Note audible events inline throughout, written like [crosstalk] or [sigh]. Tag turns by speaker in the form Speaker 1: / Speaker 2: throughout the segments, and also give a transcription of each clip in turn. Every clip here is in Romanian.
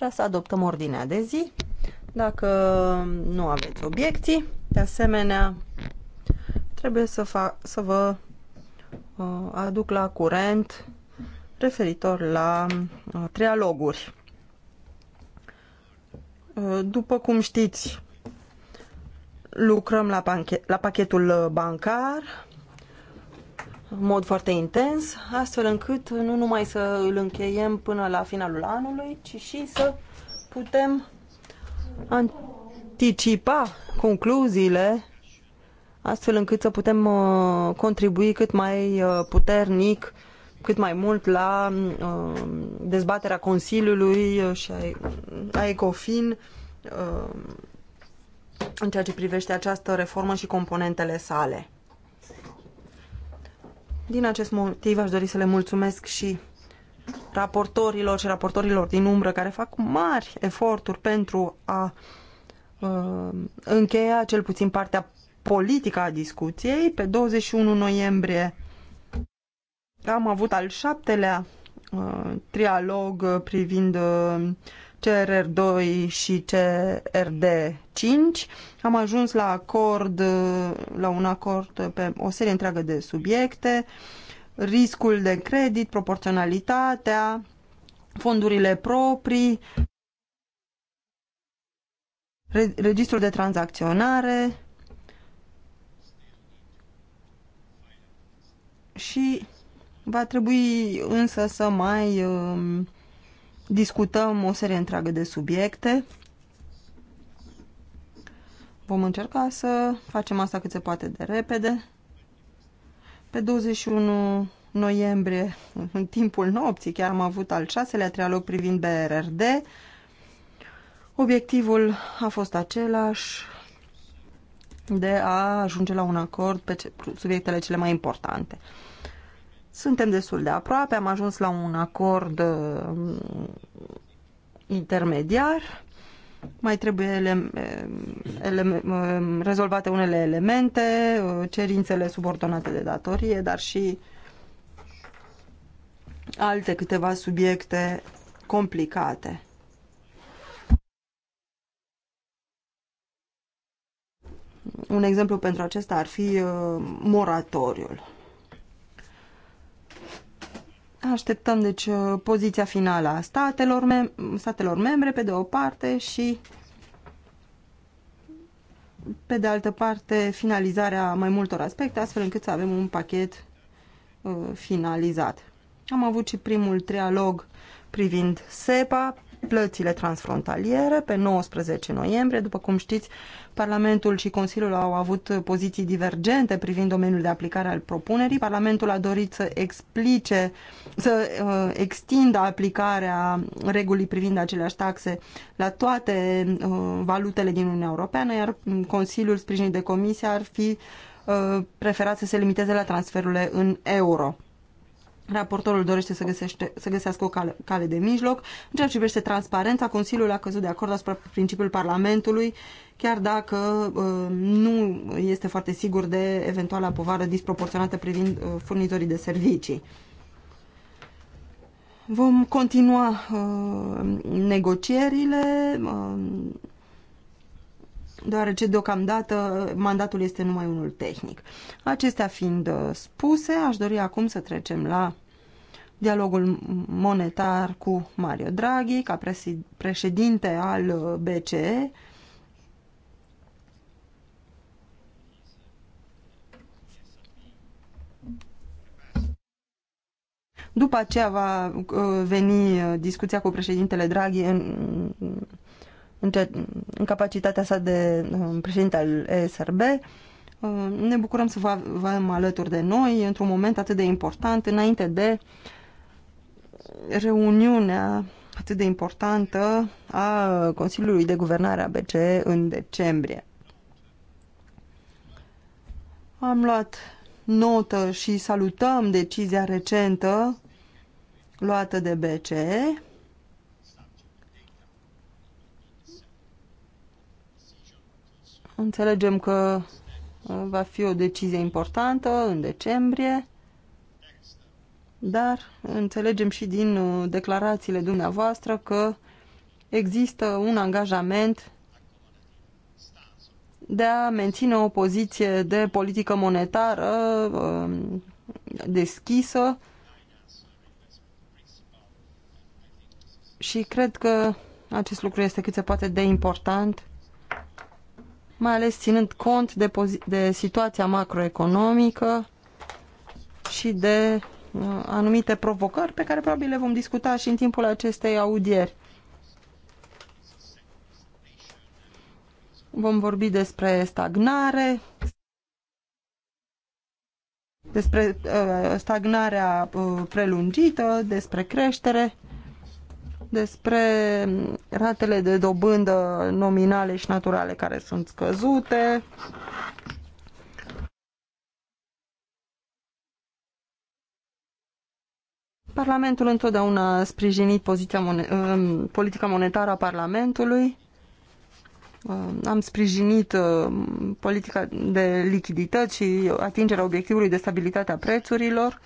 Speaker 1: vrea să adoptăm ordinea de zi. Dacă nu aveți obiecții, de asemenea, trebuie să, fac, să vă uh, aduc la curent referitor la uh, trialoguri. Uh, după cum știți, lucrăm la, la pachetul uh, bancar, în mod foarte intens, astfel încât nu numai să îl încheiem până la finalul anului, ci și să putem anticipa concluziile astfel încât să putem uh, contribui cât mai uh, puternic, cât mai mult la uh, dezbaterea Consiliului uh, și a, a ECOFIN uh, în ceea ce privește această reformă și componentele sale. Din acest motiv aș dori să le mulțumesc și raportorilor și raportorilor din umbră care fac mari eforturi pentru a uh, încheia cel puțin partea politică a discuției. Pe 21 noiembrie am avut al șaptelea uh, trialog privind uh, CRR2 și CRD5. Am ajuns la acord, la un acord pe o serie întreagă de subiecte, riscul de credit, proporționalitatea, fondurile proprii, registrul de tranzacționare și va trebui însă să mai uh, discutăm o serie întreagă de subiecte. Vom încerca să facem asta cât se poate de repede. Pe 21 noiembrie, în timpul nopții, chiar am avut al șaselea trialog privind BRRD. Obiectivul a fost același de a ajunge la un acord pe subiectele cele mai importante. Suntem destul de aproape, am ajuns la un acord uh, intermediar, mai trebuie ele, uh, ele, uh, rezolvate unele elemente, cerințele subordonate de datorie, dar și alte câteva subiecte complicate. Un exemplu pentru acesta ar fi moratoriul. Așteptăm, deci, uh, poziția finală a statelor, mem- statelor membre, pe de o parte, și pe de altă parte, finalizarea mai multor aspecte, astfel încât să avem un pachet uh, finalizat. Am avut și primul trialog privind SEPA plățile transfrontaliere pe 19 noiembrie. După cum știți, Parlamentul și Consiliul au avut poziții divergente privind domeniul de aplicare al propunerii. Parlamentul a dorit să explice, să uh, extindă aplicarea regulii privind aceleași taxe la toate uh, valutele din Uniunea Europeană, iar Consiliul sprijinit de Comisie ar fi uh, preferat să se limiteze la transferurile în euro. Raportorul dorește să, găsește, să găsească o cale, cale de mijloc. În ceea ce privește transparența, Consiliul a căzut de acord asupra principiul Parlamentului, chiar dacă uh, nu este foarte sigur de eventuala povară disproporționată privind uh, furnizorii de servicii. Vom continua uh, negocierile, uh, deoarece deocamdată mandatul este numai unul tehnic. Acestea fiind uh, spuse, aș dori acum să trecem la dialogul monetar cu Mario Draghi ca președinte al uh, BCE. După aceea va uh, veni uh, discuția cu președintele Draghi în, în, în capacitatea sa de președinte al ESRB. Ne bucurăm să vă avem alături de noi într-un moment atât de important înainte de uh, reuniunea atât de importantă a Consiliului de Guvernare a BCE în decembrie. Am luat notă și salutăm decizia recentă luată de BCE Înțelegem că va fi o decizie importantă în decembrie dar înțelegem și din uh, declarațiile dumneavoastră că există un angajament de a menține o poziție de politică monetară um, deschisă și cred că acest lucru este cât se poate de important, mai ales ținând cont de, de situația macroeconomică și de Uh, anumite provocări pe care probabil le vom discuta și în timpul acestei audieri. Vom vorbi despre stagnare, despre uh, stagnarea uh, prelungită, despre creștere, despre um, ratele de dobândă nominale și naturale care sunt scăzute, Parlamentul întotdeauna a sprijinit poziția mon um, politica monetară a Parlamentului. Um, am sprijinit um, politica de lichidități și atingerea obiectivului de stabilitate a prețurilor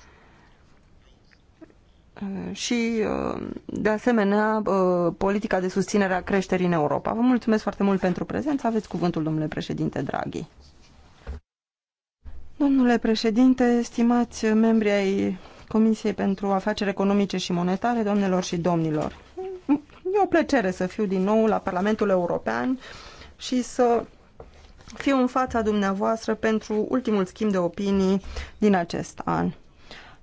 Speaker 1: uh, și, de asemenea, uh, politica de susținere a creșterii în Europa. Vă mulțumesc foarte mult pentru prezență. Aveți cuvântul, domnule președinte Draghi. Domnule președinte, stimați membri ai Comisiei pentru Afaceri Economice și Monetare, domnilor și domnilor. E o plăcere să fiu din nou la Parlamentul European și să fiu în fața dumneavoastră pentru ultimul schimb de opinii din acest an.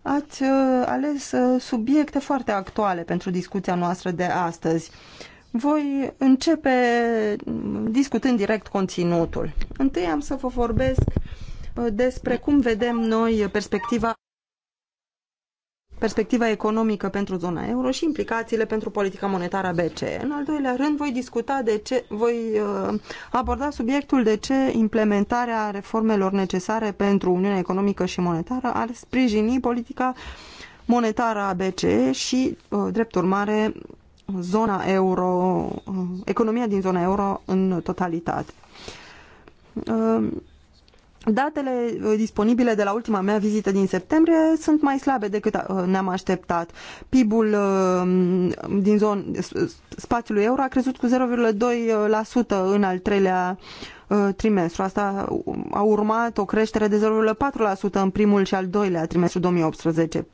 Speaker 1: Ați uh, ales uh, subiecte foarte actuale pentru discuția noastră de astăzi. Voi începe discutând direct conținutul. Întâi am să vă vorbesc uh, despre cum vedem noi perspectiva perspectiva economică pentru zona euro și implicațiile pentru politica monetară a BCE. În al doilea rând, voi discuta de ce, voi uh, aborda subiectul de ce implementarea reformelor necesare pentru Uniunea Economică și Monetară ar sprijini politica monetară a BCE și, uh, drept urmare, zona euro, uh, economia din zona euro în totalitate. Datele uh, disponibile de la ultima mea vizită din septembrie sunt mai slabe decât uh, ne-am așteptat. PIB-ul uh, din zon, spațiului euro a crezut cu 0,2% în al treilea trimestru. Asta a urmat o creștere de 0,4% în primul și al doilea trimestru 2018.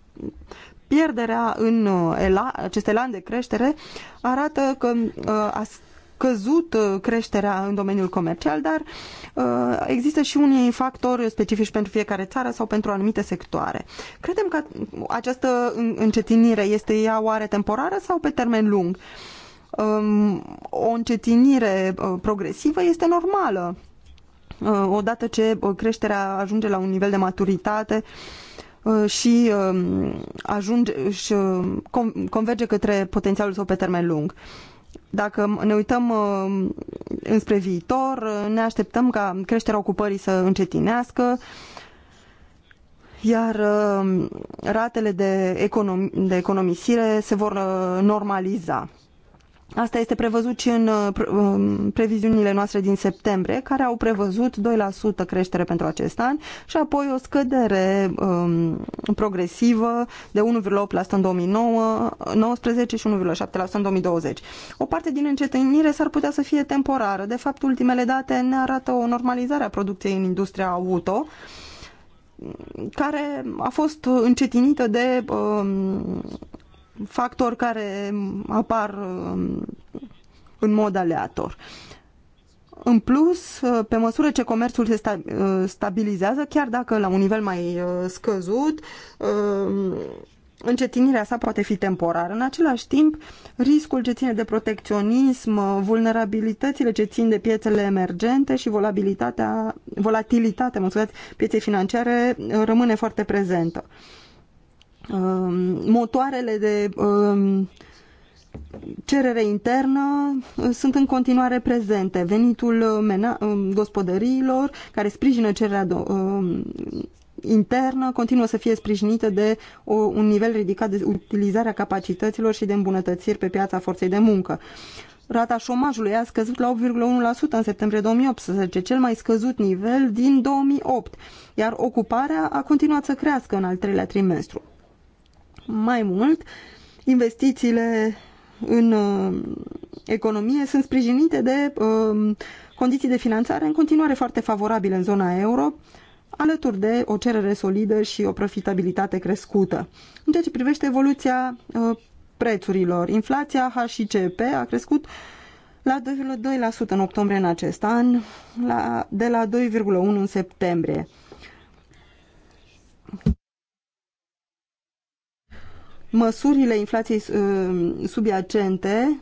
Speaker 1: Pierderea în acest elan de creștere arată că căzut uh, creșterea în domeniul comercial, dar uh, există și unii factori specifici pentru fiecare țară sau pentru anumite sectoare. Credem că această încetinire este ea oare temporară sau pe termen lung? Um, o încetinire uh, progresivă este normală. Odată ce creșterea ajunge la un nivel de maturitate, și um, ajunge și converge către potențialul său pe termen lung. Dacă ne uităm uh, înspre viitor, uh, ne așteptăm ca creșterea ocupării să încetinească, iar uh, ratele de, econom- de economisire se vor normaliza. Asta este prevăzut și în uh, um, previziunile noastre din septembrie, care au prevăzut 2% creștere pentru acest an și apoi o scădere um, progresivă de 1,8% în 2019 și 1,7% în 2020. O parte din încetinire s-ar putea să fie temporară. De fapt, ultimele date ne arată o normalizare a producției în industria auto, care a fost încetinită de um, factori care apar um, în mod aleator. În plus, uh, pe măsură ce comerțul se uh, stabilizează, chiar dacă la un nivel mai uh, scăzut, um, încetinirea sa poate fi temporară. În același timp, riscul ce ține de protecționism, vulnerabilitățile ce țin de piețele emergente și volatilitatea, volatilitatea mă scuzați, pieței financiare rămâne foarte prezentă. Uh, Um, motoarele de um, cerere internă uh, sunt în continuare prezente. Venitul uh, um, gospodăriilor care sprijină cererea internă continuă să fie sprijinită de un nivel ridicat de utilizarea capacităților și de îmbunătățiri pe piața forței de muncă. Rata șomajului a scăzut la 8,1% în septembrie 2018, cel mai scăzut nivel din 2008, iar ocuparea a continuat să crească în al treilea trimestru. Mai mult, investițiile în uh, economie sunt sprijinite de uh, condiții de finanțare în continuare foarte favorabile în zona euro, alături de o cerere solidă și o profitabilitate crescută. În ceea ce privește evoluția uh, prețurilor, inflația HICP a crescut la 2,2% în octombrie în acest an, la, de la 2,1% în septembrie măsurile inflației uh, subiacente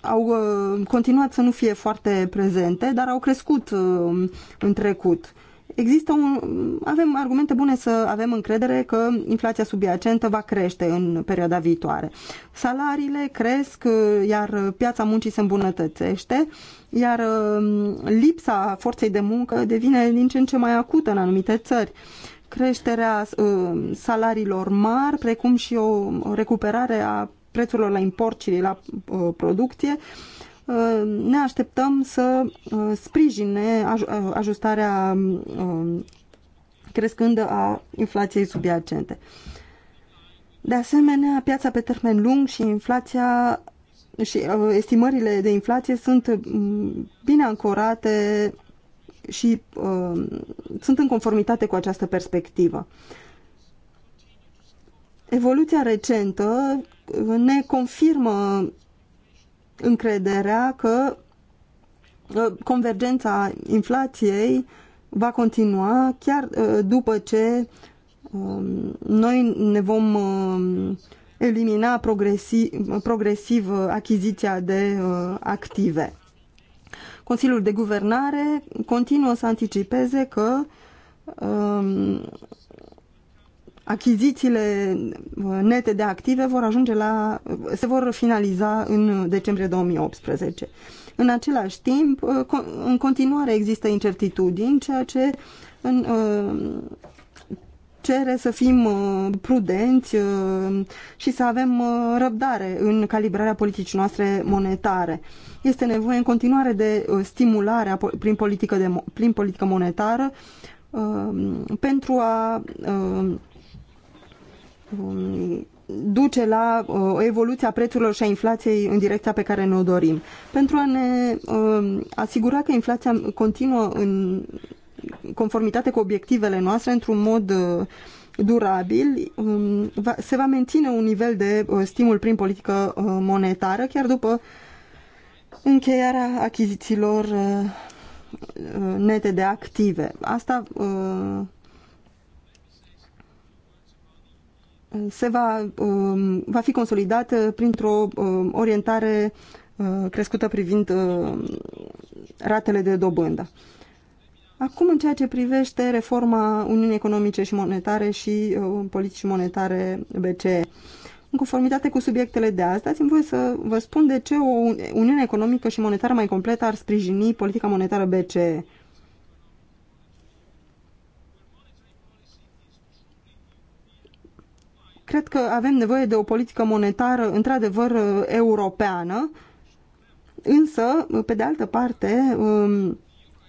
Speaker 1: au uh, continuat să nu fie foarte prezente, dar au crescut uh, în trecut. Există un, avem argumente bune să avem încredere că inflația subiacentă va crește în perioada viitoare. Salariile cresc, iar piața muncii se îmbunătățește, iar lipsa forței de muncă devine din ce în ce mai acută în anumite țări creșterea uh, salariilor mari, precum și o recuperare a prețurilor la import și la uh, producție, uh, ne așteptăm să sprijine ajustarea crescândă a inflației subiacente. De asemenea, piața pe termen lung și inflația și estimările de inflație sunt mm, bine ancorate și uh, sunt în conformitate cu această perspectivă. Evoluția recentă ne confirmă încrederea că uh, convergența inflației va continua chiar uh, după ce um, noi ne vom um, elimina progresiv, progresiv uh, achiziția de active. Consiliul de Guvernare continuă să anticipeze că um, achizițiile uh, nete de active vor ajunge la, uh, se vor finaliza în decembrie 2018. În același timp, uh, în continuare există incertitudini, ceea ce în, cere să fim uh, prudenți uh, și să avem uh, răbdare în calibrarea politicii noastre monetare. Este nevoie în continuare de stimulare prin politică, de, prin politică monetară um, pentru a um, um, duce la uh, evoluția prețurilor și a inflației în direcția pe care ne-o dorim. Pentru a ne uh, asigura că inflația continuă în, conformitate cu obiectivele noastre într-un mod uh, durabil, um, se va menține un nivel de uh, stimul prin politică uh, monetară chiar după încheierea achizițiilor nete de active. Asta se va, um, va fi consolidat printr-o um, orientare crescută privind ratele de dobândă. Acum, în ceea ce privește reforma Uniunii Economice și Monetare și uh, politicii monetare BCE, în conformitate cu subiectele de azi, dați-mi voie să vă spun de ce o Uniune Economică și Monetară mai completă ar sprijini politica monetară BCE. Cred că avem nevoie de o politică monetară într-adevăr uh, europeană, însă, uh, pe de altă parte, um,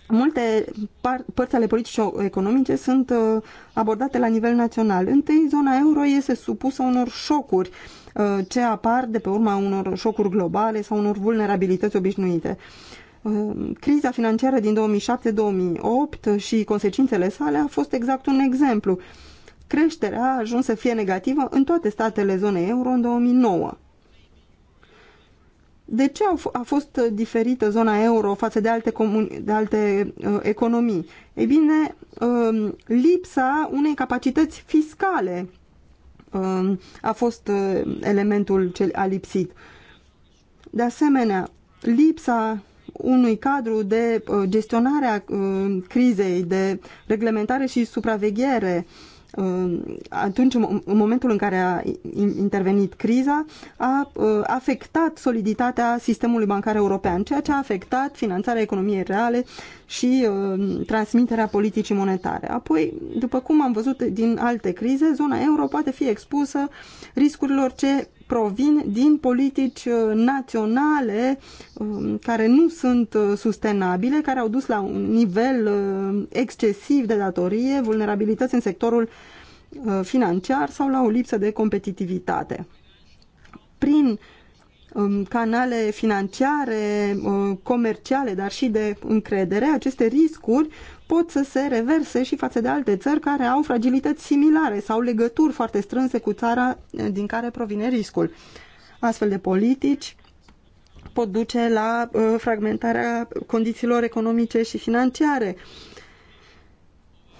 Speaker 1: multe par- părți ale politicii economice sunt uh, abordate la nivel național. Întâi, zona euro este supusă unor șocuri uh, ce apar de pe urma unor șocuri globale sau unor vulnerabilități obișnuite. Uh, criza financiară din 2007-2008 și consecințele sale a fost exact un exemplu. Creșterea a ajuns să fie negativă în toate statele zonei euro în 2009. De ce a fost diferită zona euro față de alte, comuni, de alte uh, economii? E bine, uh, lipsa unei capacități fiscale uh, a fost uh, elementul ce a lipsit. De asemenea, lipsa unui cadru de uh, gestionare a uh, crizei, de reglementare și supraveghere uh, Um, atunci, în momentul în care a intervenit criza, a uh, afectat soliditatea sistemului bancar european, ceea ce a afectat finanțarea economiei reale și um, transmiterea politicii monetare. Apoi, după cum am văzut din alte crize, zona euro poate fi expusă riscurilor ce provin din politici uh, naționale um, care nu sunt uh, sustenabile, care au dus la un nivel uh, excesiv de datorie, vulnerabilități în sectorul financiar sau la o lipsă de competitivitate. Prin um, canale financiare, comerciale, dar și de încredere, aceste riscuri pot să se reverse și față de alte țări care au fragilități similare sau legături foarte strânse cu țara eh, din care provine riscul. Astfel de politici pot duce la eh, fragmentarea condițiilor economice și financiare,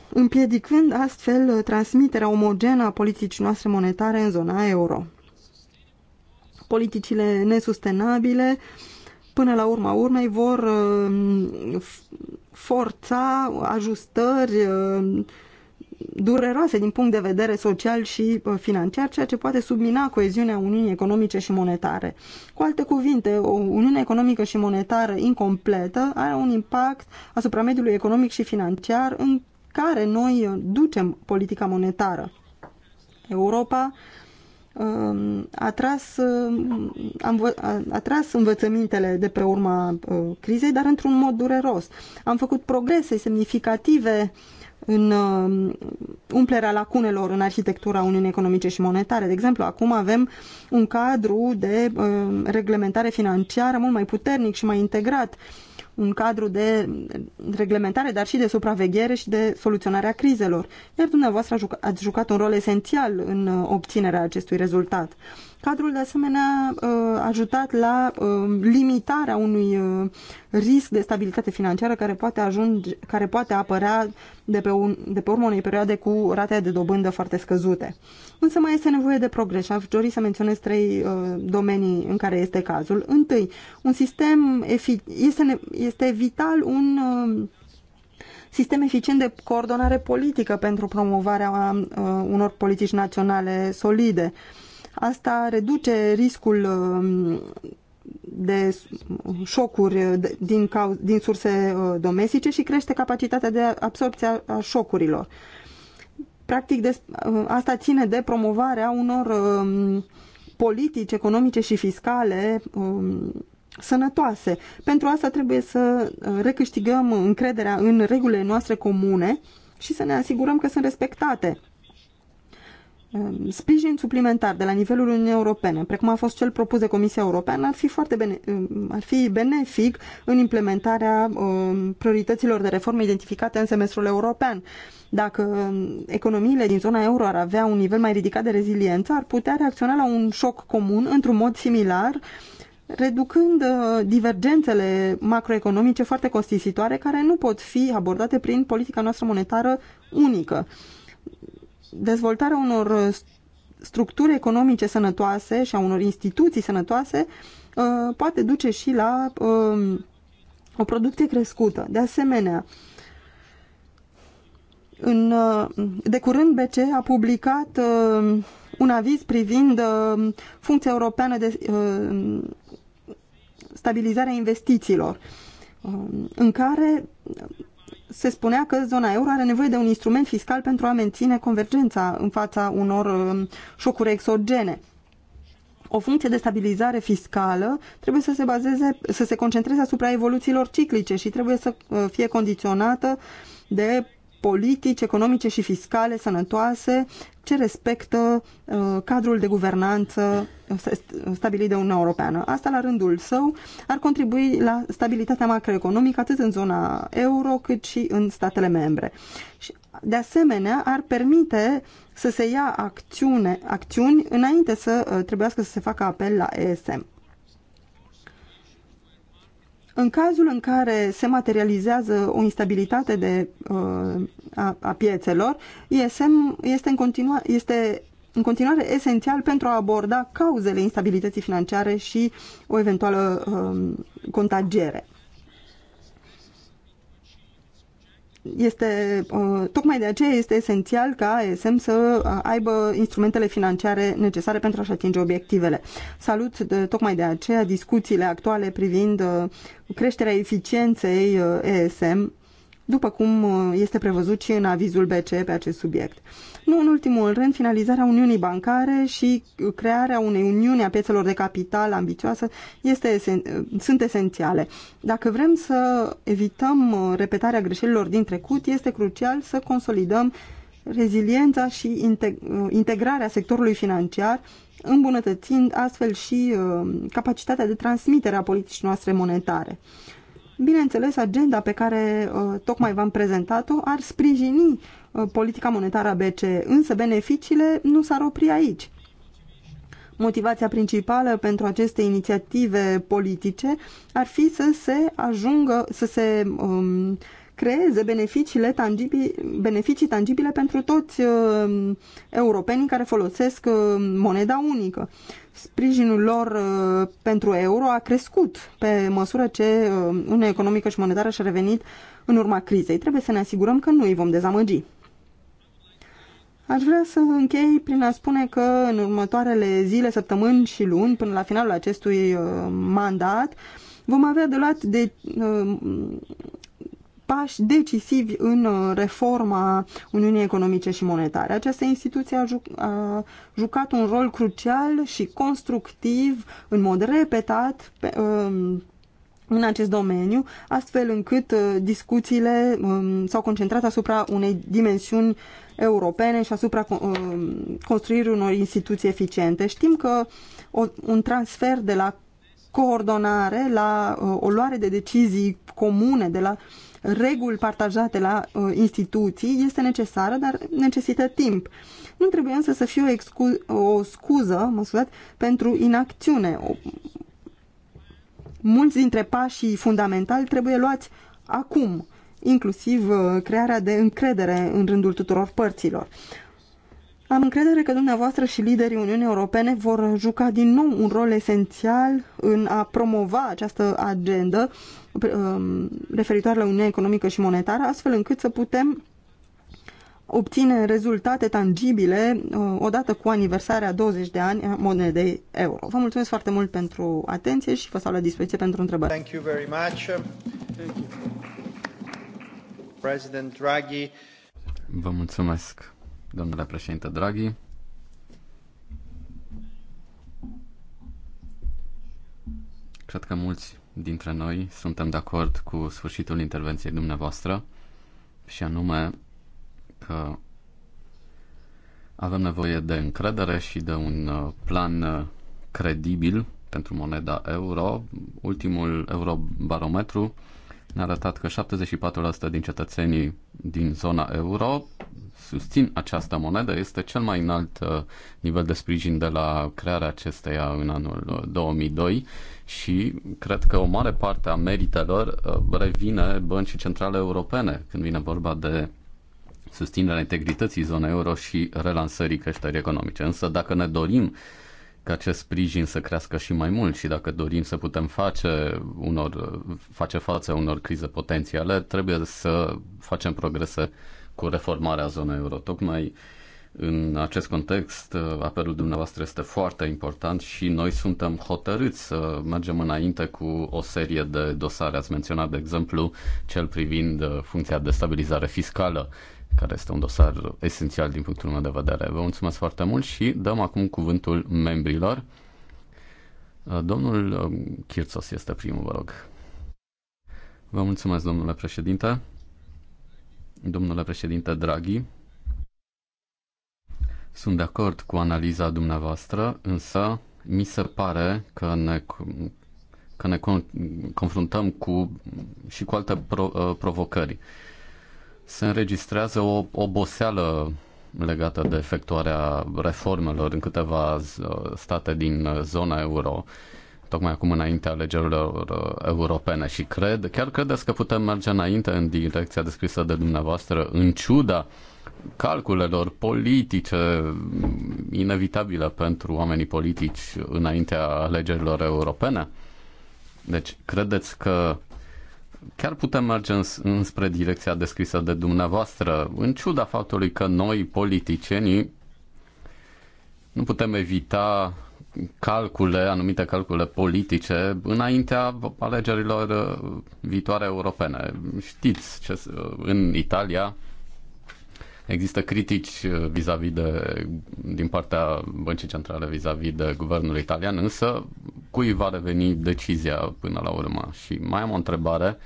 Speaker 1: împiedicând astfel eh, transmiterea omogenă a politicii noastre monetare în zona euro. Politicile nesustenabile până la urma urmei vor forța ajustări uh, dureroase din punct de vedere social și uh, financiar, ceea ce poate submina coeziunea Uniunii Economice și Monetare. Cu alte cuvinte, o Uniune Economică și Monetară incompletă are un impact asupra mediului economic și financiar în care noi uh, ducem politica monetară. Europa Um, um, a tras, am, a tras învățămintele de pe urma uh, crizei, dar într-un mod dureros. Am făcut progrese semnificative în um, umplerea lacunelor în arhitectura Uniunii Economice și Monetare. De exemplu, acum avem un cadru de reglementare financiară mult mai puternic și mai integrat un cadru de reglementare, dar și de supraveghere și de soluționarea crizelor. Iar dumneavoastră ați jucat un rol esențial în uh, obținerea acestui rezultat. Cadrul, de asemenea, uh, a ajutat la uh, limitarea unui uh, risc de stabilitate financiară care poate, ajunge, care poate apărea de pe, un, de pe urmă unei perioade cu rate de dobândă foarte scăzute. Însă mai este nevoie de progres și aș dori să menționez trei domenii în care este cazul. Întâi, un sistem este, este vital un sistem eficient de coordonare politică pentru promovarea unor politici naționale solide. Uh, Asta reduce riscul um, de șocuri din, cau- din surse uh, domestice și crește capacitatea de absorpție a șocurilor. Practic, de, uh, asta ține de promovarea unor um, politici economice și fiscale um, sănătoase. Pentru asta trebuie să uh, recâștigăm încrederea în regulile noastre comune și să ne asigurăm că sunt respectate. Um, sprijin suplimentar de la nivelul Uniunii Europene, precum a fost cel propus de Comisia Europeană, ar fi, foarte bene, um, ar fi benefic în implementarea um, priorităților de reformă identificate în semestrul european. Dacă economiile din zona euro ar avea un nivel mai ridicat de reziliență, ar putea reacționa la un șoc comun într-un mod similar reducând uh, divergențele macroeconomice foarte costisitoare care nu pot fi abordate prin politica noastră monetară unică dezvoltarea unor uh, structuri economice sănătoase și a unor instituții sănătoase uh, poate duce și la um, o producție crescută. De asemenea, în, uh, de curând BC a publicat un aviz privind funcția europeană de a investițiilor, în care se spunea că zona euro are nevoie de un instrument fiscal pentru a menține convergența în fața unor um, șocuri exogene. O funcție de stabilizare fiscală trebuie să se bazeze, să se concentreze asupra evoluțiilor ciclice și trebuie să uh, fie condiționată de politici economice și fiscale sănătoase ce respectă uh, cadrul de guvernanță uh, stabilit de Uniunea Europeană. Asta, la rândul său, ar contribui la stabilitatea macroeconomică atât în zona euro cât și în statele membre. Și, de asemenea, ar permite să se ia acțiune, acțiuni înainte să uh, trebuiască să se facă apel la ESM. În cazul în care se materializează o instabilitate de, uh, a, a piețelor, ISM este în, continua, este în continuare esențial pentru a aborda cauzele instabilității financiare și o eventuală a, um, contagiere. este, uh, tocmai de aceea este esențial ca ESM să uh, aibă instrumentele financiare necesare pentru a-și atinge obiectivele. Salut de, uh, tocmai de aceea discuțiile actuale privind creșterea eficienței ESM, după cum este prevăzut și în avizul BCE pe acest subiect. Nu în ultimul rând, finalizarea Uniunii Bancare și crearea unei uniuni a piețelor de capital ambițioasă este esen sunt esențiale. Dacă vrem să evităm uh, repetarea greșelilor din trecut, este crucial să consolidăm reziliența și integ uh, integrarea sectorului financiar, îmbunătățind astfel și uh, capacitatea de transmitere a politicii noastre monetare. Bineînțeles, agenda pe care uh, tocmai v-am prezentat-o ar sprijini Uh, politica monetară a BCE, însă beneficiile nu s-ar opri aici. Motivația principală pentru aceste inițiative politice ar fi să se ajungă, să se um, creeze beneficiile tangibi, beneficii tangibile pentru toți um, europenii care folosesc um, moneda unică. Sprijinul lor uh, pentru euro a crescut pe măsură ce uh, Uniunea Economică și Monetară și-a revenit în urma crizei. Trebuie să ne asigurăm că nu îi vom dezamăgi. Aș vrea să închei prin a spune că în următoarele zile, săptămâni și luni, până la finalul acestui uh, mandat, vom avea de luat de, uh, pași decisivi în uh, reforma Uniunii Economice și Monetare. Această instituție a, a jucat un rol crucial și constructiv în mod repetat pe, în acest domeniu, astfel încât uh, discuțiile um, s-au concentrat asupra unei dimensiuni europene și asupra uh, construirii unor instituții eficiente. Știm că un transfer de la coordonare la uh, o luare de decizii comune, de la reguli partajate la instituții este necesară, dar necesită timp. Nu trebuie însă să fie o, excu- o scuză mă scuzați, pentru inacțiune. O, mulți dintre pașii fundamentali trebuie luați acum, inclusiv uh, crearea de încredere în rândul tuturor părților. Am încredere că dumneavoastră și liderii Uniunii Europene vor juca din nou un rol esențial în a promova această agendă um, referitoare la Uniunea Economică și Monetară, astfel încât să putem obține rezultate tangibile uh, odată cu aniversarea 20 de ani a monedei euro. Vă mulțumesc foarte mult pentru atenție și vă stau la dispoziție pentru întrebări.
Speaker 2: Thank
Speaker 3: you very much. Thank you. President Draghi.
Speaker 2: Vă mulțumesc, domnule președinte Draghi. Cred că mulți dintre noi suntem de acord cu sfârșitul intervenției dumneavoastră și anume că avem nevoie de încredere și de un uh, plan uh, credibil pentru moneda euro. Ultimul eurobarometru ne-a arătat că 74% din cetățenii din zona euro susțin această monedă. Este cel mai înalt uh, nivel de sprijin de la crearea acesteia în anul 2002 și cred că o mare parte a meritelor revine băncii centrale europene când vine vorba de susținerea integrității zonei euro și relansării creșterii economice. Însă dacă ne dorim ca acest sprijin să crească și mai mult și dacă dorim să putem face, unor, face față unor crize potențiale, trebuie să facem progrese cu reformarea zonei euro. Tocmai în acest context, apelul dumneavoastră este foarte important și noi suntem hotărâți să mergem înainte cu o serie de dosare. Ați menționat, de exemplu, cel privind funcția de stabilizare fiscală care este un dosar esențial din punctul meu de vedere. Vă mulțumesc foarte mult și dăm acum cuvântul membrilor. Uh, domnul Kirțos uh, este primul, vă rog. Vă mulțumesc, domnule președinte. Domnule președinte Draghi, sunt de acord cu analiza dumneavoastră, însă mi se pare că ne, că ne confruntăm cu și cu alte pro, uh, provocări se înregistrează o oboseală legată de efectuarea reformelor în câteva uh, state din uh, zona euro, tocmai acum înaintea alegerilor uh, europene și cred, chiar credeți că putem merge înainte în direcția descrisă de dumneavoastră, în ciuda calculelor politice mm, inevitabile pentru oamenii politici înaintea alegerilor europene? Deci, credeți că chiar putem merge înspre direcția descrisă de dumneavoastră, în ciuda faptului că noi, politicienii, nu putem evita calcule, anumite calcule politice înaintea alegerilor uh, viitoare europene. Știți ce uh, în Italia Există critici uh, vis-a-vis de, din partea Băncii Centrale vis a -vis de guvernul italian, însă cui va reveni decizia până la urmă? Și mai am o întrebare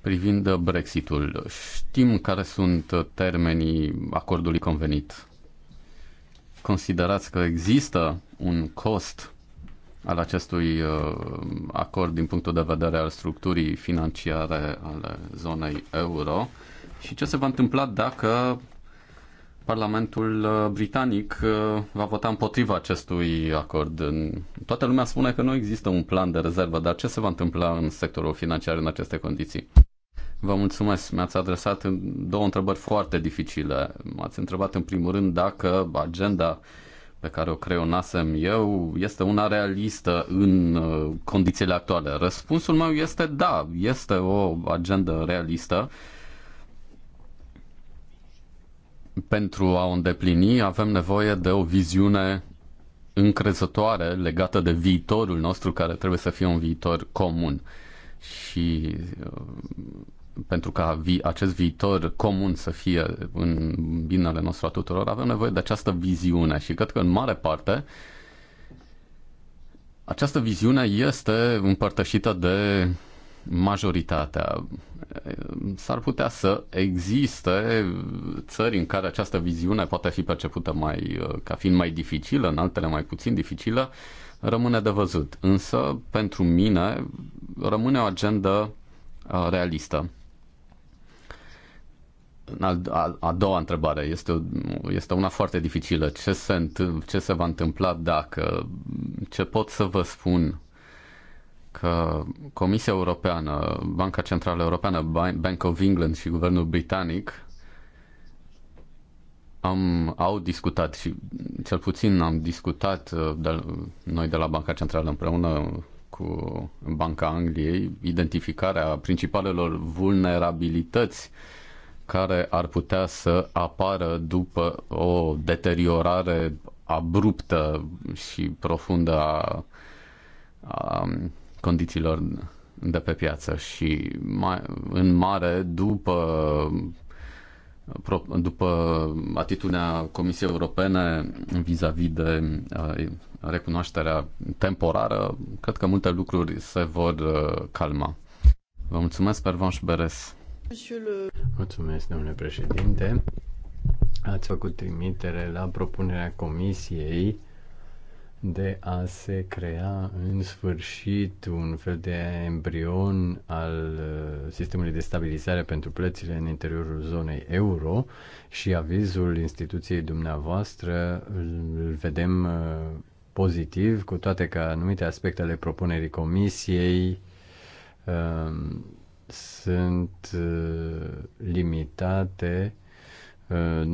Speaker 2: privind Brexitul. Știm care sunt termenii acordului convenit. Considerați că există un cost al acestui uh, acord din punctul de vedere al structurii financiare ale zonei euro și ce se va întâmpla dacă Parlamentul uh, britanic uh, va vota împotriva acestui acord. Toată lumea spune că nu există un plan de rezervă, dar ce se va întâmpla în sectorul financiar în aceste condiții? Vă mulțumesc, mi-ați adresat două întrebări foarte dificile. M-ați întrebat în primul rând dacă agenda pe care o creonasem eu este una realistă în uh, condițiile actuale. Răspunsul meu este da, este o agendă realistă pentru a o îndeplini avem nevoie de o viziune încrezătoare legată de viitorul nostru, care trebuie să fie un viitor comun. Și uh, pentru ca vi- acest viitor comun să fie în binele nostru a tuturor, avem nevoie de această viziune și cred că în mare parte această viziune este împărtășită de majoritatea. S-ar putea să existe țări în care această viziune poate fi percepută mai, ca fiind mai dificilă, în altele mai puțin dificilă, rămâne de văzut. Însă, pentru mine, rămâne o agendă uh, realistă. A, doua întrebare este, este una foarte dificilă. Ce se, ce se va întâmpla dacă? Ce pot să vă spun că Comisia Europeană, Banca Centrală Europeană, Bank of England și Guvernul Britanic am, au discutat și cel puțin am discutat uh, de, noi de la Banca Centrală împreună cu Banca Angliei identificarea principalelor vulnerabilități care ar putea să apară după o deteriorare abruptă și profundă a, a condițiilor de pe piață și mai, în mare după după atitudinea Comisiei Europene vis-a-vis -vis de uh, recunoașterea temporară, cred că multe lucruri se vor uh, calma. Vă mulțumesc, Pervanș Beres.
Speaker 3: Mulțumesc, domnule președinte. Ați făcut trimitere la propunerea Comisiei de a se crea în sfârșit un fel de embrion al uh, sistemului de stabilizare pentru plățile în interiorul zonei euro și avizul instituției dumneavoastră îl vedem uh, pozitiv, cu toate că anumite aspecte ale propunerii comisiei um, sunt uh, limitate,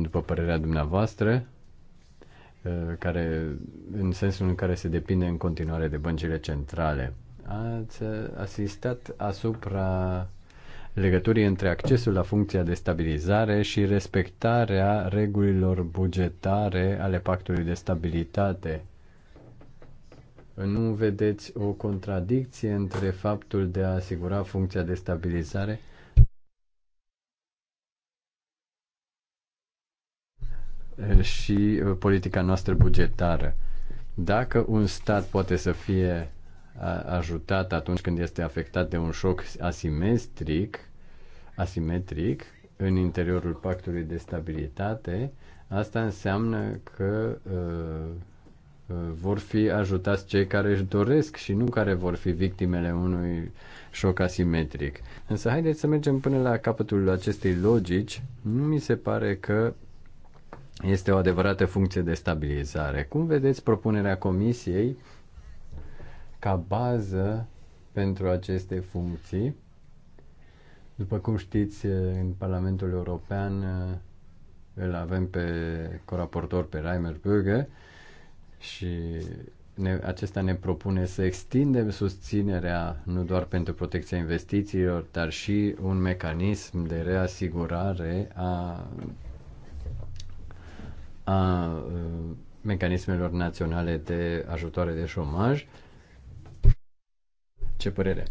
Speaker 3: după părerea dumneavoastră, Uh, care, în sensul în care se depinde în continuare de băncile centrale. Ați uh, asistat asupra legăturii între accesul la funcția de stabilizare și respectarea regulilor bugetare ale pactului de stabilitate. Nu vedeți o contradicție între faptul de a asigura funcția de stabilizare Eh, și eh, politica noastră bugetară. Dacă un stat poate să fie ajutat atunci când este afectat de un șoc asimetric, asimetric în interiorul pactului de stabilitate, asta înseamnă că uh, vor fi ajutați cei care își doresc și nu care vor fi victimele unui șoc asimetric. Însă haideți să mergem până la capătul acestei logici. Nu mi se pare că este o adevărată funcție de stabilizare. Cum vedeți propunerea Comisiei ca bază pentru aceste funcții? După cum știți, în Parlamentul European uh, îl avem pe coraportor pe Reimer Böge și ne, acesta ne propune să extindem susținerea nu doar pentru protecția investițiilor, dar și un mecanism de reasigurare a a mecanismelor naționale de ajutoare de șomaj. Ce părere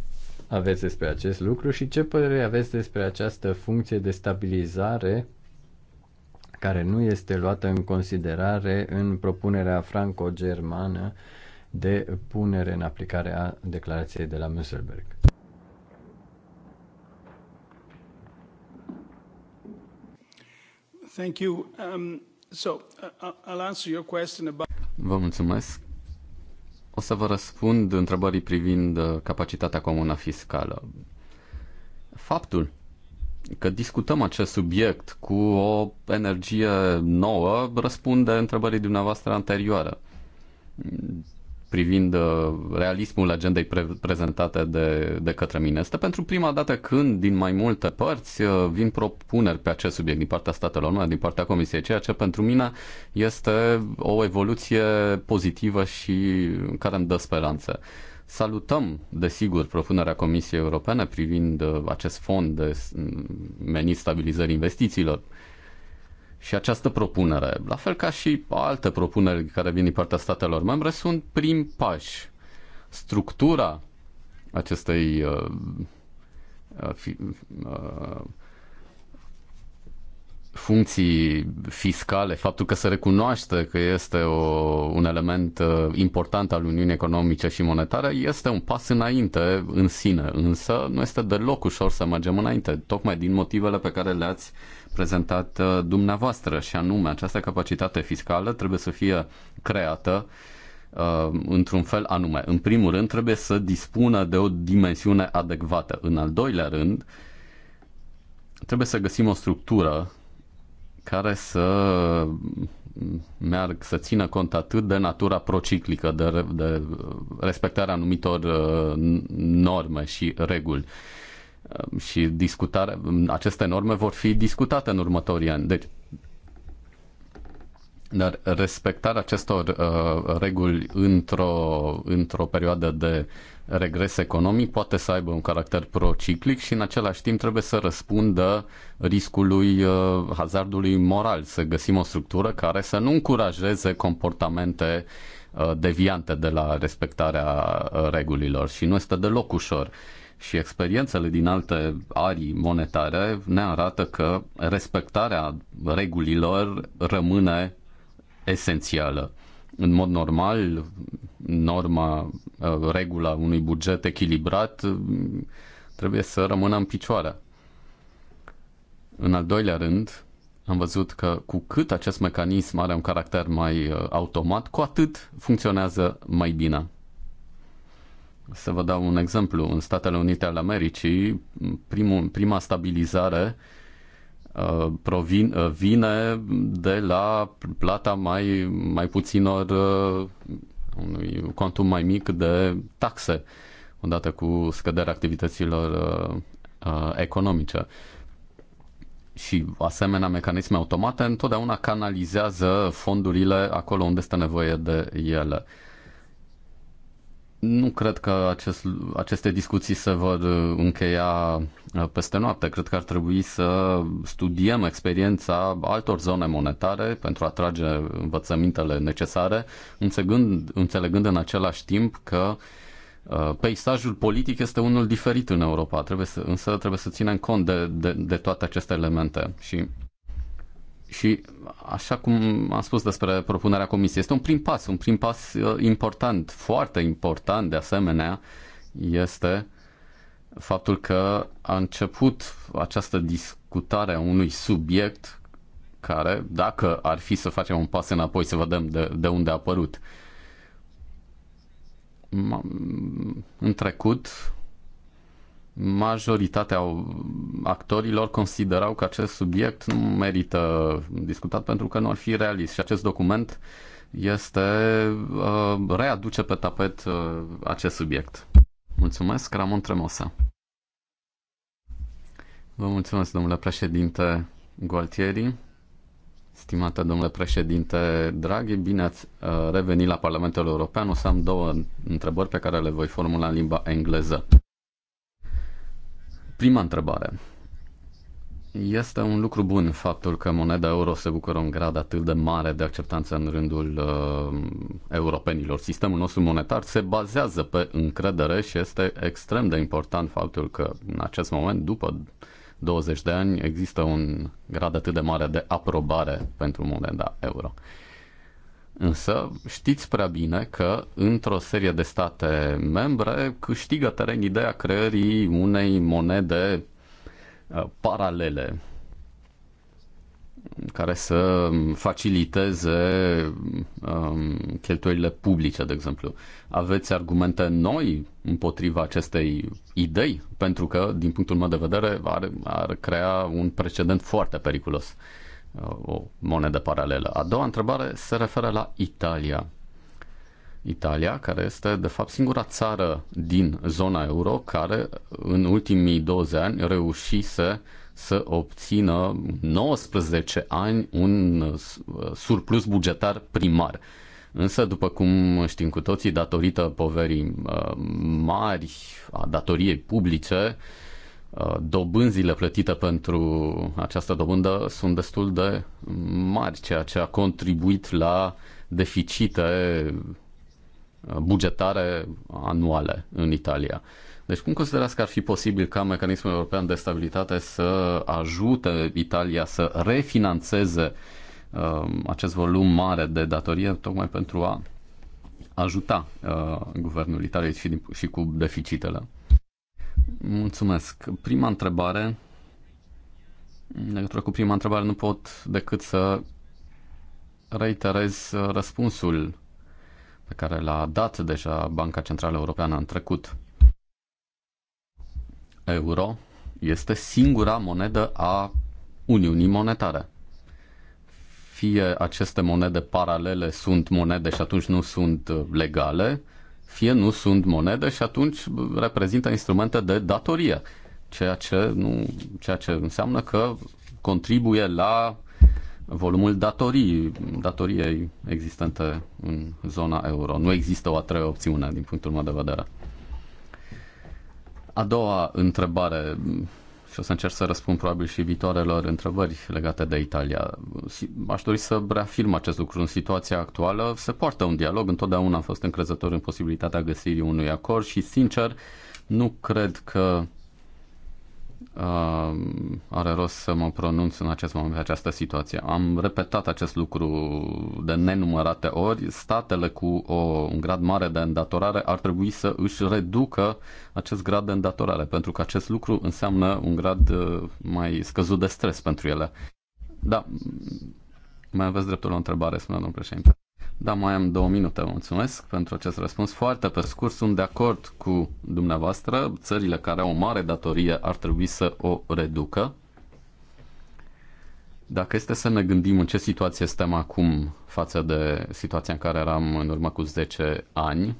Speaker 3: aveți despre acest lucru și ce părere aveți despre această funcție de stabilizare care nu este luată în considerare în propunerea franco-germană de punere în aplicare a declarației de la Müsselberg.
Speaker 1: Thank you. Um... Uh, uh,
Speaker 2: vă mulțumesc. O să vă răspund întrebării privind uh, capacitatea comună fiscală. Faptul că discutăm acest subiect cu o energie nouă răspunde întrebării dumneavoastră anterioară privind uh, realismul agendei pre- prezentate de, de către mine. Este pentru prima dată când din mai multe părți uh, vin propuneri pe acest subiect din partea statelor nu din partea Comisiei, ceea ce pentru mine este o evoluție pozitivă și care îmi dă speranțe. Salutăm, desigur, propunerea Comisiei Europene privind uh, acest fond de menit stabilizării investițiilor și această propunere, la fel ca și alte propuneri care vin din partea statelor membre, sunt prim pași. Structura acestei uh, uh fi, uh, funcții fiscale, faptul că se recunoaște că este o, un element uh, important al Uniunii Economice și Monetare, este un pas înainte în sine, însă nu este deloc ușor să mergem înainte, tocmai din motivele pe care le-ați uh, prezentat uh, dumneavoastră, și anume această capacitate fiscală trebuie să fie creată uh, într-un fel anume. În primul rând, trebuie să dispună de o dimensiune adecvată. În al doilea rând, trebuie să găsim o structură care să meargă, să țină cont atât de natura prociclică, de, de respectarea anumitor uh, norme și reguli. Ehm, și discutare, aceste norme vor fi discutate în următorii ani. Deci, dar respectarea acestor uh, reguli într-o, într-o perioadă de regres economic poate să aibă un caracter prociclic și în același timp trebuie să răspundă riscului uh, hazardului moral, să găsim o structură care să nu încurajeze comportamente uh, deviante de la respectarea uh, regulilor și nu este deloc ușor. Uh, și experiențele din alte arii monetare ne arată că respectarea regulilor rămâne esențială. În mod normal, norma, ă, regula unui buget echilibrat ă, trebuie să rămână în picioare. În al doilea rând, am văzut că cu cât acest mecanism are un caracter mai ă, automat, cu atât funcționează mai bine. Să vă dau un exemplu. În Statele Unite ale Americii, primul, prima stabilizare uh, provin, uh, vine de la plata mai, mai puținor, uh, unui contum mai mic de taxe, odată cu scăderea activităților uh, economice. Și asemenea mecanisme automate întotdeauna canalizează fondurile acolo unde este nevoie de ele. Uh, nu cred că acest, aceste discuții se vor uh, încheia uh, peste noapte. Cred că ar trebui să studiem experiența altor zone monetare pentru a trage învățămintele necesare, înțelegând, înțelegând în același timp că uh, peisajul politic este unul diferit în Europa, trebuie să, însă trebuie să ținem cont de, de, de toate aceste elemente. Și și așa cum am spus despre propunerea comisiei, este un prim pas, un prim pas uh, important, foarte important de asemenea, este faptul că a început această discutare a unui subiect care, dacă ar fi să facem un pas înapoi, să vedem de, de unde a apărut. În trecut, majoritatea actorilor considerau că acest subiect nu merită discutat pentru că nu ar fi realist și acest document este uh, readuce pe tapet uh, acest subiect. Mulțumesc, Ramon Tremosa. Vă mulțumesc, domnule președinte Gualtieri. Stimate domnule președinte Draghi, bine ați uh, revenit la Parlamentul European. O să am două întrebări pe care le voi formula în limba engleză. Prima întrebare. Este un lucru bun faptul că moneda euro se bucură un grad atât de mare de acceptanță în rândul uh, europenilor. Sistemul nostru monetar se bazează pe încredere și este extrem de important faptul că în acest moment, după 20 de ani, există un grad atât de mare de aprobare pentru moneda euro. Uh, Însă știți prea bine că într-o serie de state membre câștigă teren ideea creării unei monede uh, paralele care să faciliteze um, cheltuielile publice, de exemplu. Aveți argumente noi împotriva acestei idei? Pentru că, din punctul meu de vedere, ar, ar crea un precedent foarte periculos. Uh, o monedă paralelă. A doua întrebare se referă la Italia. Italia, care este de fapt singura țară din zona euro care în ultimii 20 ani reușise să obțină 19 ani un uh, surplus bugetar primar. Însă, după cum știm cu toții, datorită poverii uh, mari, a datoriei publice, Uh, dobânzile plătite pentru această dobândă sunt destul de mari, ceea ce a contribuit la deficite uh, bugetare anuale în Italia. Deci cum considerați că ar fi posibil ca mecanismul european de stabilitate să ajute Italia să refinanțeze uh, acest volum mare de datorie tocmai pentru a ajuta uh, guvernul Italiei și, și cu deficitele? Mulțumesc. Prima întrebare. În legătură cu prima întrebare, nu pot decât să reiterez răspunsul pe care l-a dat deja Banca Centrală Europeană în trecut. Euro este singura monedă a Uniunii Monetare. Fie aceste monede paralele sunt monede și atunci nu sunt legale, fie nu sunt monede și atunci reprezintă instrumente de datorie, ceea ce, nu, ceea ce înseamnă că contribuie la volumul datorii, datoriei existente în zona euro. Nu există o a treia opțiune din punctul meu de vedere. A doua întrebare și o să încerc să răspund probabil și viitoarelor întrebări legate de Italia. Aș dori să reafirm acest lucru. În situația actuală se poartă un dialog, întotdeauna am fost încrezător în posibilitatea găsirii unui acord și, sincer, nu cred că uh, are rost să mă pronunț în acest moment pe această situație. Am repetat acest lucru de nenumărate ori. Statele cu o, un grad mare de îndatorare ar trebui să își reducă acest grad de îndatorare, pentru că acest lucru înseamnă un grad uh, mai scăzut de stres pentru ele. Da, mai aveți dreptul la o întrebare, spunea domnul președinte. Da, mai am două minute, mulțumesc pentru acest răspuns. Foarte pe scurt, sunt de acord cu dumneavoastră. Țările care au o mare datorie ar trebui să o reducă. Dacă este să ne gândim în ce situație suntem acum față de situația în care eram în urmă cu 10 ani,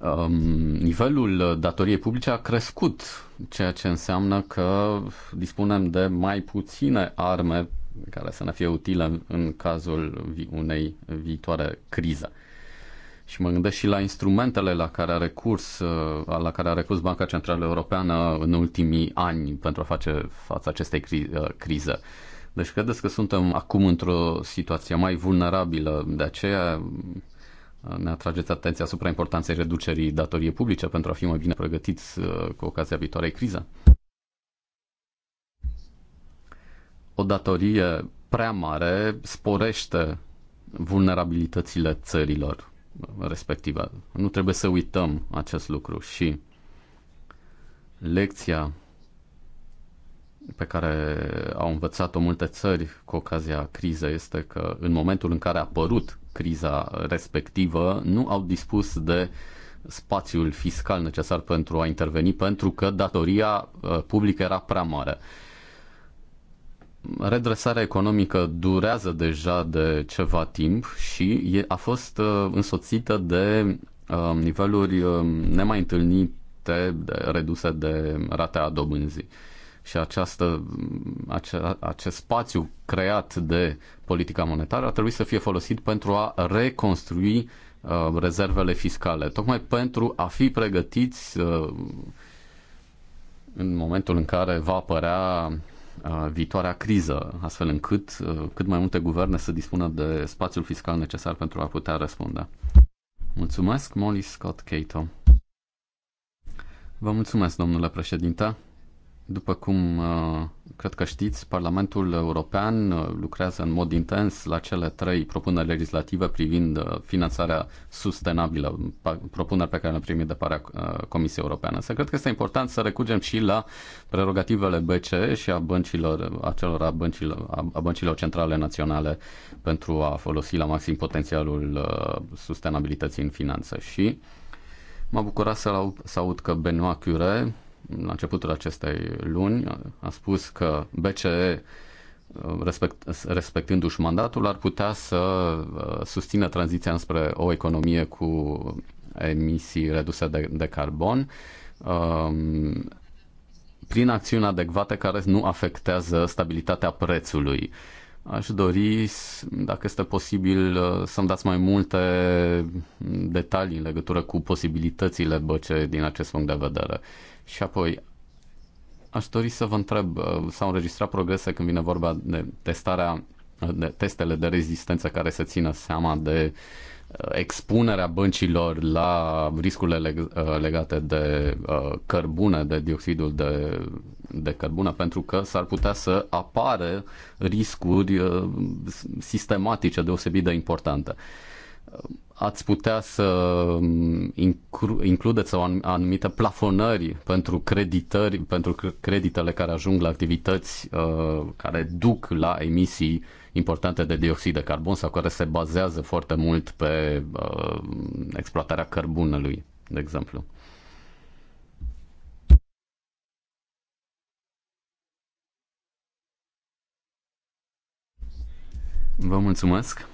Speaker 2: um, nivelul datoriei publice a crescut, ceea ce înseamnă că dispunem de mai puține arme care să ne fie utilă în cazul unei viitoare crize. Și mă gândesc și la instrumentele la care a recurs, uh, la care a recurs Banca Centrală Europeană în ultimii ani pentru a face față acestei cri- uh, crize. Deci credeți că suntem acum într-o situație mai vulnerabilă, de aceea uh, ne atrageți atenția asupra importanței reducerii datoriei publice pentru a fi mai bine pregătiți cu ocazia viitoarei crize? o datorie prea mare sporește vulnerabilitățile țărilor respective. Nu trebuie să uităm acest lucru și lecția pe care au învățat-o multe țări cu ocazia crizei este că în momentul în care a apărut criza respectivă, nu au dispus de spațiul fiscal necesar pentru a interveni pentru că datoria uh, publică era prea mare redresarea economică durează deja de ceva timp și a fost uh, însoțită de uh, niveluri uh, nemai întâlnite, de, reduse de ratea dobânzii. Și această, mm, ace, acest spațiu creat de politica monetară a trebuit să fie folosit pentru a reconstrui uh, rezervele fiscale, tocmai pentru a fi pregătiți uh, în momentul în care va apărea Uh, viitoarea criză, astfel încât uh, cât mai multe guverne să dispună de spațiul fiscal necesar pentru a putea răspunde. Mulțumesc, Molly Scott Cato. Vă mulțumesc, domnule președinte. După cum uh, cred că știți, Parlamentul European uh, lucrează în mod intens la cele trei propuneri legislative privind uh, finanțarea sustenabilă, propuneri pe care le-am primit de partea Comisiei Europeană. Să cred că este important să recurgem și la prerogativele BCE și a băncilor, acelor a băncilor, a băncilor centrale naționale pentru a folosi la maxim potențialul sustenabilității în finanță. Și m-a bucurat să, aud, să aud că Benoit Cure, la începutul acestei luni, a spus că BCE, uh, respect, respectându-și mandatul, ar putea să uh, susțină tranziția spre o economie cu emisii reduse de, de carbon um, prin acțiuni adecvate care nu afectează stabilitatea prețului. Aș dori, dacă este posibil, uh, să-mi dați mai multe detalii în legătură cu posibilitățile BC din acest punct de vedere. Și apoi, aș dori să vă întreb, uh, s-au înregistrat progrese când vine vorba de testarea, uh, de testele de rezistență care să țină seama de uh, expunerea băncilor la riscurile legate de cărbune, de dioxidul de, de cărbune, pentru că s-ar putea să apară riscuri sistematice deosebit de importante ați putea să um, includeți o anumite plafonări pentru creditări, pentru creditele care ajung la activități uh, care duc la emisii importante de dioxid de carbon sau care se bazează foarte mult pe uh, exploatarea cărbunelui, de exemplu. Vă mulțumesc!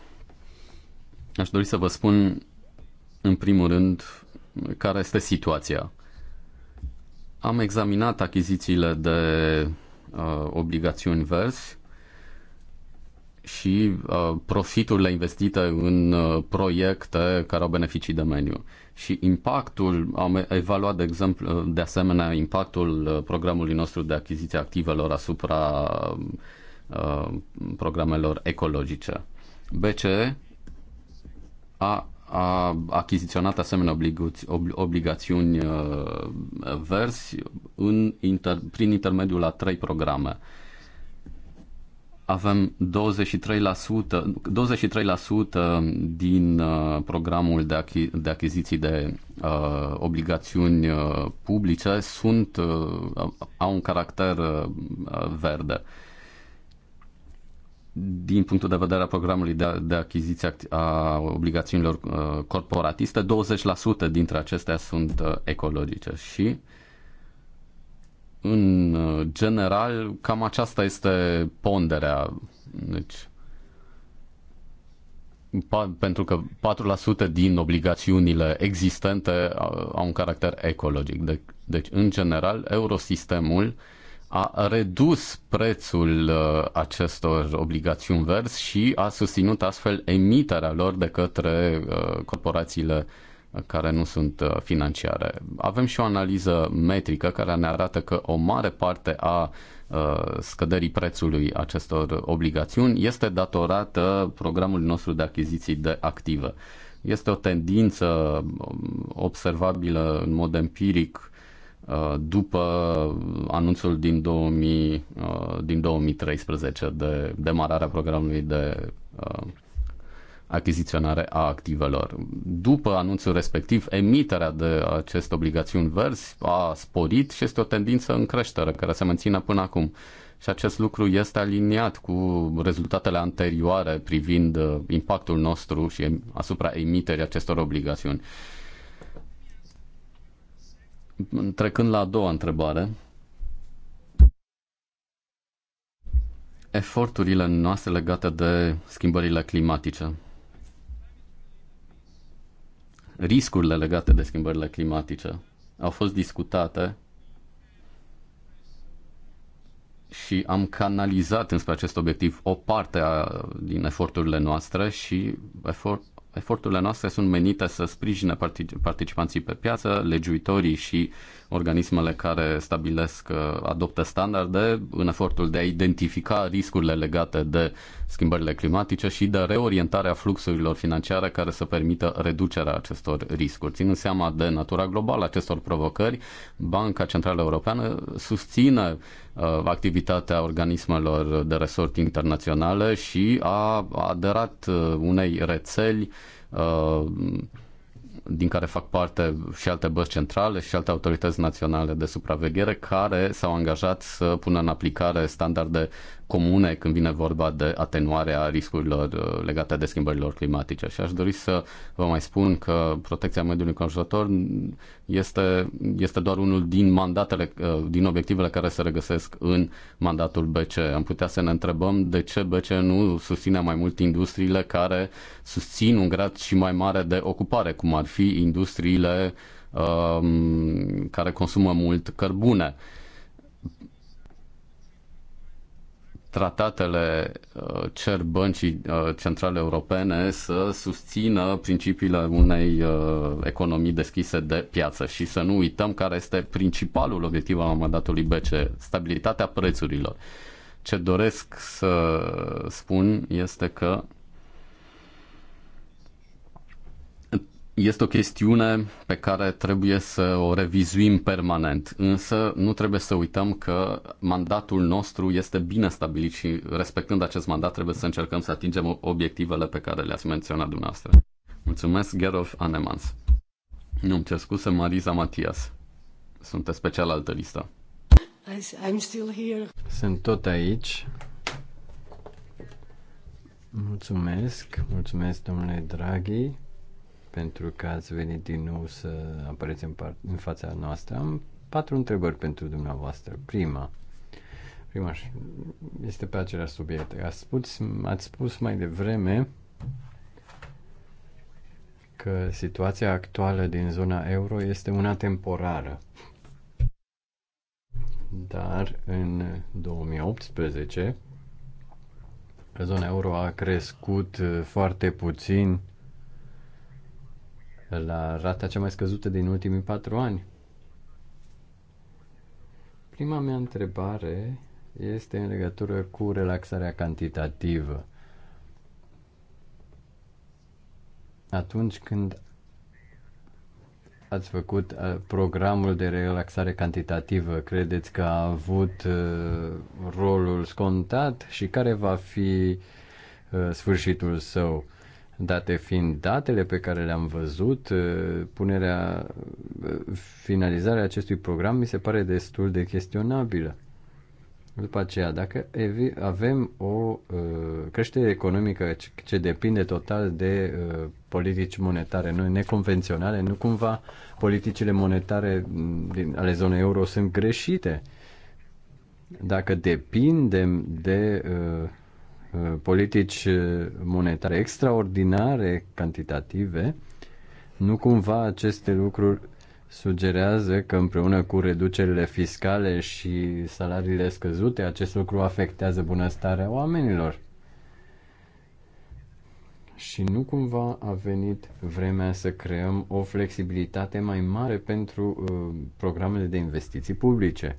Speaker 2: Aș dori să vă spun, în primul rând, care este situația. Am examinat achizițiile de uh, obligațiuni verzi și uh, profiturile investite în uh, proiecte care au beneficii de mediu. Și impactul, am evaluat de exemplu, de asemenea, impactul uh, programului nostru de achiziție activelor asupra uh, programelor ecologice. BCE a, a achiziționat asemenea obligați, ob, obligațiuni uh, verzi în inter, prin intermediul a trei programe. Avem 23%, 23% din uh, programul de, achi, de achiziții de uh, obligațiuni uh, publice sunt, uh, au un caracter uh, verde. Uh, din punctul de vedere a programului de, de achiziție a obligațiunilor uh, corporatiste, 20% dintre acestea sunt uh, ecologice și în uh, general cam aceasta este ponderea. Deci pentru că 4% din obligațiunile existente au un caracter ecologic. Deci, deci în general, eurosistemul uh, a redus prețul uh, acestor obligațiuni verzi și a susținut astfel emiterea lor de către uh, corporațiile care nu sunt uh, financiare. Avem și o analiză metrică care ne arată că o mare parte a scăderii prețului acestor obligațiuni este datorată programului nostru de achiziții de active. Este o tendință um, observabilă în mod empiric Uh, după anunțul din, 2000, uh, din 2013 de demararea programului de uh, achiziționare a activelor. După anunțul respectiv, emiterea de aceste obligațiuni verzi a sporit și este o tendință în creștere care se menține până acum. Și acest lucru este aliniat cu rezultatele anterioare privind impactul nostru și asupra emiterii acestor obligațiuni. Trecând la a doua întrebare, eforturile noastre legate de schimbările climatice. Riscurile legate de schimbările climatice au fost discutate și am canalizat înspre acest obiectiv o parte a, din eforturile noastre și efort, Eforturile noastre sunt menite să sprijine participanții pe piață, legiuitorii și organismele care stabilesc, uh, adoptă standarde în efortul de a identifica riscurile legate de schimbările climatice și de reorientarea fluxurilor financiare care să permită reducerea acestor riscuri. Ținând seama de natura globală acestor provocări, Banca Centrală Europeană susține uh, activitatea organismelor de resort internaționale și a aderat uh, unei rețeli uh, din care fac parte și alte bănci centrale și alte autorități naționale de supraveghere care s-au angajat să pună în aplicare standarde comune când vine vorba de atenuarea riscurilor uh, legate de schimbărilor climatice. Și aș dori să vă mai spun că protecția mediului înconjurător este, este doar unul din mandatele, uh, din obiectivele care se regăsesc în mandatul BC. Am putea să ne întrebăm de ce BC nu susține mai mult industriile care susțin un grad și mai mare de ocupare, cum ar fi fi industriile um, care consumă mult cărbune. Tratatele uh, cer băncii uh, centrale europene să susțină principiile unei uh, economii deschise de piață și să nu uităm care este principalul obiectiv al mandatului BCE, stabilitatea prețurilor. Ce doresc să spun este că este o chestiune pe care trebuie să o revizuim permanent, însă nu trebuie să uităm că mandatul nostru este bine stabilit și respectând acest mandat trebuie să încercăm să atingem obiectivele pe care le-ați menționat dumneavoastră. Mulțumesc, Gerolf Anemans. Nu, îmi cer scuze, Mariza Matias. Sunteți pe cealaltă listă.
Speaker 3: I'm still here.
Speaker 2: Sunt tot aici.
Speaker 3: Mulțumesc, mulțumesc domnule Draghi pentru că ați venit din nou să apareți în, în fața noastră. Am patru întrebări pentru dumneavoastră. Prima, prima este pe același subiect. Ați spus, ați spus mai devreme că situația actuală din zona euro este una temporară. Dar în 2018 zona euro a crescut foarte puțin la rata cea mai scăzută din ultimii patru ani. Prima mea întrebare este în legătură cu relaxarea cantitativă. Atunci când ați făcut uh, programul de relaxare cantitativă, credeți că a avut uh, rolul scontat și care va fi uh, sfârșitul său? Date fiind datele pe care le-am văzut, uh, punerea, uh, finalizarea acestui program mi se pare destul de chestionabilă. După aceea, dacă avem o uh, creștere economică ce depinde total de politici monetare nu neconvenționale, nu cumva politicile monetare mm, din, ale zonei euro sunt greșite. Dacă depindem de uh, Uh, politici uh, monetare extraordinare cantitative, nu cumva aceste lucruri sugerează că împreună cu reducerile fiscale și salariile scăzute, acest lucru afectează bunăstarea oamenilor. Și nu cumva a venit vremea să creăm o flexibilitate mai mare pentru uh, programele de investiții publice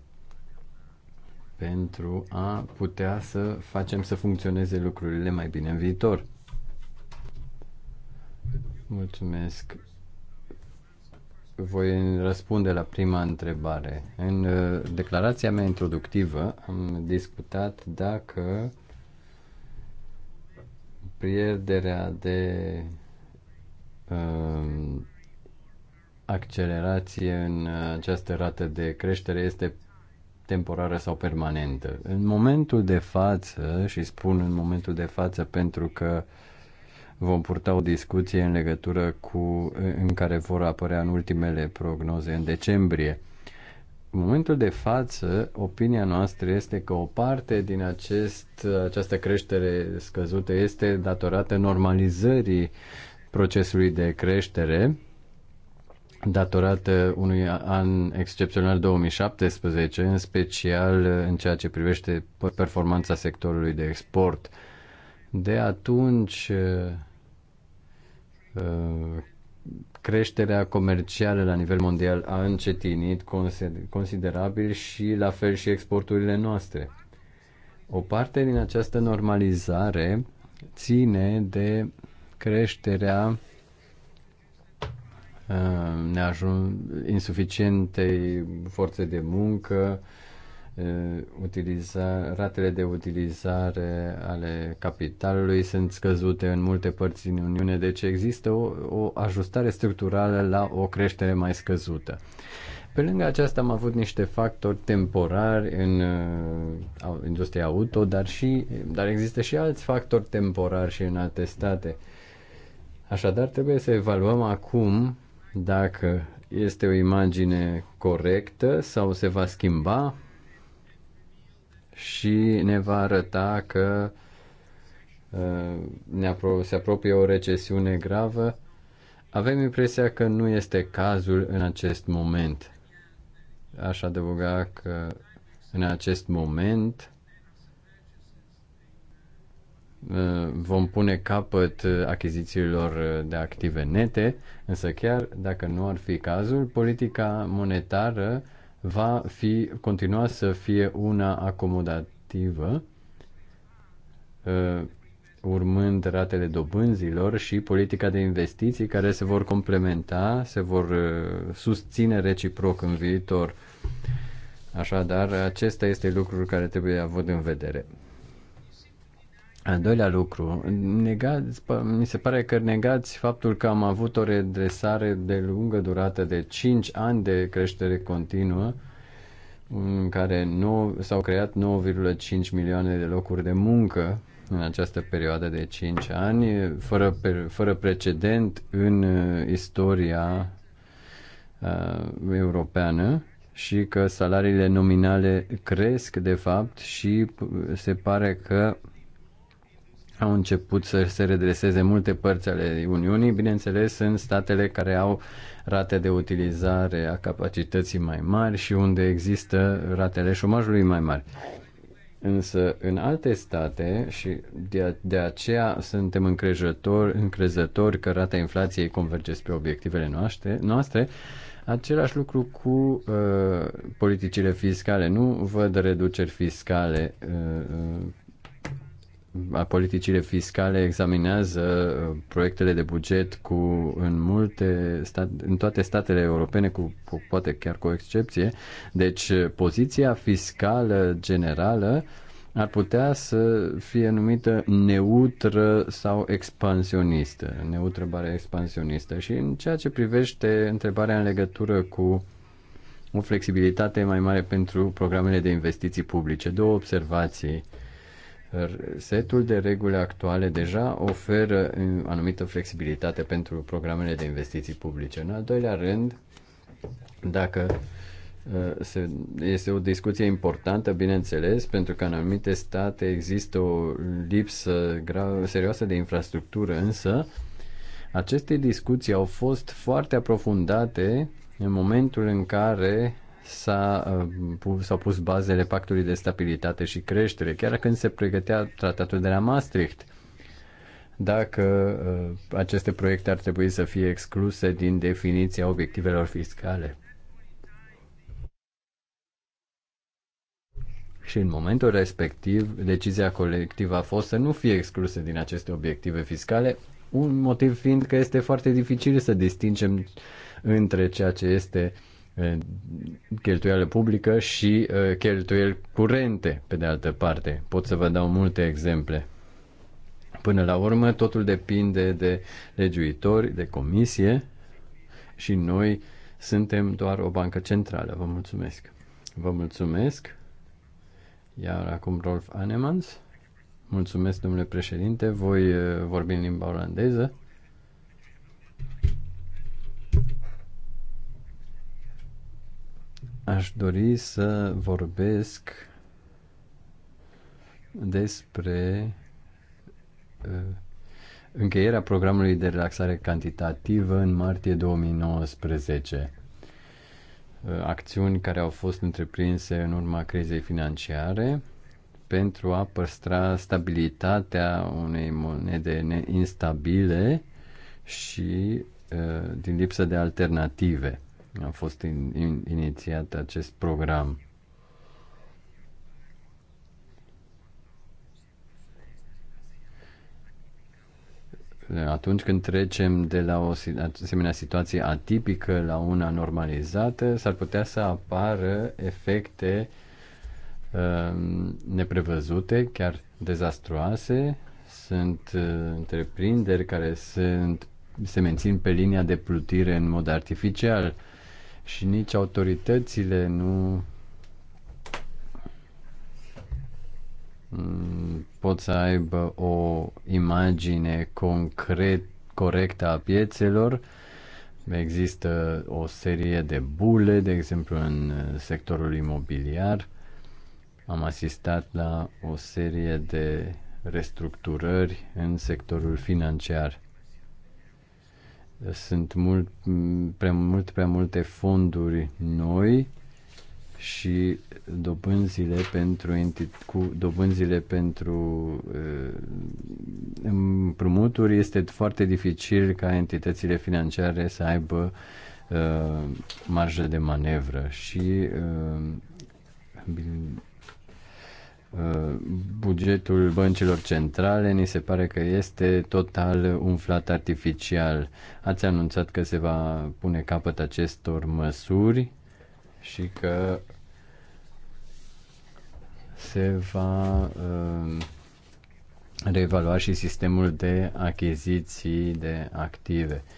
Speaker 3: pentru a putea să facem să funcționeze lucrurile mai bine în viitor. Mulțumesc. Voi răspunde la prima întrebare. În uh, declarația mea introductivă am discutat dacă pierderea de um, accelerație în această rată de creștere este temporară sau permanentă. În momentul de față, și spun în momentul de față pentru că vom purta o discuție în legătură cu în care vor apărea în ultimele prognoze în decembrie. În momentul de față, opinia noastră este că o parte din acest, această creștere scăzută este datorată normalizării procesului de creștere datorată unui an excepțional 2017, în special în ceea ce privește performanța sectorului de export. De atunci, uh, creșterea comercială la nivel mondial a încetinit considerabil și la fel și exporturile noastre. O parte din această normalizare ține de creșterea Uh, neajun, insuficiente forțe de muncă, uh, utiliza, ratele de utilizare ale capitalului sunt scăzute în multe părți din Uniune, deci există o, o ajustare structurală la o creștere mai scăzută. Pe lângă aceasta am avut niște factori temporari în uh, industria auto, dar, și, dar există și alți factori temporari și în alte state. Așadar, trebuie să evaluăm acum dacă este o imagine corectă sau se va schimba și ne va arăta că uh, ne apro- se apropie o recesiune gravă. Avem impresia că nu este cazul în acest moment. Aș adăuga că în acest moment Eh, vom pune capăt eh, achizițiilor eh, de active nete, însă chiar dacă nu ar fi cazul, politica monetară va fi, continua să fie una acomodativă, urmând ratele dobânzilor și politica de investiții care se vor complementa, se vor susține reciproc în viitor. Așadar, acesta este lucrul care trebuie avut în vedere. Al doilea lucru, negați, mi se pare că negați faptul că am avut o redresare de lungă durată de 5 ani de creștere continuă, în care nou, s-au creat 9,5 milioane de locuri de muncă în această perioadă de 5 ani, fără, fără precedent în uh, istoria uh, europeană și că salariile nominale cresc de fapt și uh, se pare că au început să se redreseze multe părți ale Uniunii, bineînțeles în statele care au rate de utilizare a capacității mai mari și unde există ratele șomajului mai mari. Însă în alte state și de, de aceea suntem încrezători, încrezători că rata inflației converge spre obiectivele noastre, noastre același lucru cu uh, politicile fiscale. Nu văd reduceri fiscale uh, uh a politicile fiscale examinează uh, proiectele de buget cu în multe stat, în toate statele europene cu poate chiar cu o excepție. Deci uh, poziția fiscală generală ar putea să fie numită neutră sau expansionistă, neutră bare expansionistă. Și în ceea ce privește întrebarea în legătură cu o flexibilitate mai mare pentru programele de investiții publice, două observații. Uh, setul de reguli actuale deja oferă anumită flexibilitate pentru programele de investiții publice. În al doilea rând, dacă uh, se, este o discuție importantă, bineînțeles, pentru că în anumite state există o lipsă grav, serioasă de infrastructură, însă aceste discuții au fost foarte aprofundate în momentul în care s-a, uh, s-au pus bazele pactului de stabilitate și creștere, chiar când se pregătea tratatul de la Maastricht. Dacă uh, aceste proiecte ar trebui să fie excluse din definiția obiectivelor fiscale. Și în momentul respectiv, decizia colectivă a fost să nu fie excluse din aceste obiective fiscale, un motiv fiind că este foarte dificil să distingem între ceea ce este uh, cheltuială publică și cheltuieli curente, pe de altă parte. Pot să vă dau multe exemple. Până la urmă, totul depinde de legiuitori, de comisie și noi suntem doar o bancă centrală. Vă mulțumesc. Vă mulțumesc. Iar acum Rolf Anemans. Mulțumesc, domnule președinte. Voi vorbi în limba olandeză. Aș dori să vorbesc despre uh, încheierea programului de relaxare cantitativă în martie 2019. Uh, acțiuni care au fost întreprinse în urma crizei financiare pentru a păstra stabilitatea unei monede instabile și uh, din lipsă de alternative a fost in, in, inițiat acest program. Atunci când trecem de la o asemenea situație atipică la una normalizată, s-ar putea să apară efecte uh, neprevăzute, chiar dezastruoase. Sunt uh, întreprinderi care sunt se mențin pe linia de plutire în mod artificial și nici autoritățile nu mm, pot să aibă o imagine concret, corectă a piețelor. Există o serie de bule, de exemplu în sectorul imobiliar. Am asistat la o serie de restructurări în sectorul financiar. Sunt mult, prea, mult prea multe fonduri noi și dobânzile pentru cu dobânzile pentru uh, împrumuturi este foarte dificil ca entitățile financiare să aibă uh, marjă de manevră și uh, bugetul băncilor centrale ni se pare că este total umflat artificial. Ați anunțat că se va pune capăt acestor măsuri și că se va uh, reevalua și sistemul de achiziții de active. Uh,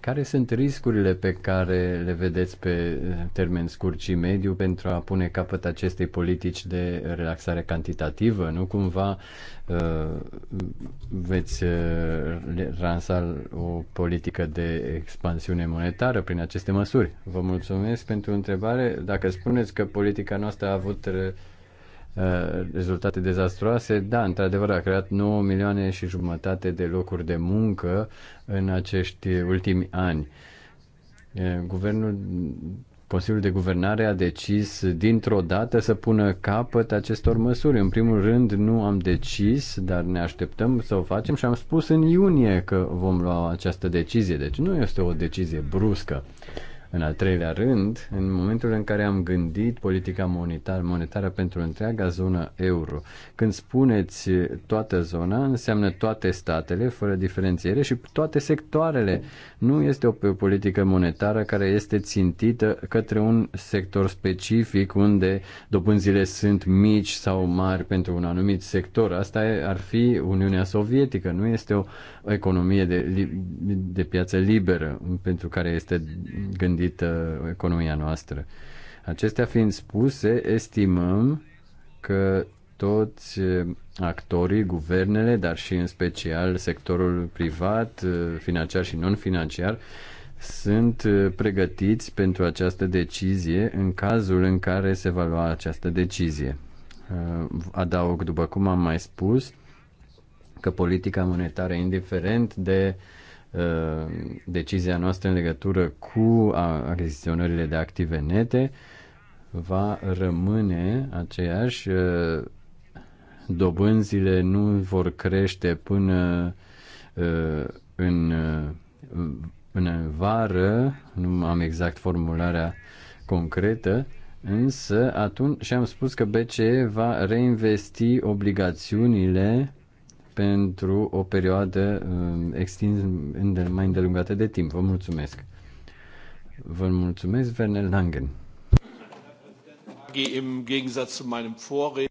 Speaker 3: Care sunt riscurile pe care le vedeți pe eh, termen scurt și mediu pentru a pune capăt acestei politici de relaxare cantitativă? Nu cumva uh, veți uh, ransa o politică de expansiune monetară prin aceste măsuri? Vă mulțumesc pentru întrebare. Dacă spuneți că politica noastră a avut Uh, rezultate dezastroase, da, într-adevăr a creat 9 milioane și jumătate de locuri de muncă în acești ultimi ani. Uh, guvernul, Consiliul de Guvernare a decis dintr-o dată să pună capăt acestor măsuri. În primul rând nu am decis, dar ne așteptăm să o facem și am spus în iunie că vom lua această decizie. Deci nu este o decizie bruscă. În al treilea rând, în momentul în care am gândit politica monetar, monetară pentru întreaga zonă euro, când spuneți toată zona, înseamnă toate statele, fără diferențiere și toate sectoarele nu este o politică monetară care este țintită către un sector specific unde dobânzile sunt mici sau mari pentru un anumit sector. Asta ar fi Uniunea Sovietică, nu este o economie de, de piață liberă pentru care este gândită economia noastră. Acestea fiind spuse, estimăm că toți actorii, guvernele, dar și în special sectorul privat, eh, financiar și non-financiar, sunt eh, pregătiți pentru această decizie în cazul în care se va lua această decizie. Eh, adaug, după cum am mai spus, că politica monetară, indiferent de decizia noastră în legătură cu achiziționările de active nete, va rămâne aceeași dobânzile nu vor crește până uh, în, uh, în vară, nu am exact formularea concretă, însă atunci și am spus că BCE va reinvesti obligațiunile pentru o perioadă uh, extins mai îndelungată de timp. Vă mulțumesc. Vă mulțumesc, Werner Langen.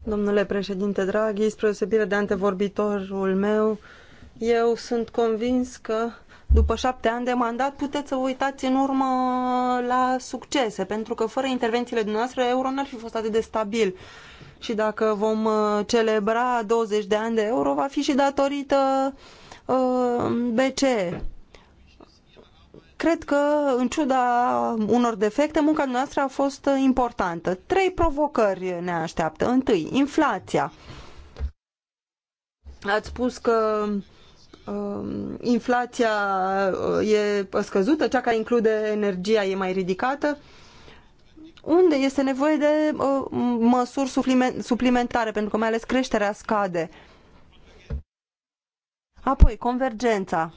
Speaker 1: Domnule președinte Draghi, spre osebire de antevorbitorul meu, eu sunt convins că după șapte ani de mandat puteți să uitați în urmă la succese, pentru că fără intervențiile dumneavoastră euro n-ar fi fost atât de stabil. Și dacă vom uh, celebra 20 de ani de euro, va fi și datorită uh, BCE. Cred că, în ciuda unor defecte, munca noastră a fost importantă. Trei provocări ne așteaptă. Întâi, inflația. Ați spus că um, inflația uh, e scăzută, cea care include energia e mai ridicată. Unde este nevoie de uh, măsuri suplimentare, pentru că mai ales creșterea scade. Apoi, convergența.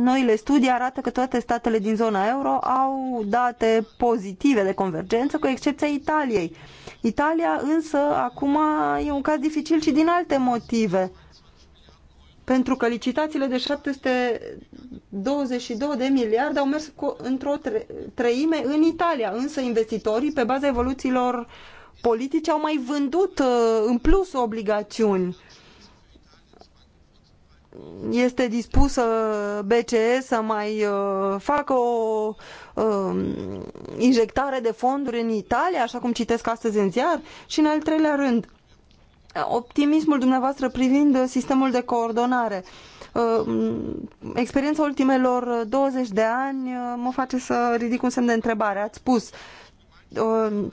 Speaker 1: Noile studii arată că toate statele din zona euro au date pozitive de convergență, cu excepția Italiei. Italia însă acum e un caz dificil și din alte motive. Pentru că licitațiile de 722 de miliarde au mers într-o tre treime în Italia, însă investitorii, pe baza evoluțiilor politice, au mai vândut uh, în plus obligațiuni este dispusă BCE să mai uh, facă o um, injectare de fonduri în Italia, așa cum citesc astăzi în ziar, și în al treilea rând, optimismul dumneavoastră privind sistemul de coordonare. Uh, experiența ultimelor 20 de ani uh, mă face să ridic un semn de întrebare. Ați spus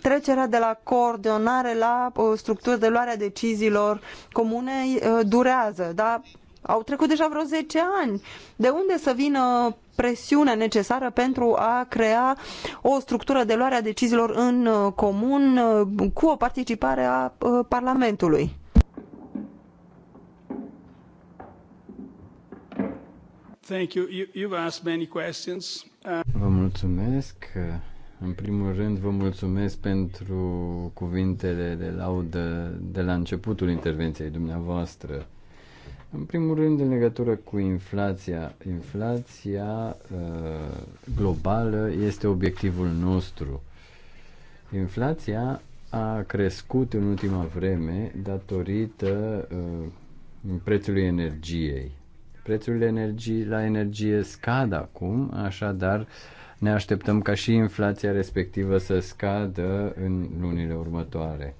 Speaker 1: trecerea de la coordonare la structuri de luare a deciziilor comune durează, dar au trecut deja vreo 10 ani. De unde să vină presiunea necesară pentru a crea o structură de luare a deciziilor în uh, comun uh, cu o participare a uh, Parlamentului? Thank you. You've asked many questions.
Speaker 3: Vă mulțumesc. În primul rând, vă mulțumesc pentru cuvintele de laudă de la începutul intervenției dumneavoastră. În primul rând, în legătură cu inflația. Inflația uh, globală este obiectivul nostru. Inflația a crescut în ultima vreme datorită uh, prețului energiei. Prețurile energii, la energie scad acum, așadar ne așteptăm ca și inflația respectivă să scadă în lunile următoare.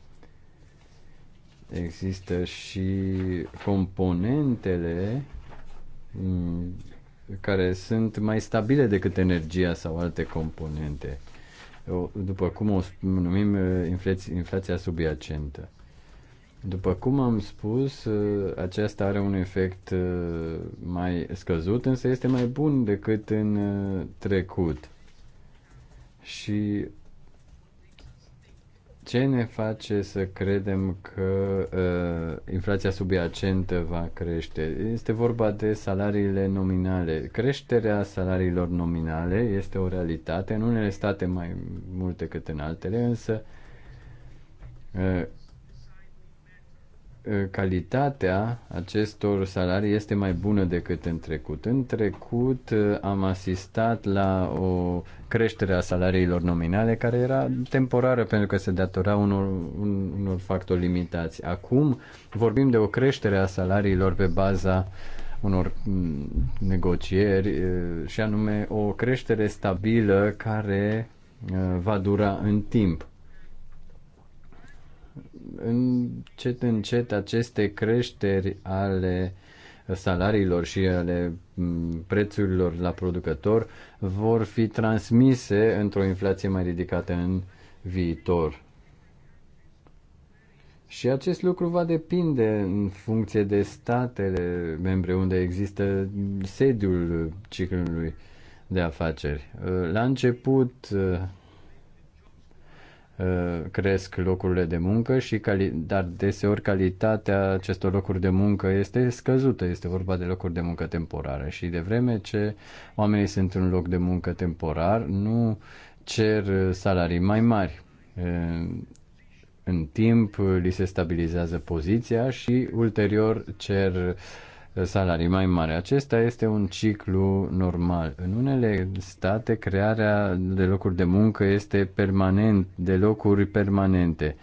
Speaker 3: Există și componentele mm, care sunt mai stabile decât energia sau alte componente, după cum o numim uh, inflația subiacentă. După cum am spus, uh, aceasta are un efect uh, mai scăzut, însă este mai bun decât în trecut. Și ce ne face să credem că uh, inflația subiacentă va crește? Este vorba de salariile nominale. Creșterea salariilor nominale este o realitate în unele state mai multe cât în altele, însă uh, Ă, calitatea acestor salarii este mai bună decât în trecut. În trecut ă, am asistat la o creștere a salariilor nominale care era temporară pentru că se datora unor, unor factori limitați. Acum vorbim de o creștere a salariilor pe baza unor negocieri ă, și anume o creștere stabilă care va dura în timp încet, încet aceste creșteri ale salariilor și ale prețurilor la producător vor fi transmise într-o inflație mai ridicată în viitor. Și acest lucru va depinde în funcție de statele membre unde există sediul ciclului de afaceri. La început, Uh, cresc locurile de muncă, și dar deseori calitatea acestor locuri de muncă este scăzută. Este vorba de locuri de muncă temporare și de vreme ce oamenii sunt în loc de muncă temporar, nu cer salarii mai mari. Uh, în timp li se stabilizează poziția și ulterior cer salarii mai mari. Acesta este un ciclu normal. În unele state, crearea de locuri de muncă este permanent, de locuri permanente.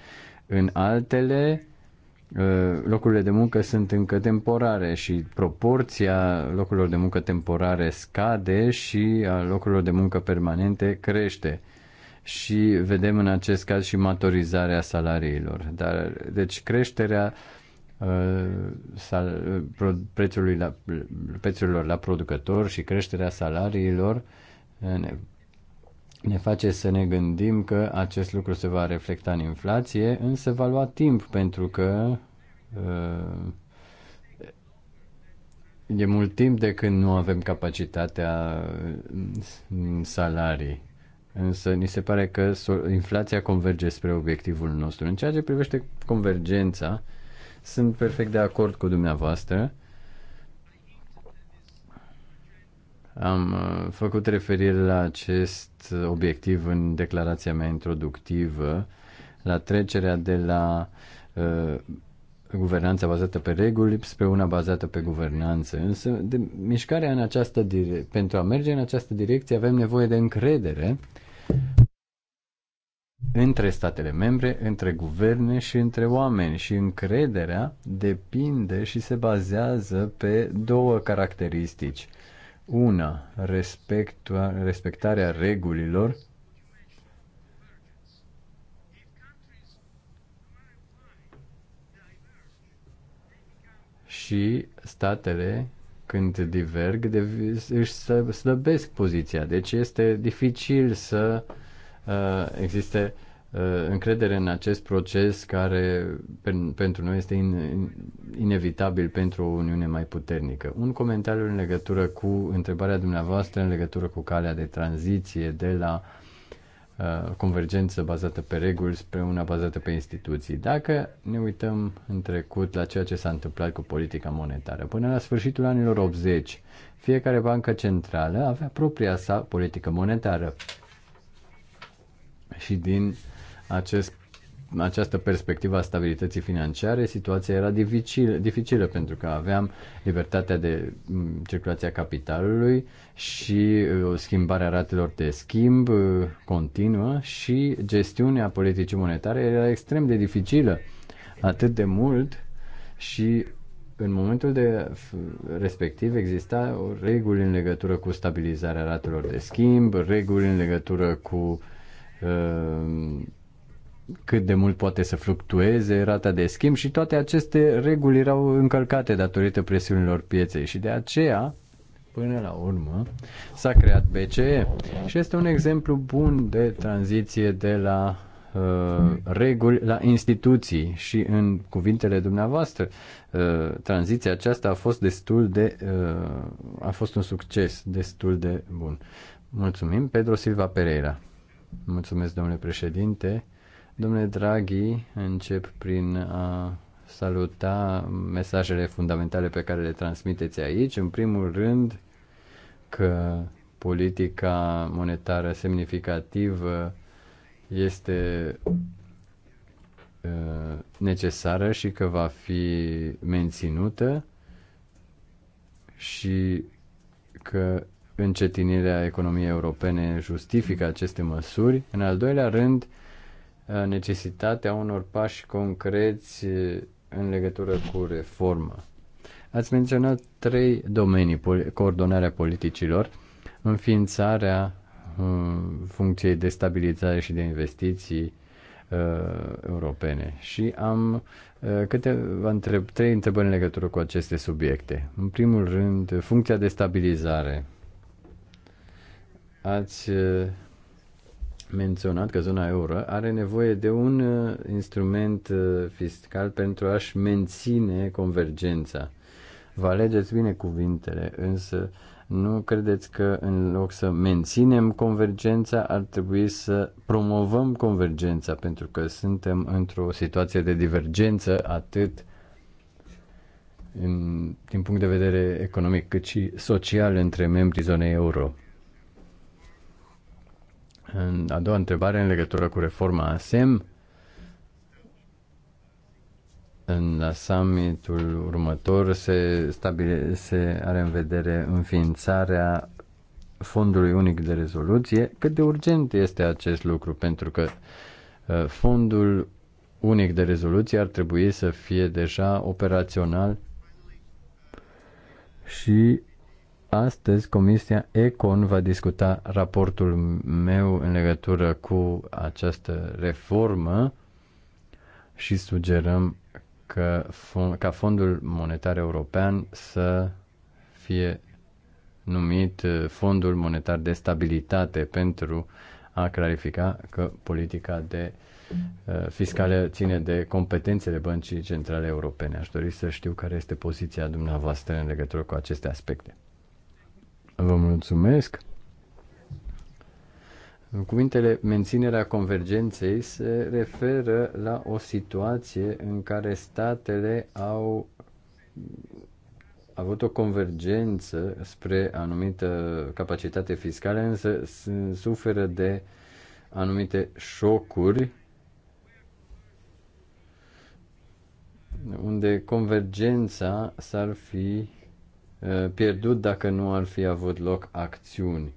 Speaker 3: În altele, ă, locurile de muncă sunt încă temporare și proporția locurilor de muncă temporare scade și a locurilor de muncă permanente crește. Și vedem în acest caz și maturizarea salariilor. Dar, deci creșterea uh, Uh, uh, prețului la, prețurilor la producător și creșterea salariilor uh, ne, ne face să ne gândim că acest lucru se va reflecta în inflație, însă va lua timp pentru că e mult timp de când nu avem capacitatea în salarii. Însă ni se pare că inflația converge spre obiectivul nostru. În ceea ce privește convergența, uh, sunt perfect de acord cu dumneavoastră. Am uh, făcut referire la acest obiectiv în declarația mea introductivă, la trecerea de la uh, guvernanța bazată pe reguli spre una bazată pe guvernanță. Însă, de mișcarea în această dire- pentru a merge în această direcție avem nevoie de încredere între statele membre, între guverne și între oameni și încrederea depinde și se bazează pe două caracteristici. Una, respectarea regulilor și statele când diverg, își slăbesc poziția. Deci este dificil să uh, Uh, existe uh, încredere în acest proces care pentru noi este inevitabil pentru o Uniune mai puternică. Un comentariu în legătură cu întrebarea dumneavoastră în legătură cu calea de tranziție de la uh, convergență bazată pe reguli spre una bazată pe instituții. Dacă ne uităm în trecut la ceea ce s-a întâmplat cu politica monetară, până la sfârșitul anilor 80, fiecare bancă centrală avea propria sa politică monetară și din acest, această perspectivă a stabilității financiare, situația era dificil, dificilă pentru că aveam libertatea de circulație a capitalului și uh, o schimbare a ratelor de schimb uh, continuă și gestiunea politicii monetare era extrem de dificilă atât de mult și în momentul de respectiv exista reguli în legătură cu stabilizarea ratelor de schimb, reguli în legătură cu Ehm, cât de mult poate să fluctueze rata de schimb și toate aceste reguli erau încălcate datorită presiunilor pieței și de aceea până la urmă s-a creat BCE și este un exemplu bun de tranziție de la uh, reguli la instituții și în cuvintele dumneavoastră uh, tranziția aceasta a fost destul de uh, a fost un succes destul de bun. Mulțumim Pedro Silva Pereira. Mulțumesc, domnule președinte. Domnule Draghi, încep prin a saluta mesajele fundamentale pe care le transmiteți aici. În primul rând, că politica monetară semnificativă este uh, necesară și că va fi menținută și că încetinirea economiei europene justifică aceste măsuri. În al doilea rând, necesitatea unor pași concreți eh, în legătură cu reformă. Ați menționat trei domenii, coordonarea politicilor, înființarea hm, funcției de stabilizare și de investiții eh, europene și am eh, câteva întreb, trei întrebări în legătură cu aceste subiecte. În primul rând, funcția de stabilizare Ați uh, menționat că zona euro are nevoie de un uh, instrument uh, fiscal pentru a-și menține convergența. Vă alegeți bine cuvintele, însă nu credeți că în loc să menținem convergența, ar trebui să promovăm convergența, pentru că suntem într-o situație de divergență atât în, din punct de vedere economic, cât și social între membrii zonei euro. A doua întrebare în legătură cu reforma ASEM. În la summitul următor se, stabile, se are în vedere înființarea fondului unic de rezoluție. Cât de urgent este acest lucru? Pentru că ă, fondul unic de rezoluție ar trebui să fie deja operațional și Astăzi, Comisia Econ va discuta raportul meu în legătură cu această reformă și sugerăm că, ca Fondul Monetar European să fie numit uh, Fondul Monetar de Stabilitate pentru a clarifica că politica de uh, fiscală ține de competențele Băncii Centrale Europene. Aș dori să știu care este poziția dumneavoastră în legătură cu aceste aspecte. Vă mulțumesc. Cuvintele menținerea convergenței se referă la o situație în care statele au avut o convergență spre anumită capacitate fiscală, însă suferă de anumite șocuri unde convergența s-ar fi Uh, pierdut dacă nu ar fi avut loc acțiuni.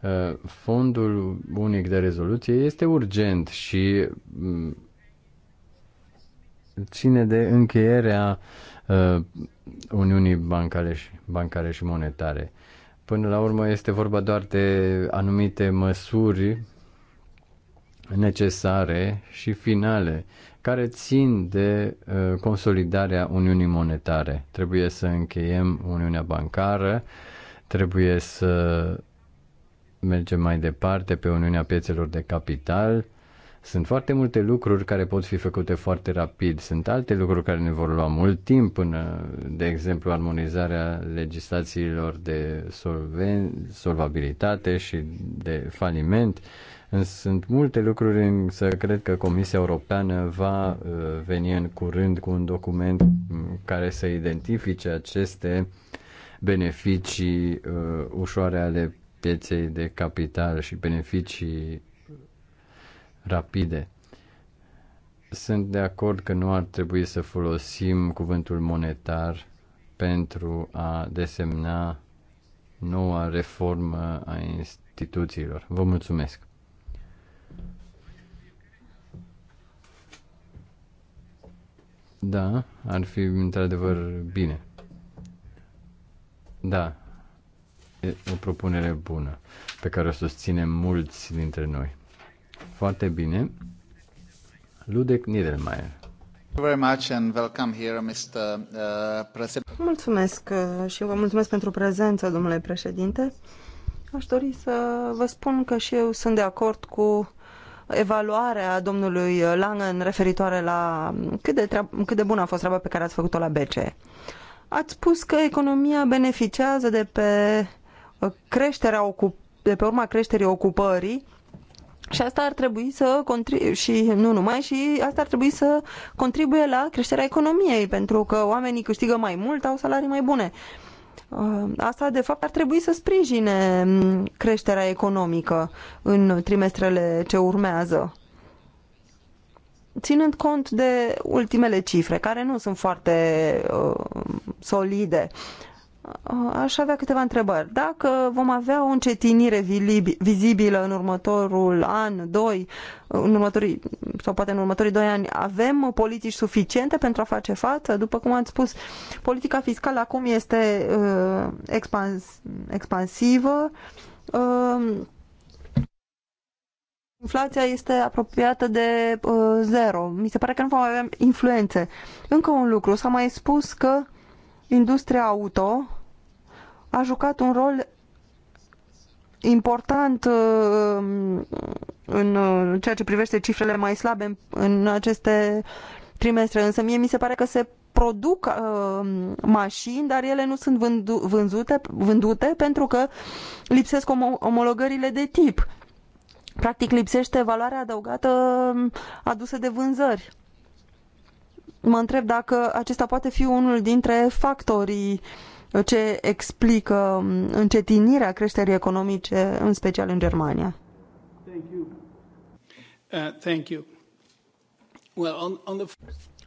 Speaker 3: Uh, fondul unic de rezoluție este urgent și mm, ține de încheierea uh, Uniunii bancare și, bancare și monetare. Până la urmă este vorba doar de anumite măsuri necesare și finale care țin de uh, consolidarea Uniunii Monetare. Trebuie să încheiem Uniunea Bancară, trebuie să mergem mai departe pe Uniunea Piețelor de Capital. Sunt foarte multe lucruri care pot fi făcute foarte rapid. Sunt alte lucruri care ne vor lua mult timp până, de exemplu, armonizarea legislațiilor de solven, solvabilitate și de faliment. Uh, sunt multe lucruri, însă cred că Comisia Europeană va uh, veni în curând cu un document mm, care să identifice aceste beneficii uh, ușoare ale pieței de capital și beneficii rapide. Sunt de acord că nu ar trebui să folosim cuvântul monetar pentru a desemna noua reformă a instituțiilor. Vă mulțumesc! Da, ar fi într-adevăr bine. Da, e o propunere bună pe care o susținem mulți dintre noi. Foarte bine. Ludek Niedermayer.
Speaker 2: Uh,
Speaker 1: mulțumesc uh, și vă mulțumesc pentru prezență, domnule președinte. Aș dori să vă spun că și eu sunt de acord cu evaluarea domnului Langen referitoare la cât de, cât de bună a fost treaba pe care ați făcut-o la BCE. Ați spus că economia beneficiază de pe uh, creșterea ocup de pe urma creșterii ocupării și asta ar trebui să contribuie și nu numai și asta ar trebui să contribuie la creșterea economiei pentru că oamenii câștigă mai mult, au salarii mai bune. Uh, Uh, asta, de fapt, ar trebui să sprijine mm, creșterea economică în trimestrele ce urmează. Ținând cont de ultimele cifre, care nu sunt foarte uh, solide, uh, Aș avea câteva întrebări. Dacă vom avea o încetinire vizibilă în următorul an, doi, în următorii, sau poate în următorii doi ani, avem politici suficiente pentru a face față? După cum ați spus, politica fiscală acum este uh, expans, expansivă. Uh, inflația este apropiată de uh, zero. Mi se pare că nu vom avea influențe. Încă un lucru, s-a mai spus că uh, industria auto a jucat un rol important uh, uh, în ceea ce privește cifrele mai slabe în aceste trimestre, însă mie mi se pare că se produc uh, mașini, dar ele nu sunt vându vânzute, vândute pentru că lipsesc om omologările de tip. Practic lipsește valoarea adăugată um, adusă de vânzări mă întreb dacă acesta poate fi unul dintre factorii ce explică încetinirea creșterii economice, în special în Germania. Uh,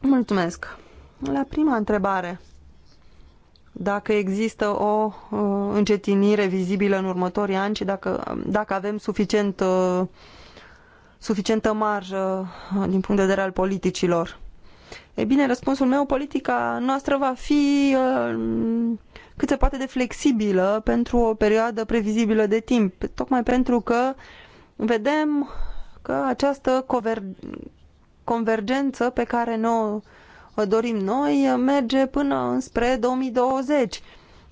Speaker 1: Mulțumesc. La prima întrebare, dacă există o uh, încetinire vizibilă în următorii ani și dacă, dacă avem suficient, uh, suficientă marjă din punct de vedere al politicilor. E bine, răspunsul meu, politica noastră va fi uh, cât se poate de flexibilă pentru o perioadă previzibilă de timp, tocmai pentru că vedem că această convergență pe care ne-o dorim noi merge până spre 2020.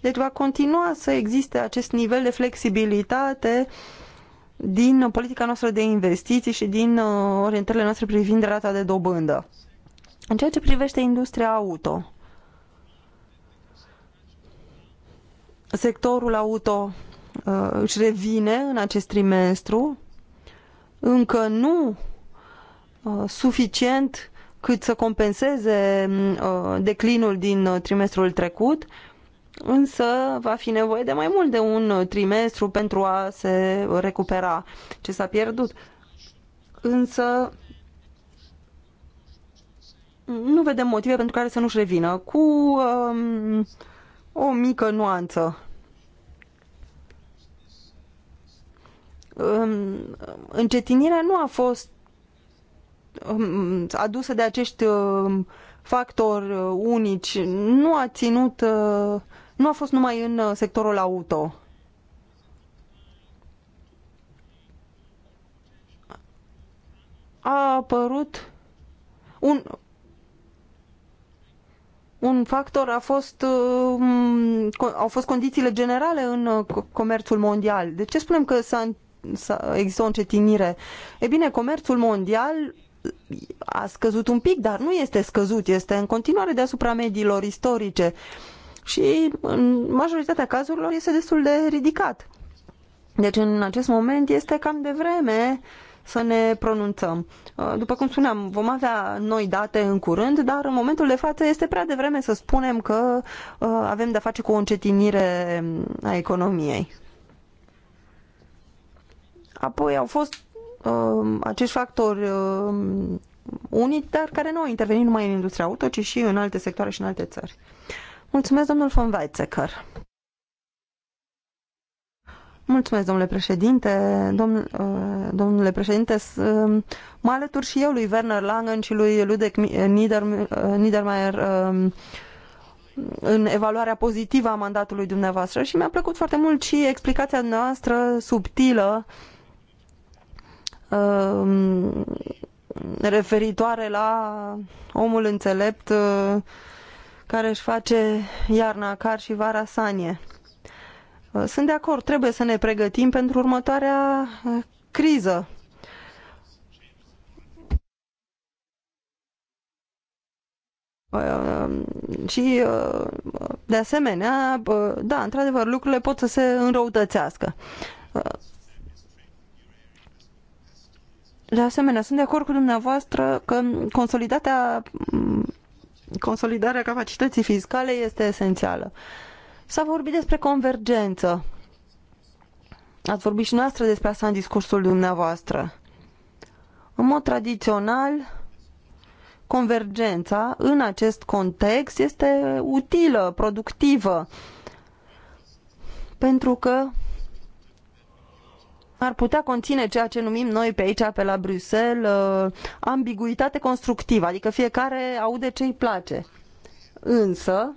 Speaker 1: Deci va continua să existe acest nivel de flexibilitate din politica noastră de investiții și din uh, orientările noastre privind rata de dobândă. În ceea ce privește industria auto, sectorul auto uh, își revine în acest trimestru, încă nu uh, suficient cât să compenseze mm, uh, declinul din trimestrul trecut, însă va fi nevoie de mai mult de un trimestru pentru a se recupera ce s-a pierdut. Însă nu vedem motive pentru care să nu-și revină, cu um, o mică nuanță. Um, încetinirea nu a fost um, adusă de acești um, factori uh, unici, nu a ținut, uh, nu a fost numai în uh, sectorul auto. A apărut un, un factor a fost, uh, au fost condițiile generale în uh, comerțul mondial. De ce spunem că s-a, există o încetinire? E bine, comerțul mondial a scăzut un pic, dar nu este scăzut, este în continuare deasupra mediilor istorice și în majoritatea cazurilor este destul de ridicat. Deci în acest moment este cam de vreme uh, să ne pronunțăm. Uh, după cum spuneam, vom avea noi date în curând, dar în momentul de față este prea devreme să spunem că uh, avem de-a face cu o încetinire um, a economiei. Apoi au fost uh, acești factori uh, dar care nu au intervenit numai în industria auto, ci și în alte sectoare și în alte țări. Mulțumesc, domnul von Weizsäcker. Mulțumesc, domnule președinte. Domn, uh, domnule președinte, um, mă alătur și eu lui Werner Langen și lui Ludek uh, uh, Niedermayer um, în evaluarea pozitivă a mandatului dumneavoastră și mi-a plăcut foarte mult și explicația noastră subtilă um, referitoare la omul înțelept care își face iarna car și vara sanie. Uh, sunt de acord, trebuie să ne pregătim pentru următoarea uh, criză. Uh, și, de asemenea, da, într-adevăr, lucrurile pot să se înrăutățească. De asemenea, sunt de acord cu dumneavoastră că consolidarea mm, capacității fiscale este esențială. Uh, S-a vorbit despre convergență. Ați vorbit și noastră despre asta în discursul dumneavoastră. În mod tradițional, convergența în acest context este utilă, productivă, pentru că ar putea conține ceea ce numim noi pe aici, pe la Bruxelles, uh, ambiguitate constructivă, adică fiecare aude ce îi place. Însă,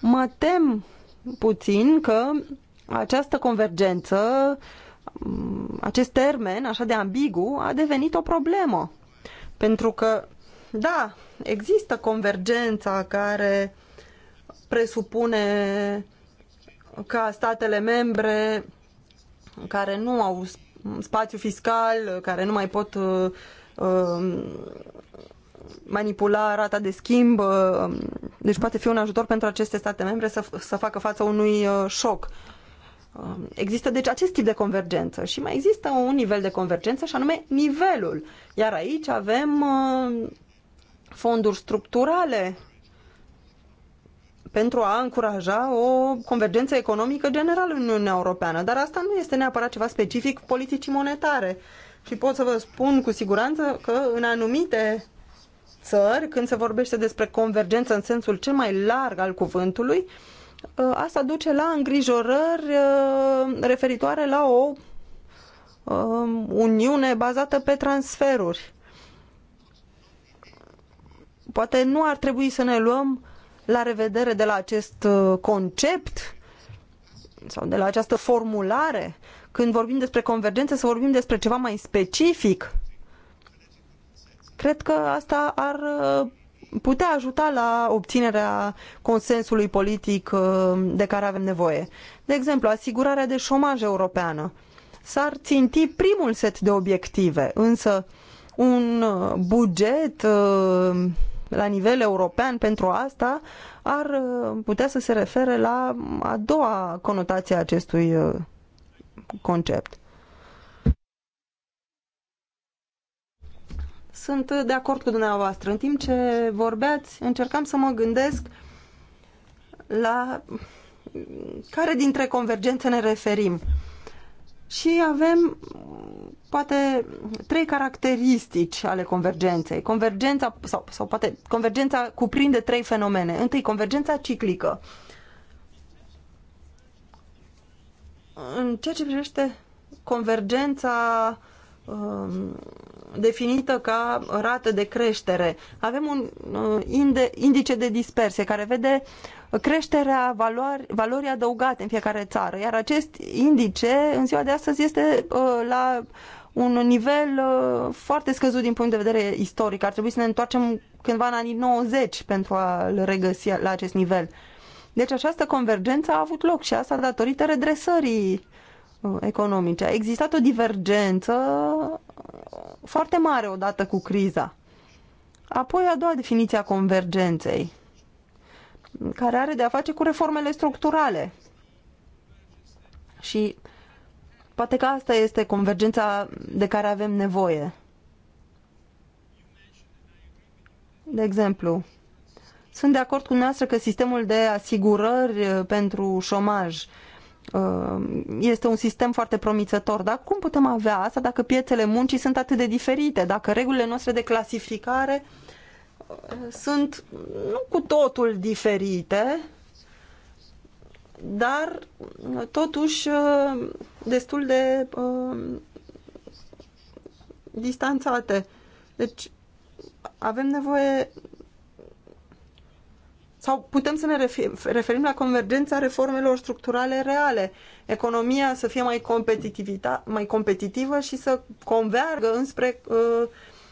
Speaker 1: mă tem puțin că această convergență, acest termen așa de ambigu, a devenit o problemă. Pentru că, da, există convergența care presupune ca statele membre care nu au spațiu fiscal, care nu mai pot uh, uh manipula rata de schimb, uh, deci poate fi un ajutor pentru aceste state membre să, să facă față unui uh, șoc. Uh, există deci acest tip de convergență și mai există un nivel de convergență și anume nivelul. Iar aici avem fonduri structurale pentru a încuraja o convergență economică generală în Uniunea Europeană. Dar asta nu este neapărat ceva specific politicii monetare. Și pot să vă spun cu siguranță că în anumite țări, când se vorbește despre convergență în sensul cel mai larg al cuvântului, ă, asta duce la îngrijorări ă, referitoare la o ă, uniune bazată pe transferuri. Poate nu ar trebui să ne luăm la revedere de la acest concept sau de la această formulare. Când vorbim despre convergență, să vorbim despre ceva mai specific Cred că asta ar uh, putea ajuta la obținerea consensului politic uh, de care avem nevoie. De exemplu, asigurarea de șomaj europeană. S-ar ținti primul set de obiective, însă un uh, buget la nivel european pentru asta ar putea să se refere la a doua conotație a acestui concept. sunt de acord cu dumneavoastră. În timp ce vorbeați, încercam să mă gândesc la care dintre convergențe ne referim. Și avem poate trei caracteristici ale convergenței. Convergența, sau, sau poate convergența cuprinde trei fenomene. Întâi, convergența ciclică. În ceea ce privește convergența um, definită ca rată de creștere. Avem un uh, indice de dispersie care vede creșterea valori, valorii adăugate în fiecare țară, iar acest indice în ziua de astăzi este uh, la un nivel uh, foarte scăzut din punct de vedere istoric. Ar trebui să ne întoarcem cândva în anii 90 pentru a-l regăsi la acest nivel. Deci această convergență a avut loc și asta datorită redresării Uh, economice. A existat o divergență foarte mare odată cu criza. Apoi a doua definiție a convergenței, care are de a face cu reformele structurale. Și poate că asta este convergența de care avem nevoie. De exemplu, sunt de acord cu dumneavoastră că sistemul de asigurări uh, pentru șomaj uh, este un sistem foarte promițător, dar cum putem avea asta dacă piețele muncii sunt atât de diferite, dacă regulile noastre de clasificare uh, sunt uh, nu cu totul diferite, dar uh, totuși destul de uh, distanțate. Deci avem nevoie sau putem să ne referim la convergența reformelor structurale reale, economia să fie mai, mai competitivă și să convergă înspre uh,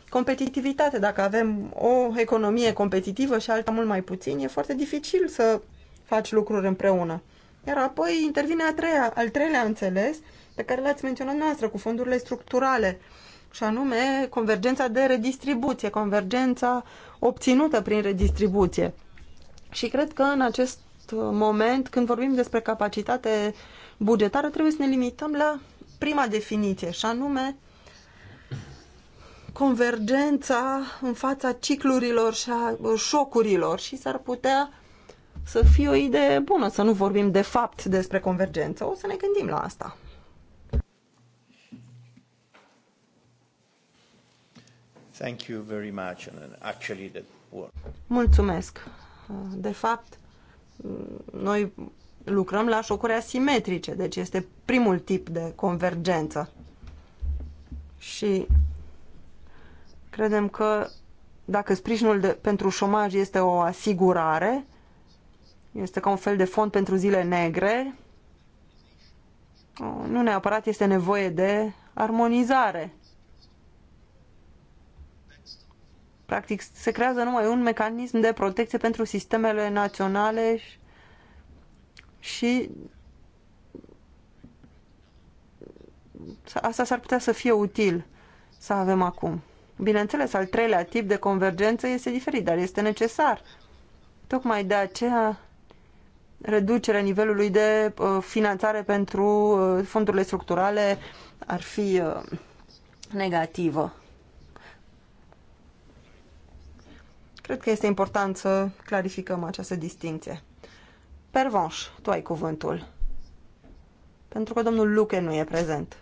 Speaker 1: competitivitate. Dacă avem o economie competitivă și alta mult mai puțin, e foarte dificil să faci lucruri împreună. Iar apoi intervine a treia, al treilea înțeles, pe care l-ați menționat noastră, cu fondurile structurale, și anume convergența de redistribuție, convergența obținută prin redistribuție. Și cred că în acest moment, când vorbim despre capacitate bugetară, trebuie să ne limităm la prima definiție, și anume convergența în fața ciclurilor și a șocurilor și s-ar putea să fie o idee bună, să nu vorbim de fapt despre convergență. O să ne gândim la asta.
Speaker 3: Thank you very much. And actually that
Speaker 1: Mulțumesc. De fapt, noi lucrăm la șocuri asimetrice, deci este primul tip de convergență. Și credem că dacă sprijinul de, pentru șomaj este o asigurare, este ca un fel de fond pentru zile negre, nu neapărat este nevoie de armonizare. Practic, se creează numai un mecanism de protecție pentru sistemele naționale și, și asta s-ar putea să fie util să avem acum. Bineînțeles, al treilea tip de convergență este diferit, dar este necesar. Tocmai de aceea reducerea nivelului de uh, finanțare pentru uh, fondurile structurale ar fi uh, negativă. Cred că este important să clarificăm această distinție. Pervanș, tu ai cuvântul. Pentru că domnul Luche nu e prezent.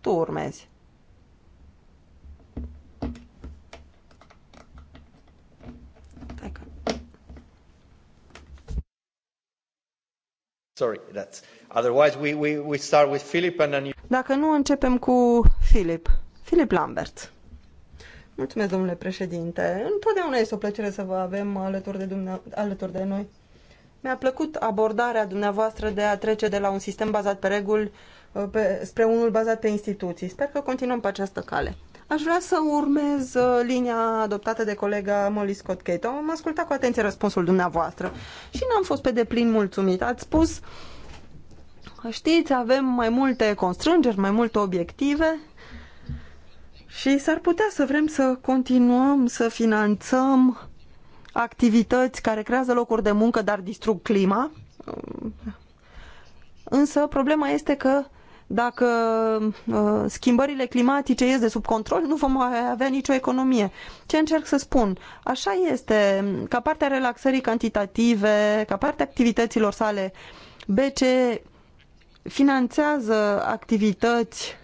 Speaker 1: Tu urmezi.
Speaker 2: Sorry, that's... Otherwise we, we, we
Speaker 3: start with Philip and then you...
Speaker 1: Dacă nu, începem cu Philip. Philip Lambert. Mulțumesc, domnule președinte. Întotdeauna este o plăcere să vă avem alături de, dumne- alături de noi. Mi-a plăcut abordarea dumneavoastră de a trece de la un sistem bazat pe reguli uh, pe, spre unul bazat pe instituții. Sper că continuăm pe această cale. Aș vrea să urmez uh, linia adoptată de colega Molly Scott Cato. Am ascultat cu atenție răspunsul dumneavoastră și n-am fost pe deplin mulțumit. Ați spus, știți, avem mai multe constrângeri, mai multe obiective, și s-ar putea să vrem să continuăm să finanțăm activități care creează locuri de muncă, dar distrug clima. Însă problema este că dacă uh, schimbările climatice ies de sub control, nu vom avea nicio economie. Ce încerc să spun? Așa este, ca partea relaxării cantitative, ca partea activităților sale, BCE finanțează activități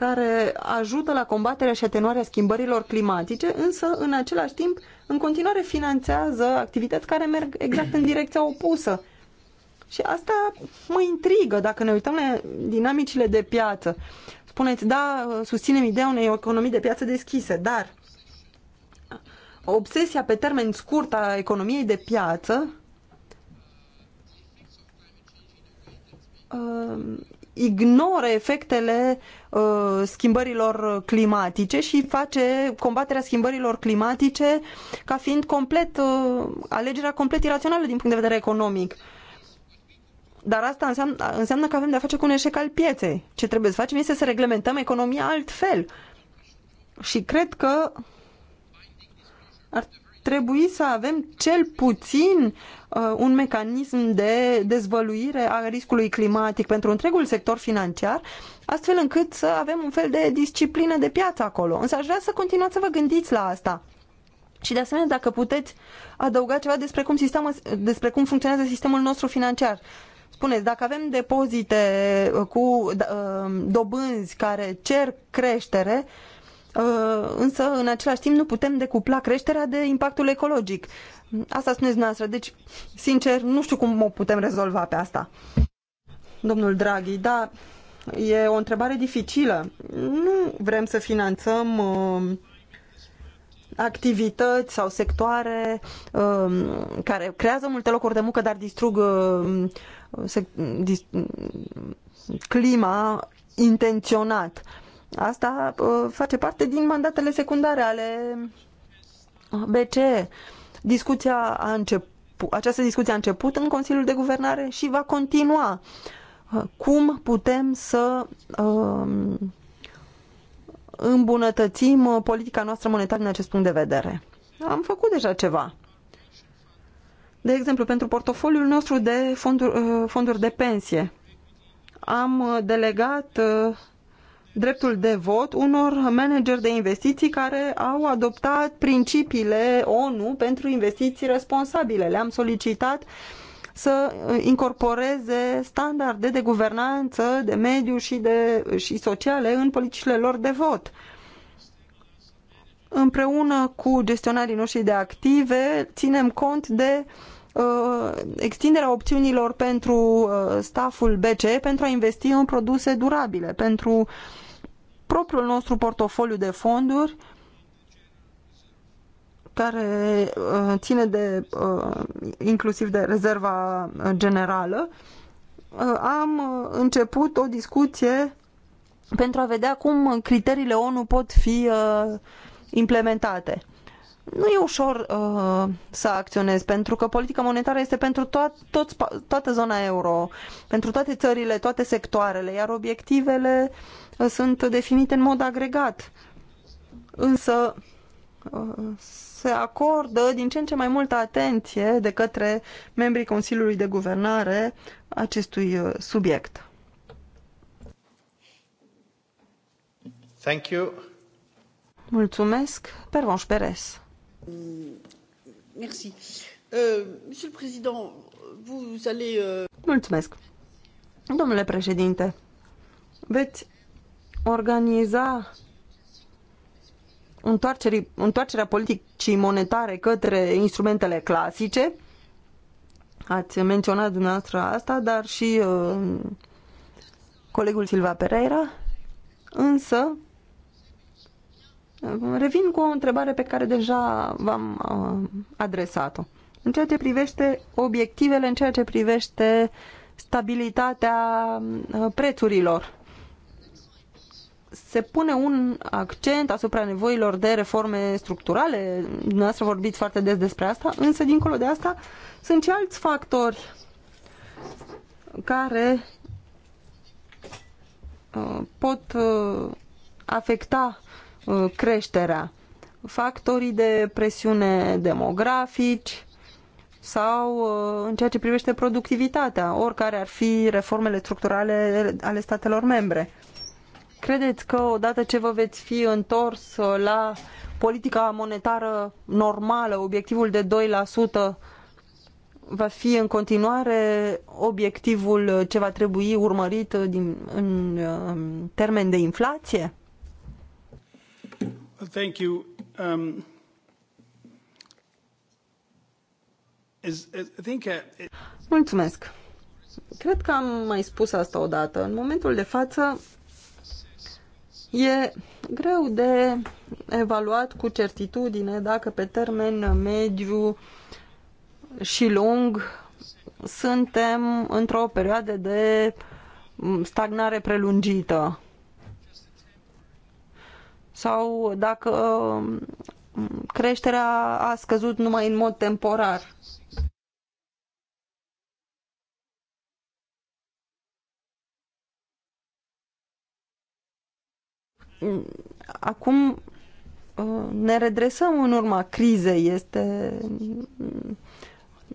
Speaker 1: care ajută la combaterea și atenuarea schimbărilor climatice, însă în același timp în continuare finanțează activități care merg exact în direcția opusă. Și asta mă intrigă dacă ne uităm la dinamicile de piață. Spuneți, da, susținem ideea unei economii de piață deschise, dar obsesia pe termen scurt a economiei de piață uh, ignore efectele uh, schimbărilor climatice și face combaterea schimbărilor climatice ca fiind complet, uh, alegerea complet irațională din punct de vedere economic. Dar asta înseamnă, înseamnă că avem de-a face cu un eșec al pieței. Ce trebuie să facem este să reglementăm economia altfel. Și cred că ar trebui să avem cel puțin uh, un mecanism de dezvăluire a riscului climatic pentru întregul sector financiar, astfel încât să avem un fel de disciplină de piață acolo. Însă aș vrea să continuați să vă gândiți la asta. Și de asemenea, dacă puteți adăuga ceva despre cum, sistemul, despre cum funcționează sistemul nostru financiar. Spuneți, dacă avem depozite uh, cu uh, dobânzi care cer creștere, uh, Uh, însă în același timp nu putem decupla creșterea de impactul ecologic. Asta spuneți noastră, deci sincer nu știu cum o putem rezolva pe asta. Domnul Draghi, da, e o întrebare dificilă. Nu vrem să finanțăm uh, activități sau sectoare uh, care creează multe locuri de muncă, dar distrug uh, se, dis, clima intenționat. Asta uh, face parte din mandatele secundare ale BC. Discuția a început, această discuție a început în Consiliul de Guvernare și va continua. Uh, cum putem să um, îmbunătățim uh, politica noastră monetară în acest punct de vedere? Am făcut deja ceva. De exemplu, pentru portofoliul nostru de fonduri, fonduri de pensie, am delegat dreptul de vot unor manageri de investiții care au adoptat principiile ONU pentru investiții responsabile. Le-am solicitat să incorporeze standarde de guvernanță, de mediu și, de, și sociale în politicile lor de vot. Împreună cu gestionarii noștri de active, ținem cont de uh, Uh, extinderea opțiunilor pentru uh, staful BCE pentru a investi în produse durabile, pentru propriul nostru portofoliu de fonduri care uh, ține de inclusiv de rezerva generală, am început o discuție pentru a vedea cum criteriile ONU pot fi implementate nu e ușor uh, să acționezi, pentru că politica monetară este pentru toat, toți, toată zona euro, pentru toate țările, toate sectoarele, iar obiectivele uh, sunt definite în mod agregat. Însă uh, se acordă din ce în ce mai multă atenție de către membrii Consiliului de Guvernare acestui uh, subiect. Thank you. Mulțumesc, Pervonș Peres. Mm, merci. Euh,
Speaker 2: Monsieur le Président, vous allez... Euh,
Speaker 1: Mulțumesc. Domnule președinte, veți organiza întoarcerea politicii monetare către instrumentele clasice. Ați menționat dumneavoastră asta, dar și uh, colegul Silva Pereira. Însă, Revin cu o întrebare pe care deja v-am uh, adresat-o. În ceea ce privește obiectivele, în ceea ce privește stabilitatea uh, prețurilor, se pune un accent asupra nevoilor de reforme structurale. Dumneavoastră vorbiți foarte des despre asta, însă dincolo de asta sunt și alți factori care uh, pot afecta Uh, creșterea. Factorii de presiune demografici sau uh, în ceea ce privește productivitatea, oricare ar fi reformele structurale ale statelor membre. Credeți că odată ce vă veți fi întors la politica monetară normală, obiectivul de 2% va fi în continuare obiectivul ce va trebui urmărit din, în, uh, în termen de inflație? thank you. Um, I think, uh, it... Mulțumesc. Cred că am mai spus asta odată. În momentul de față e greu de evaluat cu certitudine dacă pe termen mediu și lung suntem într-o perioadă de stagnare prelungită sau dacă um, creșterea a scăzut numai în mod temporar. Acum uh, ne redresăm în urma crizei, este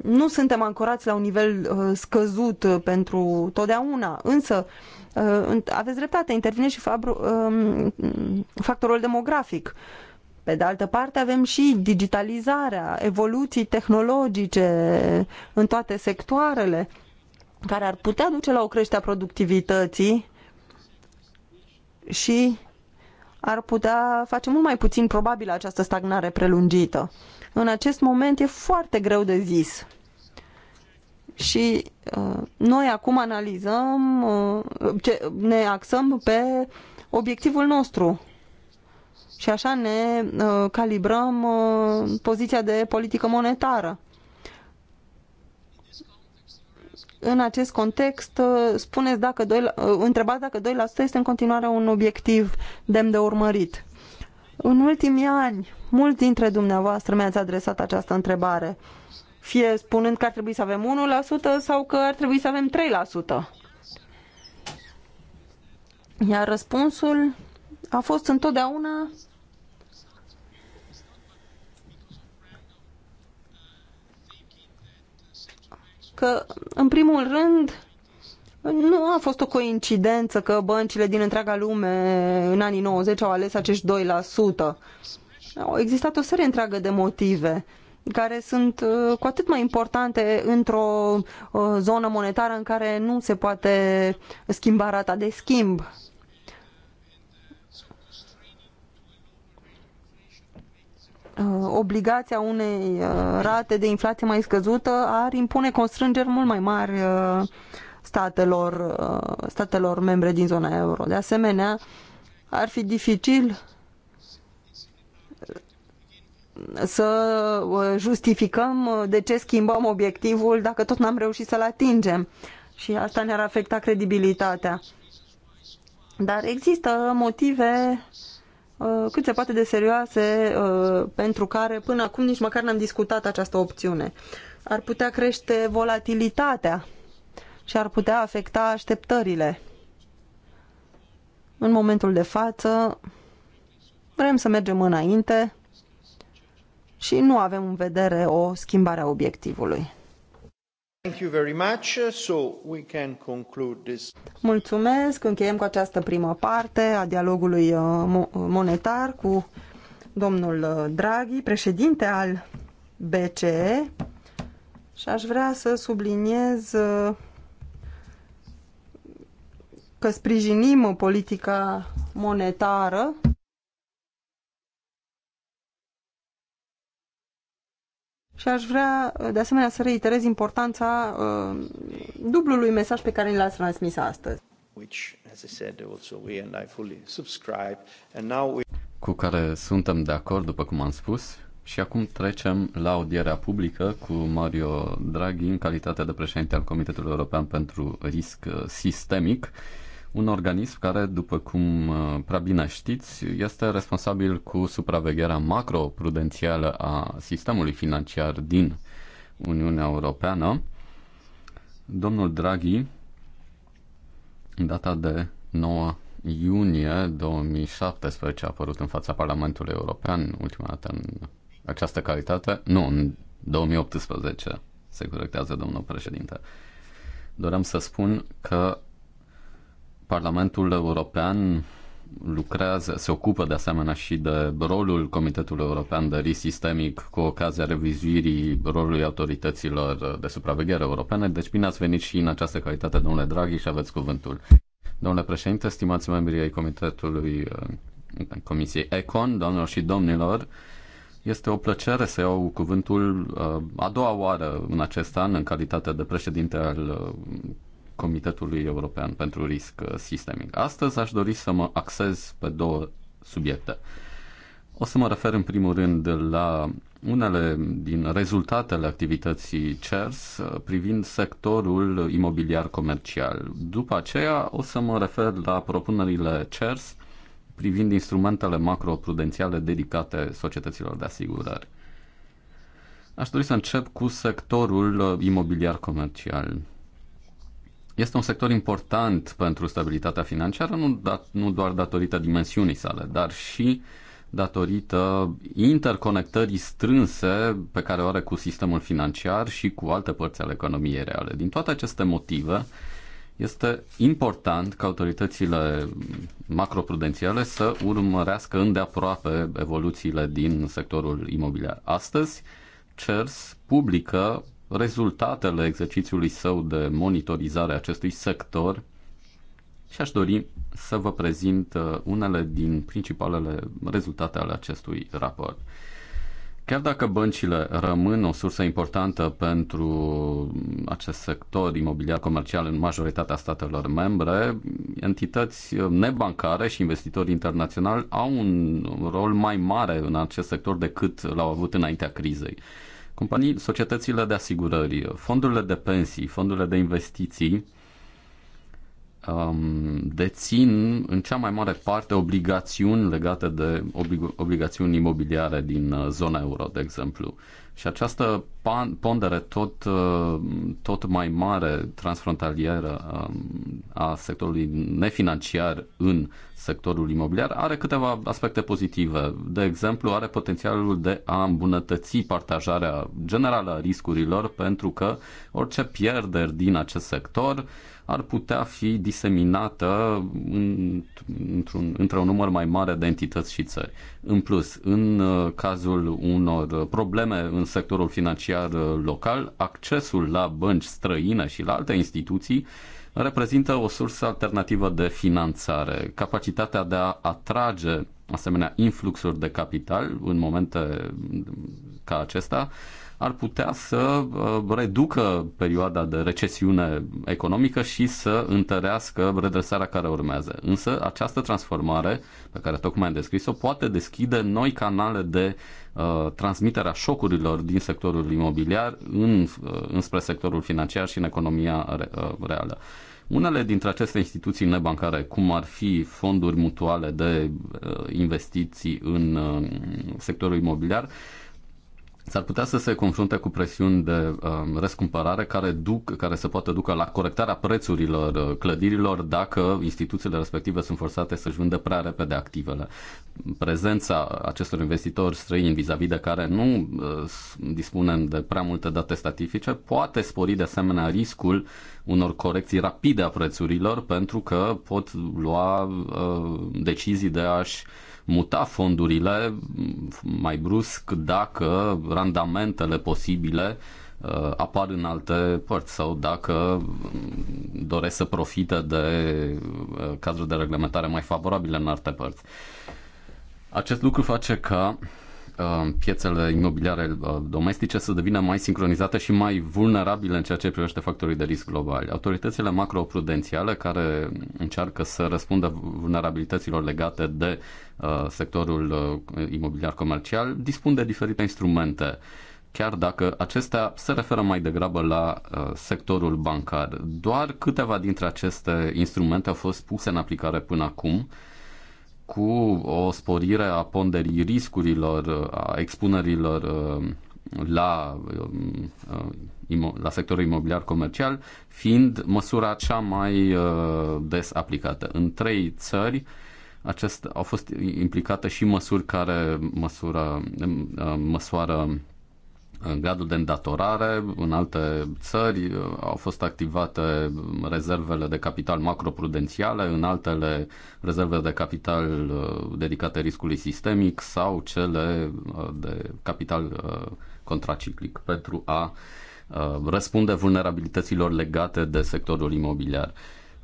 Speaker 1: nu suntem ancorați la un nivel uh, scăzut uh, pentru totdeauna, însă uh, aveți dreptate, intervine și um, factorul demografic. Pe de altă parte, avem și digitalizarea, evoluții tehnologice în toate sectoarele, care ar putea duce la o creștere a productivității și ar putea face mult mai puțin probabilă această stagnare prelungită în acest moment e foarte greu de zis. Și uh, noi acum analizăm, uh, ce, ne axăm pe obiectivul nostru. Și așa ne uh, calibrăm uh, poziția de politică monetară. În acest context, uh, spuneți dacă 2, uh, întrebați dacă 2% este în continuare un obiectiv demn de urmărit. În ultimii ani, mulți dintre dumneavoastră mi-ați adresat această întrebare, fie spunând că ar trebui să avem 1% sau că ar trebui să avem 3%. Iar răspunsul a fost întotdeauna că, în primul rând, nu a fost o coincidență că băncile din întreaga lume în anii 90 au ales acești 2%. Au existat o serie întreagă de motive care sunt uh, cu atât mai importante într-o uh, zonă monetară în care nu se poate schimba rata de schimb. Uh, obligația unei rate de inflație mai scăzută ar impune constrângeri mult mai mari statelor, uh, statelor membre din zona euro. De asemenea, ar fi dificil să uh, justificăm uh, de ce schimbăm obiectivul dacă tot n-am reușit să-l atingem și asta ne-ar afecta credibilitatea. Dar există motive cât se poate de serioase pentru care până acum nici măcar n-am discutat această opțiune. Ar putea crește volatilitatea și ar putea afecta așteptările. În momentul de față, vrem să mergem înainte și nu avem în vedere o schimbare a obiectivului. Mulțumesc, încheiem cu această primă parte a dialogului uh, monetar cu domnul uh, Draghi, președinte al BCE și aș vrea să subliniez uh, că sprijinim politica monetară Și aș vrea, de asemenea, să reiterez importanța uh, dublului mesaj pe care l-ați transmis astăzi. Which, as I
Speaker 2: said, also
Speaker 1: we and I fully subscribe. And now we...
Speaker 2: Cu care suntem de acord, după cum am spus. Și acum trecem la audierea publică cu Mario Draghi în calitate de președinte al Comitetului European pentru Risc Sistemic. Uh, un organism care, după cum uh, prea bine știți, este responsabil cu supravegherea macroprudențială a sistemului financiar din Uniunea Europeană. Domnul Draghi, în data de 9 iunie 2017 a apărut în fața Parlamentului European, ultima dată în această calitate, nu, în 2018 se corectează domnul președinte. Doream să spun că Parlamentul European lucrează, se ocupă de asemenea și de rolul Comitetului European de Risc Sistemic cu ocazia revizuirii rolului autorităților de supraveghere europene. Deci bine ați venit și în această calitate, domnule Draghi, și aveți cuvântul. Domnule președinte, stimați membrii ai Comitetului eh, Comisiei ECON, doamnelor și domnilor, este o plăcere să iau cuvântul eh, a doua oară în acest an în calitate de președinte al eh, Comitetului European pentru Risc Sistemic. Astăzi aș dori să mă axez pe două subiecte. O să mă refer în primul rând la unele din rezultatele activității CERS privind sectorul imobiliar comercial. După aceea o să mă refer la propunerile CERS privind instrumentele macroprudențiale dedicate societăților de asigurări. Aș dori să încep cu sectorul imobiliar comercial. Este un sector important pentru stabilitatea financiară, nu, dat, nu doar datorită dimensiunii sale, dar și datorită interconectării strânse pe care o are cu sistemul financiar și cu alte părți ale economiei reale. Din toate aceste motive, este important ca autoritățile macroprudențiale să urmărească îndeaproape evoluțiile din sectorul imobiliar. Astăzi, CERS publică rezultatele exercițiului său de monitorizare a acestui sector și aș dori să vă prezint uh, unele din principalele rezultate ale acestui raport. Chiar dacă băncile rămân o sursă importantă pentru acest sector imobiliar comercial în majoritatea statelor membre, entități nebancare și investitori internaționali au un rol mai mare în acest sector decât l-au avut înaintea crizei companii, societățile de asigurări, fondurile de pensii, fondurile de investiții um, dețin în cea mai mare parte obligațiuni legate de obligațiuni imobiliare din uh, zona euro, de exemplu. Și această pondere tot, uh, tot mai mare transfrontalieră um, a sectorului nefinanciar în sectorul imobiliar are câteva aspecte pozitive. De exemplu, are potențialul de a îmbunătăți partajarea generală a riscurilor pentru că orice pierderi din acest sector ar putea fi diseminată într-un, într-un număr mai mare de entități și țări. În plus, în uh, cazul unor probleme în sectorul financiar uh, local, accesul la bănci străine și la alte instituții reprezintă o sursă alternativă de finanțare. Capacitatea de a atrage asemenea influxuri de capital în momente ca acesta ar putea să uh, reducă perioada de recesiune economică și să întărească redresarea care urmează. Însă această transformare pe care tocmai am descris-o poate deschide noi canale de uh, transmiterea șocurilor din sectorul imobiliar în, uh, înspre sectorul financiar și în economia re, reală. Unele dintre aceste instituții nebancare, cum ar fi fonduri mutuale de investiții în sectorul imobiliar, s-ar putea să se confrunte cu presiuni de um, răscumpărare care, duc, care se poate ducă la corectarea prețurilor uh, clădirilor dacă instituțiile respective sunt forțate să-și vândă prea repede activele. Prezența acestor investitori străini vis-a-vis -vis de care nu uh, dispunem de prea multe date statistice poate spori de asemenea riscul unor corecții rapide a prețurilor pentru că pot lua uh, decizii de a-și uh, muta fondurile mai brusc dacă randamentele posibile uh, apar în alte părți sau dacă mm, doresc să profite de uh, cadrul de reglementare mai favorabile în alte părți. Acest lucru face ca Uh, piețele imobiliare uh, domestice să devină mai sincronizate și mai vulnerabile în ceea ce privește factorii de risc globali. Autoritățile macroprudențiale care încearcă să răspundă vulnerabilităților legate de uh, sectorul imobiliar comercial dispun de diferite instrumente chiar dacă acestea se referă mai degrabă la uh, sectorul bancar. Doar câteva dintre aceste instrumente au fost puse în aplicare până acum, uh, cu o sporire a ponderii riscurilor, a expunerilor uh, la, uh, la sectorul imobiliar comercial, fiind măsura cea mai uh, des aplicată. În trei țări acest, au fost implicate și măsuri care măsură, măsoară gradul de îndatorare. În alte țări uh, au fost activate rezervele de capital macroprudențiale, în altele rezerve de capital uh, dedicate riscului sistemic sau cele uh, de capital contraciclic pentru a răspunde vulnerabilităților legate de sectorul imobiliar.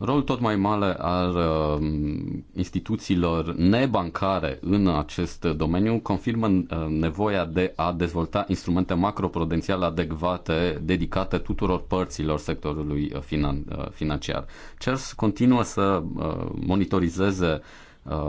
Speaker 2: Rolul tot mai mare al um, instituțiilor nebancare în acest domeniu confirmă uh, nevoia de a dezvolta instrumente macroprudențiale adecvate dedicate tuturor părților sectorului uh, finan- uh, financiar. CERS continuă să monitorizeze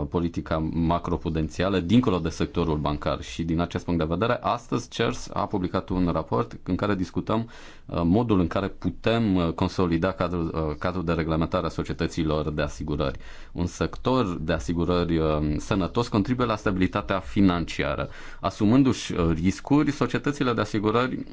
Speaker 2: politica macroprudențială dincolo de sectorul bancar și din acest punct de vedere astăzi CERS a publicat un raport în care discutăm Uh, modul în care putem uh, consolida cadrul, uh, cadrul de reglementare a societăților de asigurări. Un sector de asigurări sănătos contribuie la stabilitatea financiară. Asumându-și riscuri, societățile de asigurări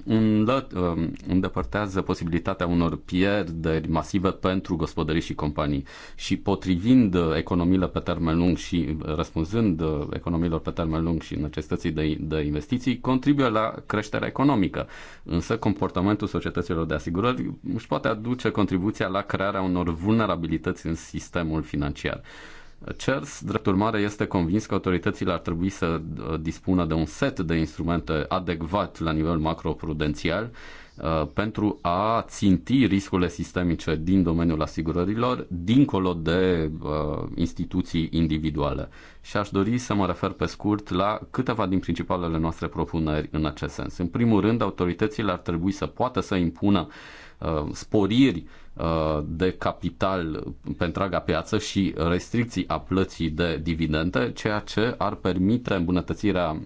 Speaker 2: îndepărtează posibilitatea unor pierderi masive pentru gospodării și companii. Și potrivind economiile pe termen lung și răspunzând economiilor pe termen lung și necesității de, de investiții, contribuie la creșterea economică. Însă comportamentul societăților de asigurări își poate aduce contribuția la crearea unor vulnerabilități în sistemul financiar. CERS, drept urmare, este convins că autoritățile ar trebui să uh, dispună de un set de instrumente adecvat la nivel macroprudențial Uh, pentru a ținti riscurile sistemice din domeniul asigurărilor, dincolo de uh, instituții individuale. Și aș dori să mă refer pe scurt la câteva din principalele noastre propuneri în acest sens. În primul rând, autoritățile ar trebui să poată să impună uh, sporiri uh, de capital pe întreaga piață și restricții a plății de dividende, ceea ce ar permite îmbunătățirea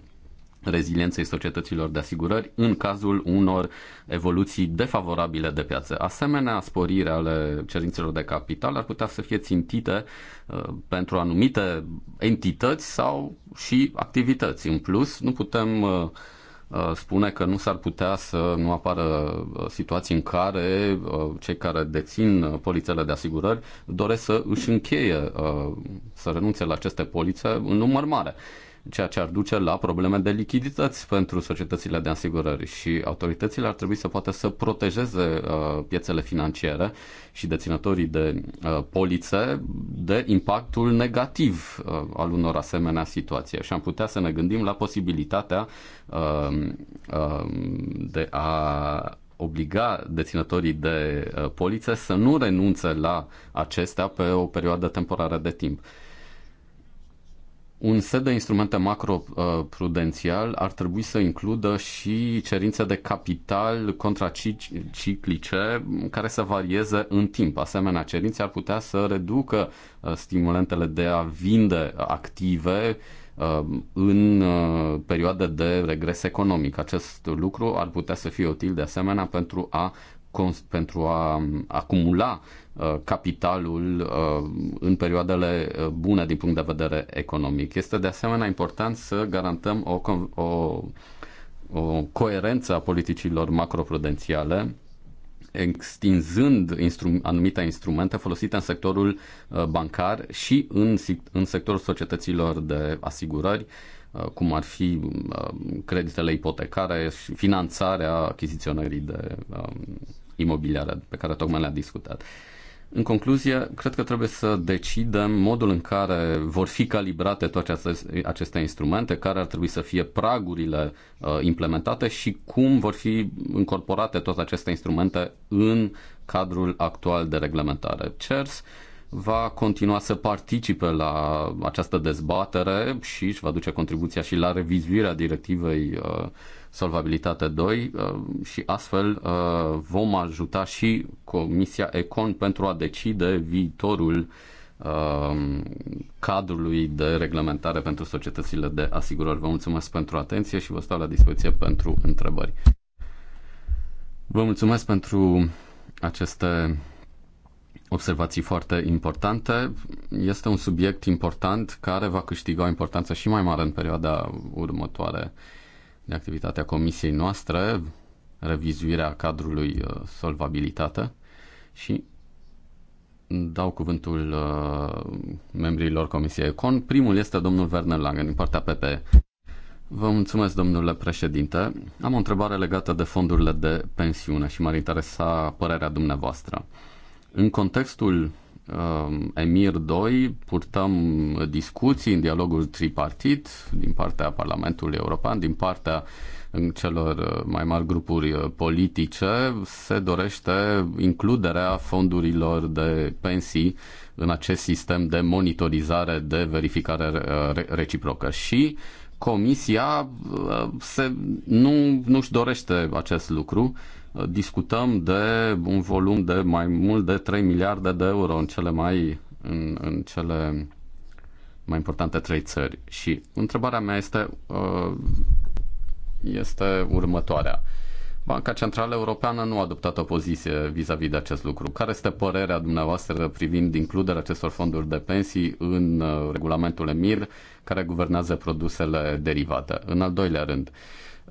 Speaker 2: rezilienței societăților de asigurări în cazul unor evoluții defavorabile de piață. Asemenea, sporire ale cerințelor de capital ar putea să fie țintite uh, pentru anumite entități sau și activități. În plus, nu putem uh, uh, spune că nu s-ar putea să nu apară situații în care cei care dețin polițele de asigurări doresc să își încheie, să renunțe la aceste polițe în număr mare ceea ce ar duce la probleme de lichidități pentru societățile de asigurări și autoritățile ar trebui să poată să protejeze uh, piețele financiare și deținătorii de uh, polițe de impactul negativ uh, al unor asemenea situații. Și am putea să ne gândim la posibilitatea de a obliga deținătorii de polițe să nu renunțe la acestea pe o perioadă temporară de timp un set de instrumente macroprudențial ar trebui să includă și cerințe de capital contraciclice care să varieze în timp. Asemenea, cerințe ar putea să reducă uh, stimulentele de a vinde active uh, în uh, perioade de regres economic. Acest lucru ar putea să fie util de asemenea pentru a pentru a um, acumula Uh, capitalul uh, în perioadele uh, bune din punct de vedere economic. Este de asemenea important să garantăm o, o, o coerență a politicilor macroprudențiale extinzând instru- anumite instrumente folosite în sectorul bancar și în, în sectorul societăților de asigurări, cum ar fi creditele ipotecare și finanțarea achiziționării de um, imobiliare pe care tocmai le-a discutat. Uh, în concluzie, cred că trebuie să decidem modul în care vor fi calibrate toate aceste, aceste instrumente, care ar trebui să fie pragurile uh, implementate și cum vor fi incorporate toate aceste instrumente în cadrul actual de reglementare. CERS uh, va continua să participe la această dezbatere și își va duce contribuția și la revizuirea directivei uh, Solvabilitate 2 uh, și astfel uh, vom ajuta și Comisia Econ pentru a decide viitorul cadrului de reglementare pentru societățile de asigurări. Vă mulțumesc pentru atenție și vă stau la dispoziție pentru întrebări. Vă mulțumesc pentru aceste observații foarte importante. Este un subiect important care va câștiga o importanță și mai mare în perioada următoare de activitatea comisiei noastre, revizuirea cadrului uh, solvabilitate și dau cuvântul uh, membrilor Comisiei CON. Primul este domnul Werner Lange din partea PP. Vă mulțumesc, domnule președinte. Am o întrebare legată de fondurile de pensiune și m-ar interesa părerea dumneavoastră. În contextul um, Emir 2 purtăm discuții în dialogul tripartit din partea Parlamentului European, din partea celor uh, mai mari grupuri uh, politice se dorește includerea fondurilor de pensii în acest sistem de monitorizare, de verificare uh, reciprocă și Comisia se, nu, nu-și dorește acest lucru discutăm de un volum de mai mult de 3 miliarde de euro în cele mai, în, în cele mai importante trei țări. Și întrebarea mea este, uh, este următoarea. Banca Centrală Europeană nu a adoptat o poziție vis-a-vis -vis de acest lucru. Care este părerea dumneavoastră privind includerea acestor fonduri de pensii în uh, regulamentul EMIR care guvernează produsele derivate? În al doilea rând, uh,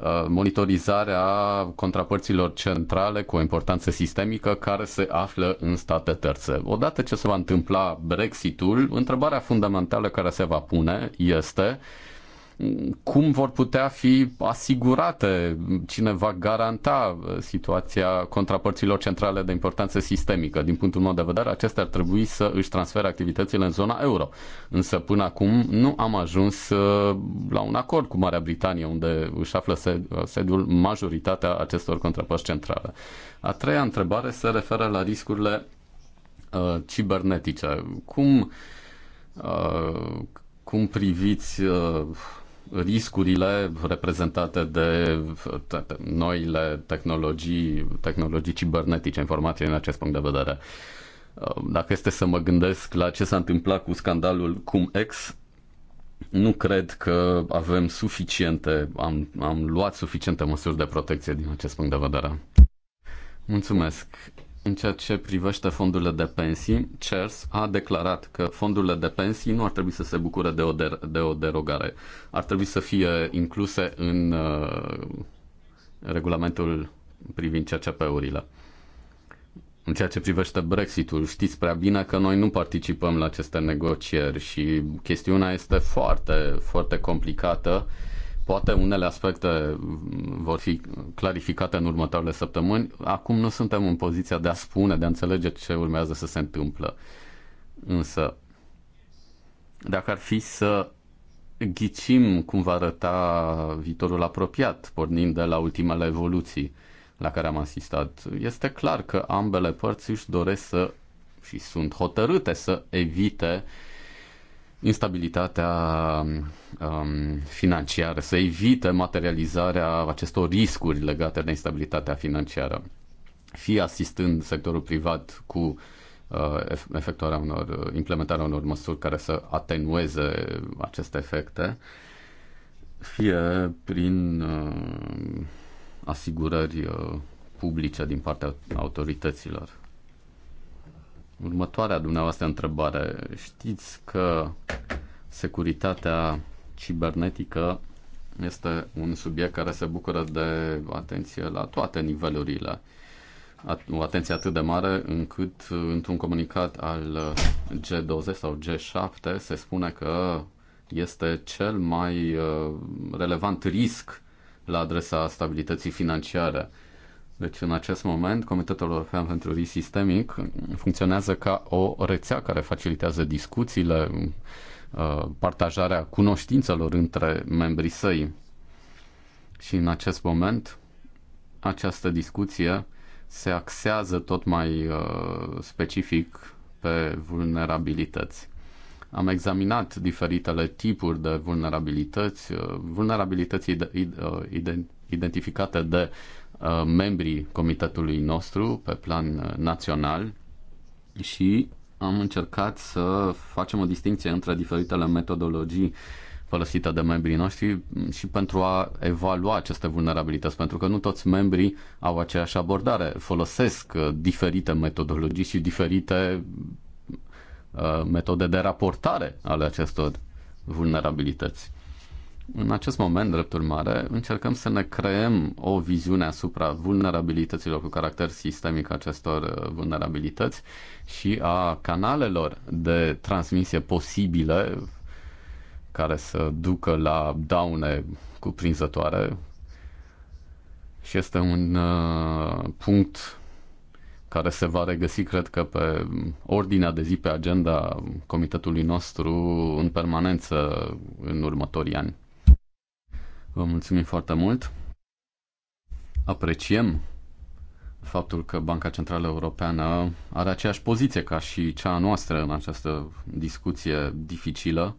Speaker 2: Uh, monitorizarea contrapărților centrale cu o importanță sistemică care se află în state terțe. Odată ce se va întâmpla Brexitul, întrebarea fundamentală care se va pune este cum vor putea fi asigurate, cine va garanta uh, situația contrapărților centrale de importanță sistemică. Din punctul meu de vedere, acestea ar trebui să își transfere activitățile în zona euro. Însă până acum nu am ajuns uh, la un acord cu Marea Britanie, unde își află uh, sediul majoritatea acestor contrapărți centrale. A treia întrebare se referă la riscurile uh, cibernetice. Cum, uh, cum priviți uh, riscurile reprezentate de noile tehnologii, tehnologii cibernetice, informații în acest punct de vedere. Uh, dacă este să mă gândesc la ce s-a întâmplat cu scandalul CumEx, nu cred că avem suficiente, am, am luat suficiente măsuri de protecție din acest punct de vedere. Mulțumesc. În ceea ce privește fondurile de pensii, CERS a declarat că fondurile de pensii nu ar trebui să se bucure de o, der- de o derogare. Ar trebui să fie incluse în uh, regulamentul privind CCP-urile. În ceea ce privește Brexitul, știți prea bine că noi nu participăm la aceste negocieri și chestiunea este foarte, foarte complicată. Uh, Poate unele aspecte mm, vor fi clarificate în următoarele săptămâni. Acum nu suntem în poziția de a spune, de a înțelege ce urmează să se întâmplă. Însă, dacă ar fi să ghicim cum va arăta viitorul apropiat, pornind de la ultimele evoluții la care am asistat, este clar că ambele părți își doresc să și sunt hotărâte să evite uh, instabilitatea um, financiară, să evite materializarea acestor riscuri legate de instabilitatea financiară, fie asistând sectorul privat cu uh, efectuarea unor, implementarea unor măsuri care să atenueze aceste efecte, fie prin uh, asigurări uh, publice din partea autorităților următoarea dumneavoastră întrebare. Știți că securitatea cibernetică este un subiect care se bucură de atenție la toate nivelurile. O atenție atât de mare încât într-un comunicat al G20 sau G7 se spune că este cel mai uh, relevant risc la adresa stabilității financiare deci, în acest moment, Comitetul European pentru Risc Sistemic funcționează ca o rețea care facilitează discuțiile, uh, partajarea cunoștințelor între membrii săi. Și în acest moment, această discuție se axează tot mai uh, specific pe vulnerabilități. Am examinat diferitele tipuri de vulnerabilități, uh, vulnerabilități identificate de Uh, membrii comitetului nostru pe plan uh, național și am încercat să facem o distinție între diferitele metodologii folosite de membrii noștri mm, și pentru a evalua aceste vulnerabilități, pentru că nu toți membrii au aceeași abordare, folosesc uh, diferite metodologii și diferite metode de raportare ale acestor vulnerabilități. În acest moment, drept urmare, încercăm să ne creăm o viziune asupra vulnerabilităților cu caracter sistemic acestor uh, vulnerabilități și a canalelor de transmisie posibile care să ducă la daune cuprinzătoare și este un uh, punct care se va regăsi, cred că, pe ordinea de zi, pe agenda comitetului nostru în permanență în următorii ani. Vă mulțumim foarte mult. Apreciem faptul că Banca Centrală Europeană are aceeași poziție ca și cea noastră în această discuție dificilă.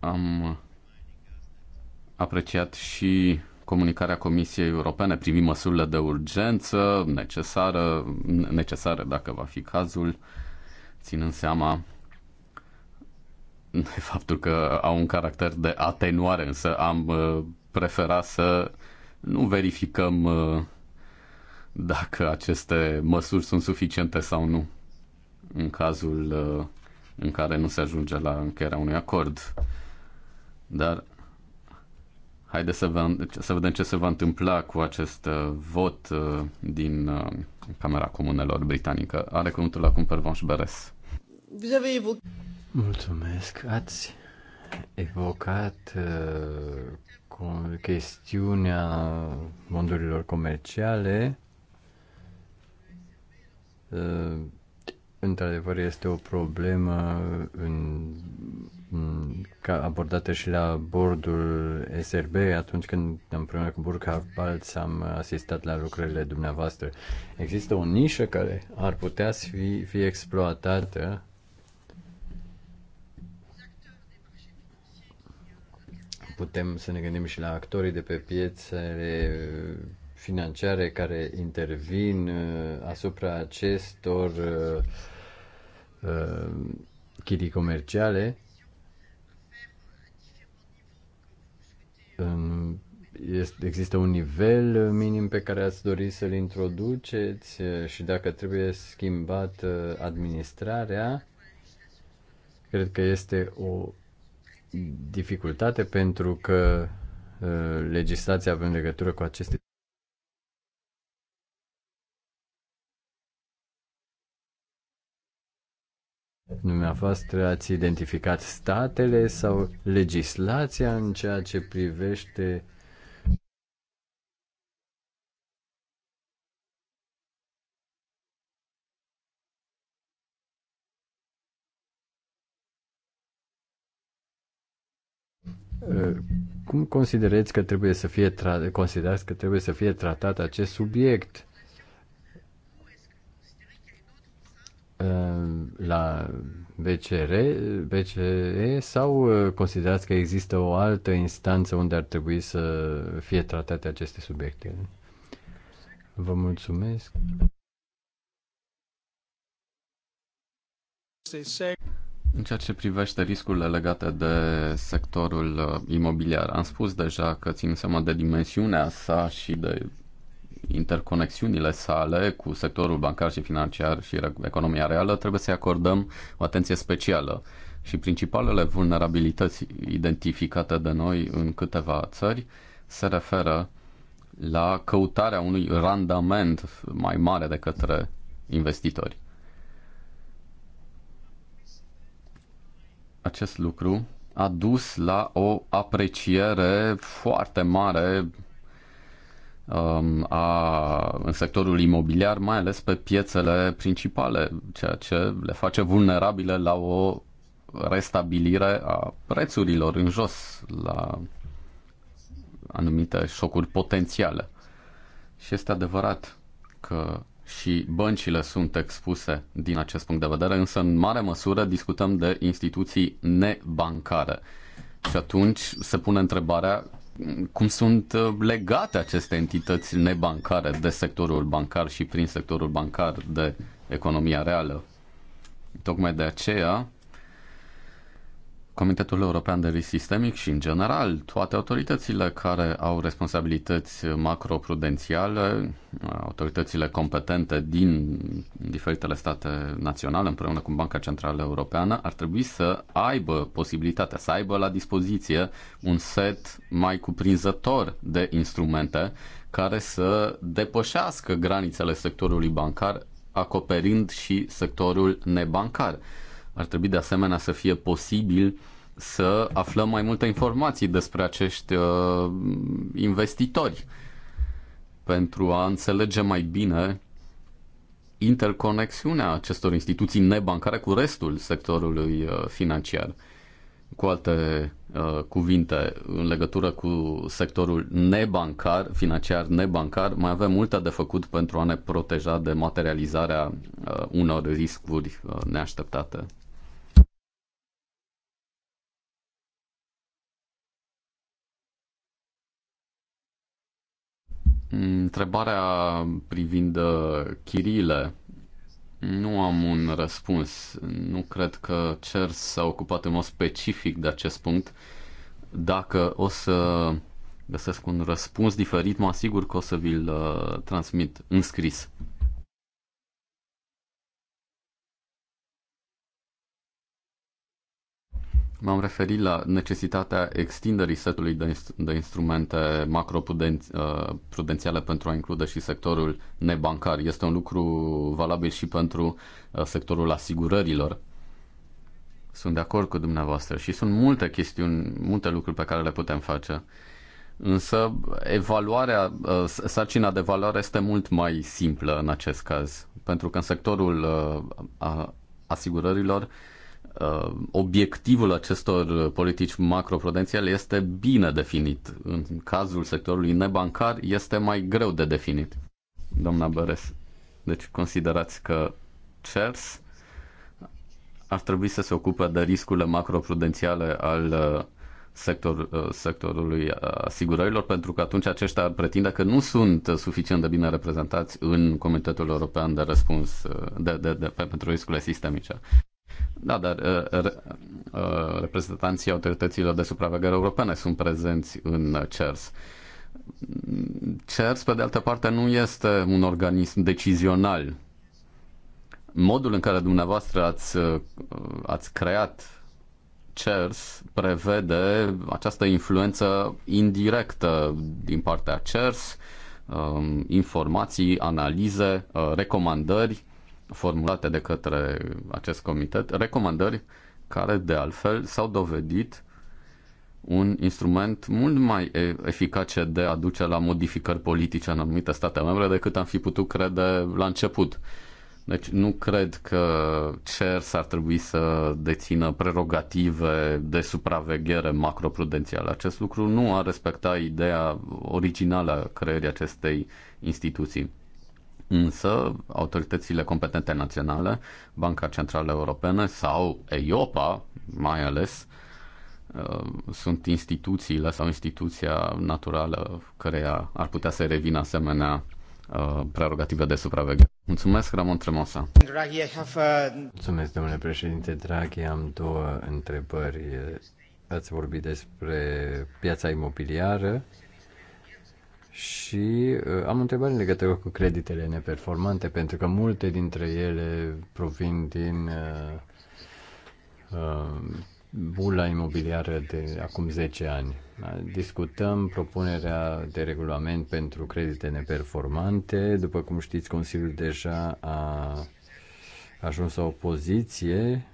Speaker 2: Am apreciat și comunicarea Comisiei Europene privind măsurile de urgență necesară, necesară dacă va fi cazul, ținând seama [laughs] faptul că au un caracter de atenuare, însă am uh, preferat să nu verificăm uh, dacă aceste măsuri sunt suficiente sau nu în cazul uh, în care nu se ajunge la încheierea unui acord. Dar haideți să, să vedem ce se va întâmpla cu acest vot din Camera Comunelor Britanică. Are cuvântul acum Pervanș Beres.
Speaker 3: Mulțumesc. Ați evocat uh, chestiunea mondurilor comerciale. Uh, într-adevăr, este o problemă în, în, ca abordată și la bordul SRB atunci când împreună cu Burkhard Balz am asistat la lucrările dumneavoastră. Există o nișă care ar putea fi, fi exploatată putem să ne gândim și la actorii de pe piețele financiare care intervin uh, asupra acestor uh, uh, chirii comerciale. există un nivel minim pe care ați dori să-l introduceți și dacă trebuie schimbat administrarea, cred că este o dificultate pentru că uh, legislația în legătură cu aceste dumneavoastră ați identificat statele sau legislația în ceea ce privește Uh, cum considerați că trebuie să fie tra- considerați că trebuie să fie tratat acest subiect uh, la BCR, BCE sau uh, considerați că există o altă instanță unde ar trebui să fie tratate aceste subiecte? Vă mulțumesc.
Speaker 2: În ceea ce privește riscurile legate de sectorul uh, imobiliar, am spus deja că țin seama de dimensiunea sa și de interconexiunile sale cu sectorul bancar și financiar și economia reală, trebuie să-i acordăm o atenție specială. Și principalele vulnerabilități identificate de noi în câteva țări se referă la căutarea unui randament mai mare de către investitori. acest lucru a dus la o apreciere foarte mare um, a, în sectorul imobiliar, mai ales pe piețele principale, ceea ce le face vulnerabile la o restabilire a prețurilor în jos, la anumite șocuri potențiale. Și este adevărat că și băncile sunt expuse din acest punct de vedere, însă în mare măsură discutăm de instituții nebancare. Și atunci se pune întrebarea cum sunt uh, legate aceste entități nebancare de sectorul bancar și prin sectorul bancar de economia reală. Tocmai de aceea Comitetul European de Risc Sistemic și, în general, toate autoritățile care au responsabilități macroprudențiale, autoritățile competente din diferitele state naționale, împreună cu Banca Centrală Europeană, ar trebui să aibă posibilitatea, să aibă la dispoziție un set mai cuprinzător de instrumente care să depășească granițele sectorului bancar, acoperind și sectorul nebancar ar trebui de asemenea să fie posibil să aflăm mai multe informații despre acești uh, investitori pentru a înțelege mai bine interconexiunea acestor instituții nebancare cu restul sectorului uh, financiar. Cu alte uh, cuvinte, în legătură cu sectorul nebancar, financiar nebancar, mai avem multe de făcut pentru a ne proteja de materializarea uh, unor riscuri uh, neașteptate. Mm, întrebarea privind uh, chiriile, nu am un răspuns. Nu cred că CER s-a ocupat în mod specific de acest punct. Dacă o să găsesc un răspuns diferit, mă asigur că o să vi-l uh, transmit în scris. M-am referit la necesitatea extinderii setului de, inst- de instrumente macroprudențiale uh, pentru a include și sectorul nebancar. Este un lucru valabil și pentru uh, sectorul asigurărilor. Sunt de acord cu dumneavoastră și sunt multe chestiuni, multe lucruri pe care le putem face. Însă evaluarea, uh, sarcina de valoare este mult mai simplă în acest caz, pentru că în sectorul asigurărilor Uh, obiectivul acestor politici macroprudențiale este bine definit. În cazul sectorului nebancar este mai greu de definit. Doamna Beres, deci considerați că CERS ar trebui să se ocupe de riscurile macroprudențiale al uh, sector, uh, sectorului asigurărilor, pentru că atunci aceștia ar pretinde că nu sunt suficient de bine reprezentați în Comitetul European de Răspuns de, de, de, pentru riscurile sistemice. Da, dar uh, uh, reprezentanții autorităților de supraveghere europene sunt prezenți în CERS. CERS, pe de altă parte, nu este un organism decizional. Modul în care dumneavoastră ați, uh, ați creat CERS prevede această influență indirectă din partea CERS, um, informații, analize, uh, recomandări formulate de către acest comitet, recomandări care, de altfel, s-au dovedit un instrument mult mai eficace de a duce la modificări politice în anumite state membre decât am fi putut crede la început. Deci nu cred că CERS ar trebui să dețină prerogative de supraveghere macroprudențială. Acest lucru nu a respectat ideea originală a creării acestei instituții. Însă, autoritățile competente naționale, Banca Centrală Europeană sau EIOPA, mai ales, uh, sunt instituțiile sau instituția naturală care ar putea să revină asemenea uh, prerogative de supraveghere. Mulțumesc, Ramon Tremosa.
Speaker 3: Uh, Mulțumesc, domnule președinte Draghi. Am două întrebări. Ați vorbit despre piața imobiliară și uh, am întrebări în legătură cu creditele neperformante, pentru că multe dintre ele provin din uh, uh, bula imobiliară de acum 10 ani. Discutăm propunerea de regulament pentru credite neperformante. După cum știți, Consiliul deja a ajuns la o poziție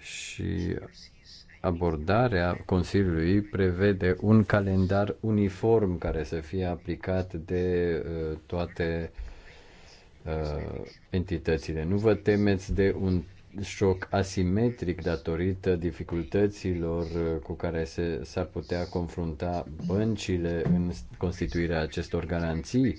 Speaker 3: și abordarea Consiliului prevede un calendar uniform care să fie aplicat de uh, toate uh, entitățile. Nu vă temeți de un șoc asimetric datorită dificultăților uh, cu care se, s-ar putea confrunta băncile în constituirea acestor garanții.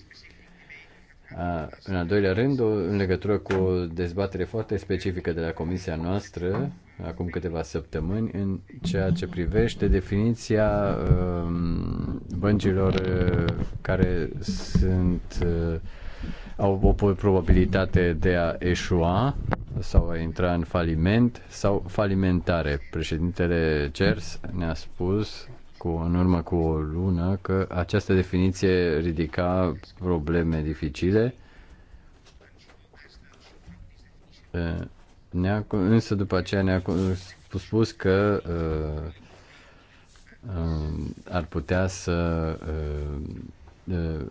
Speaker 3: A, în al doilea rând, în legătură cu o dezbatere foarte specifică de la comisia noastră, acum câteva săptămâni în ceea ce privește definiția um, băncilor uh, care sunt uh, au o probabilitate de a eșua sau a intra în faliment sau falimentare. Președintele CERS ne-a spus cu, în urmă cu o lună că această definiție ridica probleme dificile uh, ne-a, însă după aceea ne-a spus că uh, uh, ar putea să uh, uh,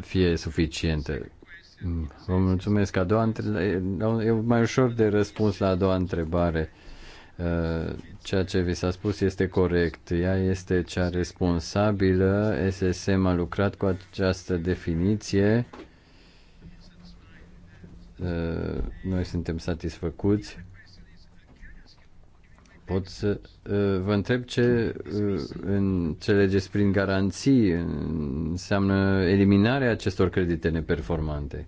Speaker 3: fie suficiente. Vă mulțumesc. A doua între, e mai ușor de răspuns la a doua întrebare. Uh, ceea ce vi s-a spus este corect. Ea este cea responsabilă. SSM a lucrat cu această definiție Uh, noi suntem satisfăcuți. Pot să uh, vă întreb ce, uh, în, ce prin garanții înseamnă eliminarea acestor credite neperformante.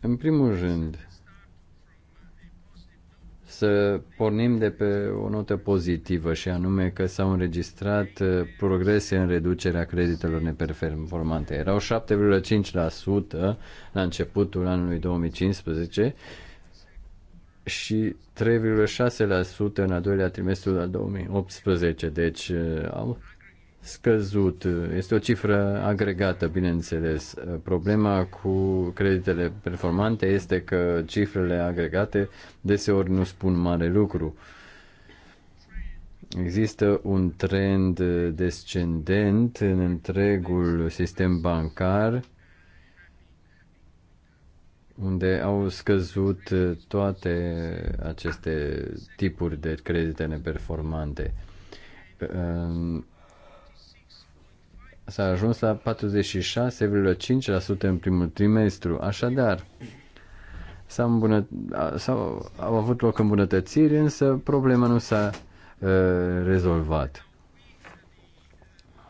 Speaker 3: În primul rând, să pornim de pe o notă pozitivă și anume că s-au înregistrat uh, progrese în reducerea creditelor neperformante. Erau 7,5% la începutul anului 2015 și 3,6% în al doilea trimestru al 2018. Deci uh, au scăzut. Este o cifră agregată, bineînțeles. Problema cu creditele performante este că cifrele agregate deseori nu spun mare lucru. Există un trend descendent în întregul sistem bancar unde au scăzut toate aceste tipuri de credite neperformante s-a ajuns la 46,5% în primul trimestru. Așadar, s-a îmbunăt- sau au avut loc îmbunătățiri, însă problema nu s-a uh, rezolvat.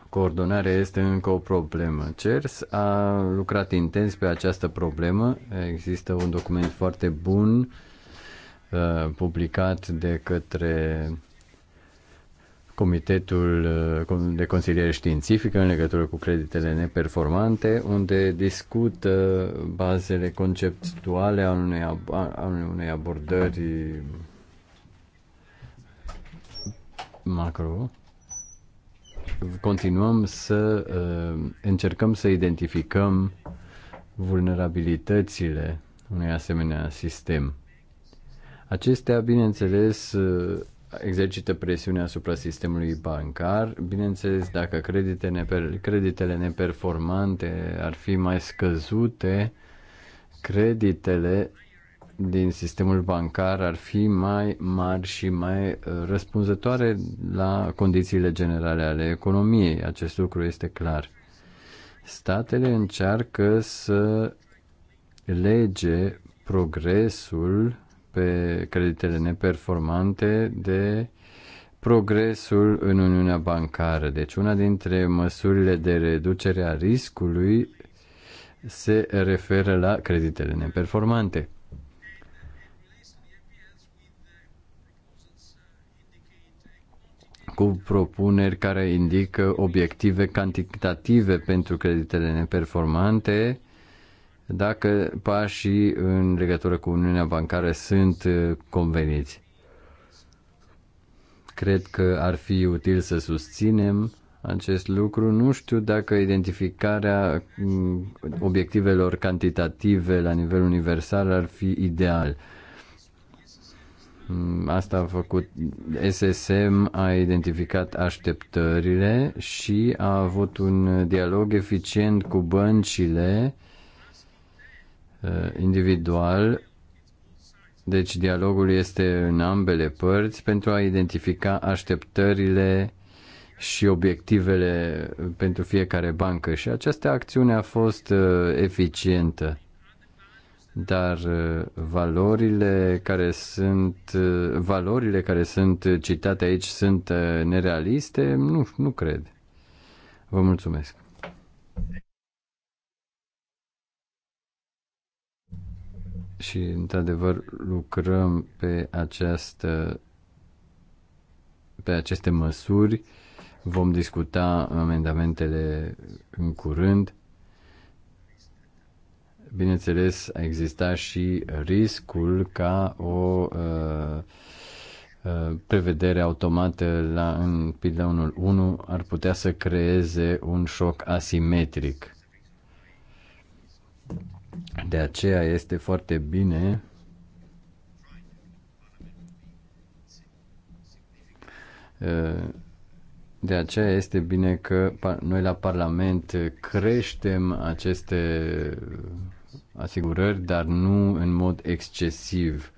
Speaker 3: Coordonarea este încă o problemă. CERS a lucrat intens pe această problemă. Există un document foarte bun uh, publicat de către Comitetul uh, de Consiliere Științifică în legătură cu creditele neperformante, unde discută bazele conceptuale a unei, a unei abordări macro. Continuăm să uh, încercăm să identificăm vulnerabilitățile unui asemenea sistem. Acestea, bineînțeles, uh, exercită presiune asupra sistemului bancar. Bineînțeles, dacă creditele, neper, creditele neperformante ar fi mai scăzute, creditele din sistemul bancar ar fi mai mari și mai uh, răspunzătoare la condițiile generale ale economiei. Acest lucru este clar. Statele încearcă să lege progresul pe creditele neperformante de progresul în Uniunea Bancară. Deci una dintre măsurile de reducere a riscului se referă la creditele neperformante. cu propuneri care indică obiective cantitative pentru creditele neperformante, dacă pașii în legătură cu Uniunea Bancară sunt uh, conveniți. Cred că ar fi util să susținem acest lucru. Nu știu dacă identificarea mm, obiectivelor cantitative la nivel universal ar fi ideal. Mm, asta a făcut SSM, a identificat așteptările și a avut un dialog eficient cu băncile Uh, individual. Deci dialogul este în ambele părți pentru a identifica așteptările și obiectivele pentru fiecare bancă și această acțiune a fost uh, eficientă dar uh, valorile care sunt valorile care sunt citate aici sunt nerealiste? Nu, nu cred. Vă mulțumesc. și, într-adevăr, lucrăm pe, această, pe aceste măsuri. Vom discuta amendamentele în curând. Bineînțeles, a existat și riscul ca o uh, uh prevedere automată la, în pilonul 1 ar putea să creeze un șoc asimetric. De aceea este foarte bine uh, de aceea este bine că noi la Parlament creștem aceste asigurări, dar nu în mod excesiv.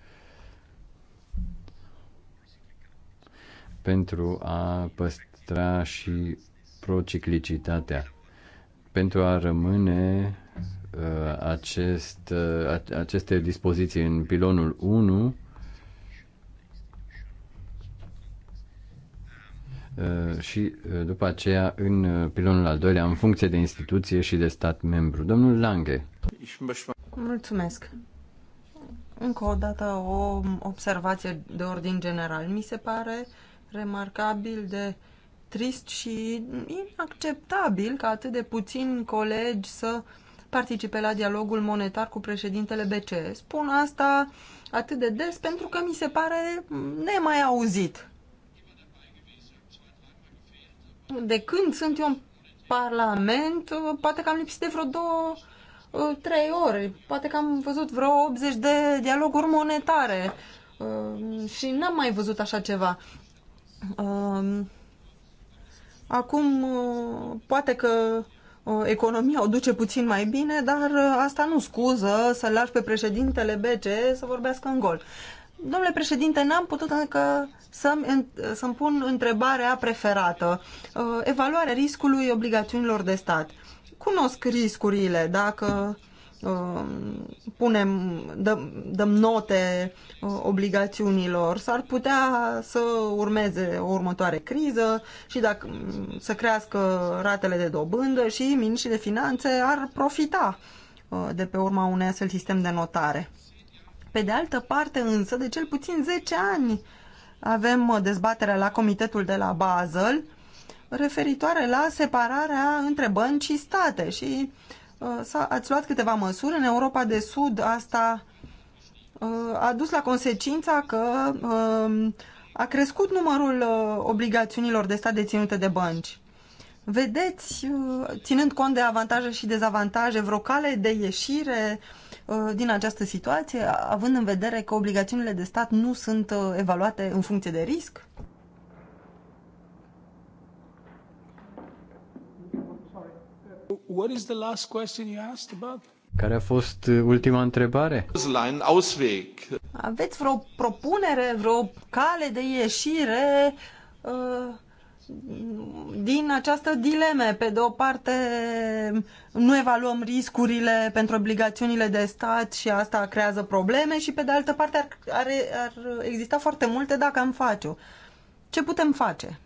Speaker 3: pentru a păstra și prociclicitatea, pentru a rămâne Uh, acest, uh, aceste dispoziții în pilonul 1 uh, și după aceea în pilonul al doilea în funcție de instituție și de stat membru. Domnul Lange.
Speaker 1: Mulțumesc. Încă o dată o observație de ordin general. Mi se pare remarcabil de trist și inacceptabil ca atât de puțini colegi să uh, participe la dialogul monetar cu președintele BCE. Spun asta atât de des pentru că mi se pare nemai auzit. De când sunt eu în Parlament, poate că am lipsit de vreo două, uh, trei ore, poate că am văzut vreo 80 de dialoguri monetare uh, și n-am mai văzut așa ceva. Uh, acum, poate că economia o duce puțin mai bine, dar uh, asta nu scuză să lași pe președintele BCE să vorbească în gol. Domnule președinte, n-am putut încă să-mi, să pun întrebarea preferată. Uh, evaluarea riscului obligațiunilor de stat. Cunosc riscurile dacă Uh, punem, dăm, dăm note uh, obligațiunilor, s-ar putea să urmeze o următoare criză și dacă, mm, să crească ratele de dobândă și ministrii de finanțe ar profita uh, de pe urma unui astfel sistem de notare. Pe de altă parte însă, de cel puțin 10 ani avem dezbaterea la comitetul de la Basel referitoare la separarea între bănci și state și uh, Uh, ați luat câteva măsuri. În Europa de Sud asta uh, a dus la consecința că uh, a crescut numărul obligațiunilor de stat deținute de bănci. Vedeți, ținând cont de avantaje și dezavantaje, vreo cale de ieșire din această situație, având în vedere că obligațiunile de stat nu sunt evaluate în funcție de risc?
Speaker 2: What is the last
Speaker 1: question you asked about?
Speaker 3: Care a fost uh, ultima întrebare?
Speaker 1: Aveți vreo propunere, vreo cale de ieșire uh, din această dileme? Pe de o parte, nu evaluăm riscurile pentru obligațiunile de stat și asta creează probleme și pe de altă parte ar, ar, ar exista foarte multe dacă am face-o. Ce putem face?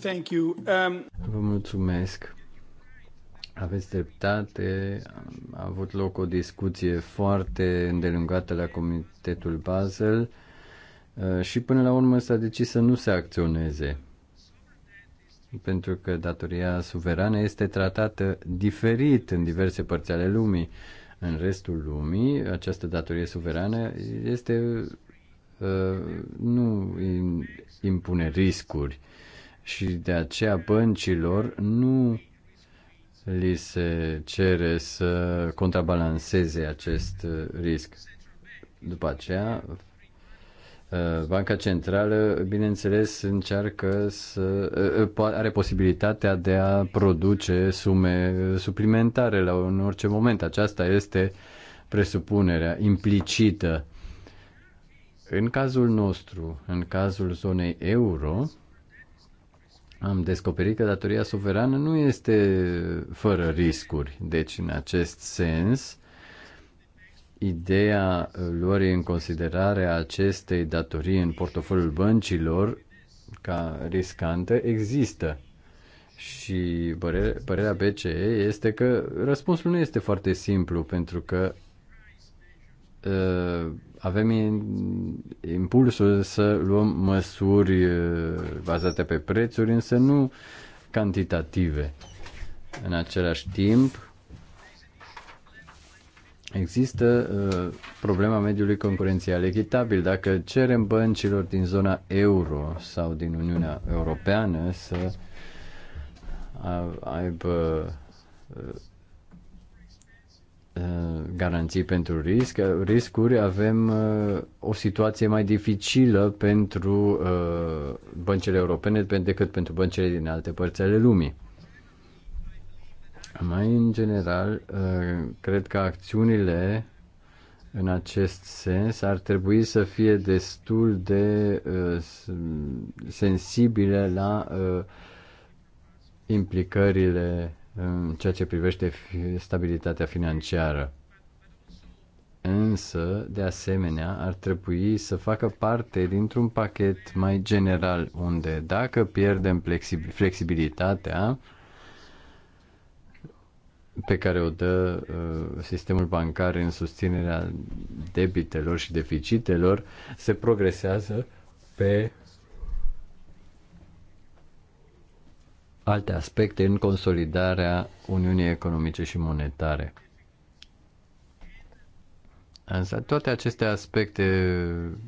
Speaker 3: Thank you. Um... Vă mulțumesc. Aveți dreptate. A avut loc o discuție foarte îndelungată la Comitetul Basel uh, și până la urmă s-a decis să nu se acționeze. Pentru că datoria suverană este tratată diferit în diverse părți ale lumii. În restul lumii, această datorie suverană este uh, nu impune riscuri. Uh, și de aceea băncilor nu li se cere să contrabalanceze acest uh, risc. După aceea, uh, Banca Centrală, bineînțeles, încearcă să uh, are posibilitatea de a produce sume suplimentare la în orice moment. Aceasta este presupunerea implicită. În cazul nostru, în cazul zonei euro, am descoperit că datoria suverană nu este fără riscuri. Deci, în acest sens, ideea luării în considerare a acestei datorii în portofoliul băncilor ca riscantă există. Și părerea, părerea BCE este că răspunsul nu este foarte simplu, pentru că ă, avem impulsul să luăm măsuri uh, bazate pe prețuri, însă nu cantitative. În același timp, există uh, problema mediului concurențial echitabil. Dacă cerem băncilor din zona euro sau din Uniunea Europeană să aibă uh, Uh, garanții pentru risc, uh, riscuri, avem uh, o situație mai dificilă pentru băncile europene decât pentru băncile din alte părți ale lumii. Mai în general, cred că acțiunile în acest sens ar trebui să fie destul de sensibile la implicările în ceea ce privește stabilitatea financiară. Însă, de asemenea, ar trebui să facă parte dintr-un pachet mai general, unde dacă pierdem flexibilitatea pe care o dă uh, sistemul bancar în susținerea debitelor și deficitelor, se progresează pe alte aspecte în consolidarea Uniunii Economice și Monetare. Însă toate aceste aspecte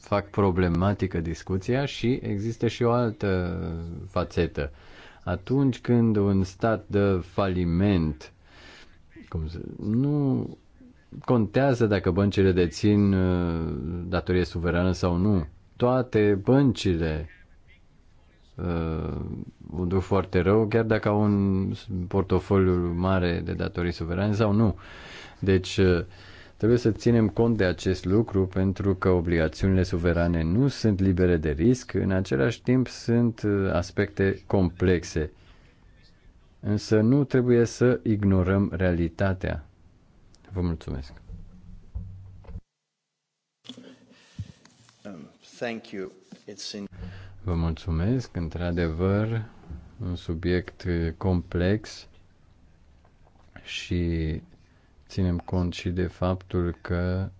Speaker 3: fac problematică discuția și există și o altă fațetă. Atunci când un stat dă faliment, cum să, nu contează dacă băncile dețin uh, datorie suverană sau nu. Toate băncile uh, un duc foarte rău, chiar dacă au un portofoliu mare de datorii suverane sau nu. Deci uh, trebuie să ținem cont de acest lucru pentru că obligațiunile suverane nu sunt libere de risc, în același timp sunt uh, aspecte complexe. Însă nu trebuie să ignorăm realitatea. Vă mulțumesc. Um, thank you. It's in... Vă mulțumesc, într-adevăr, un subiect complex și ținem cont și de faptul că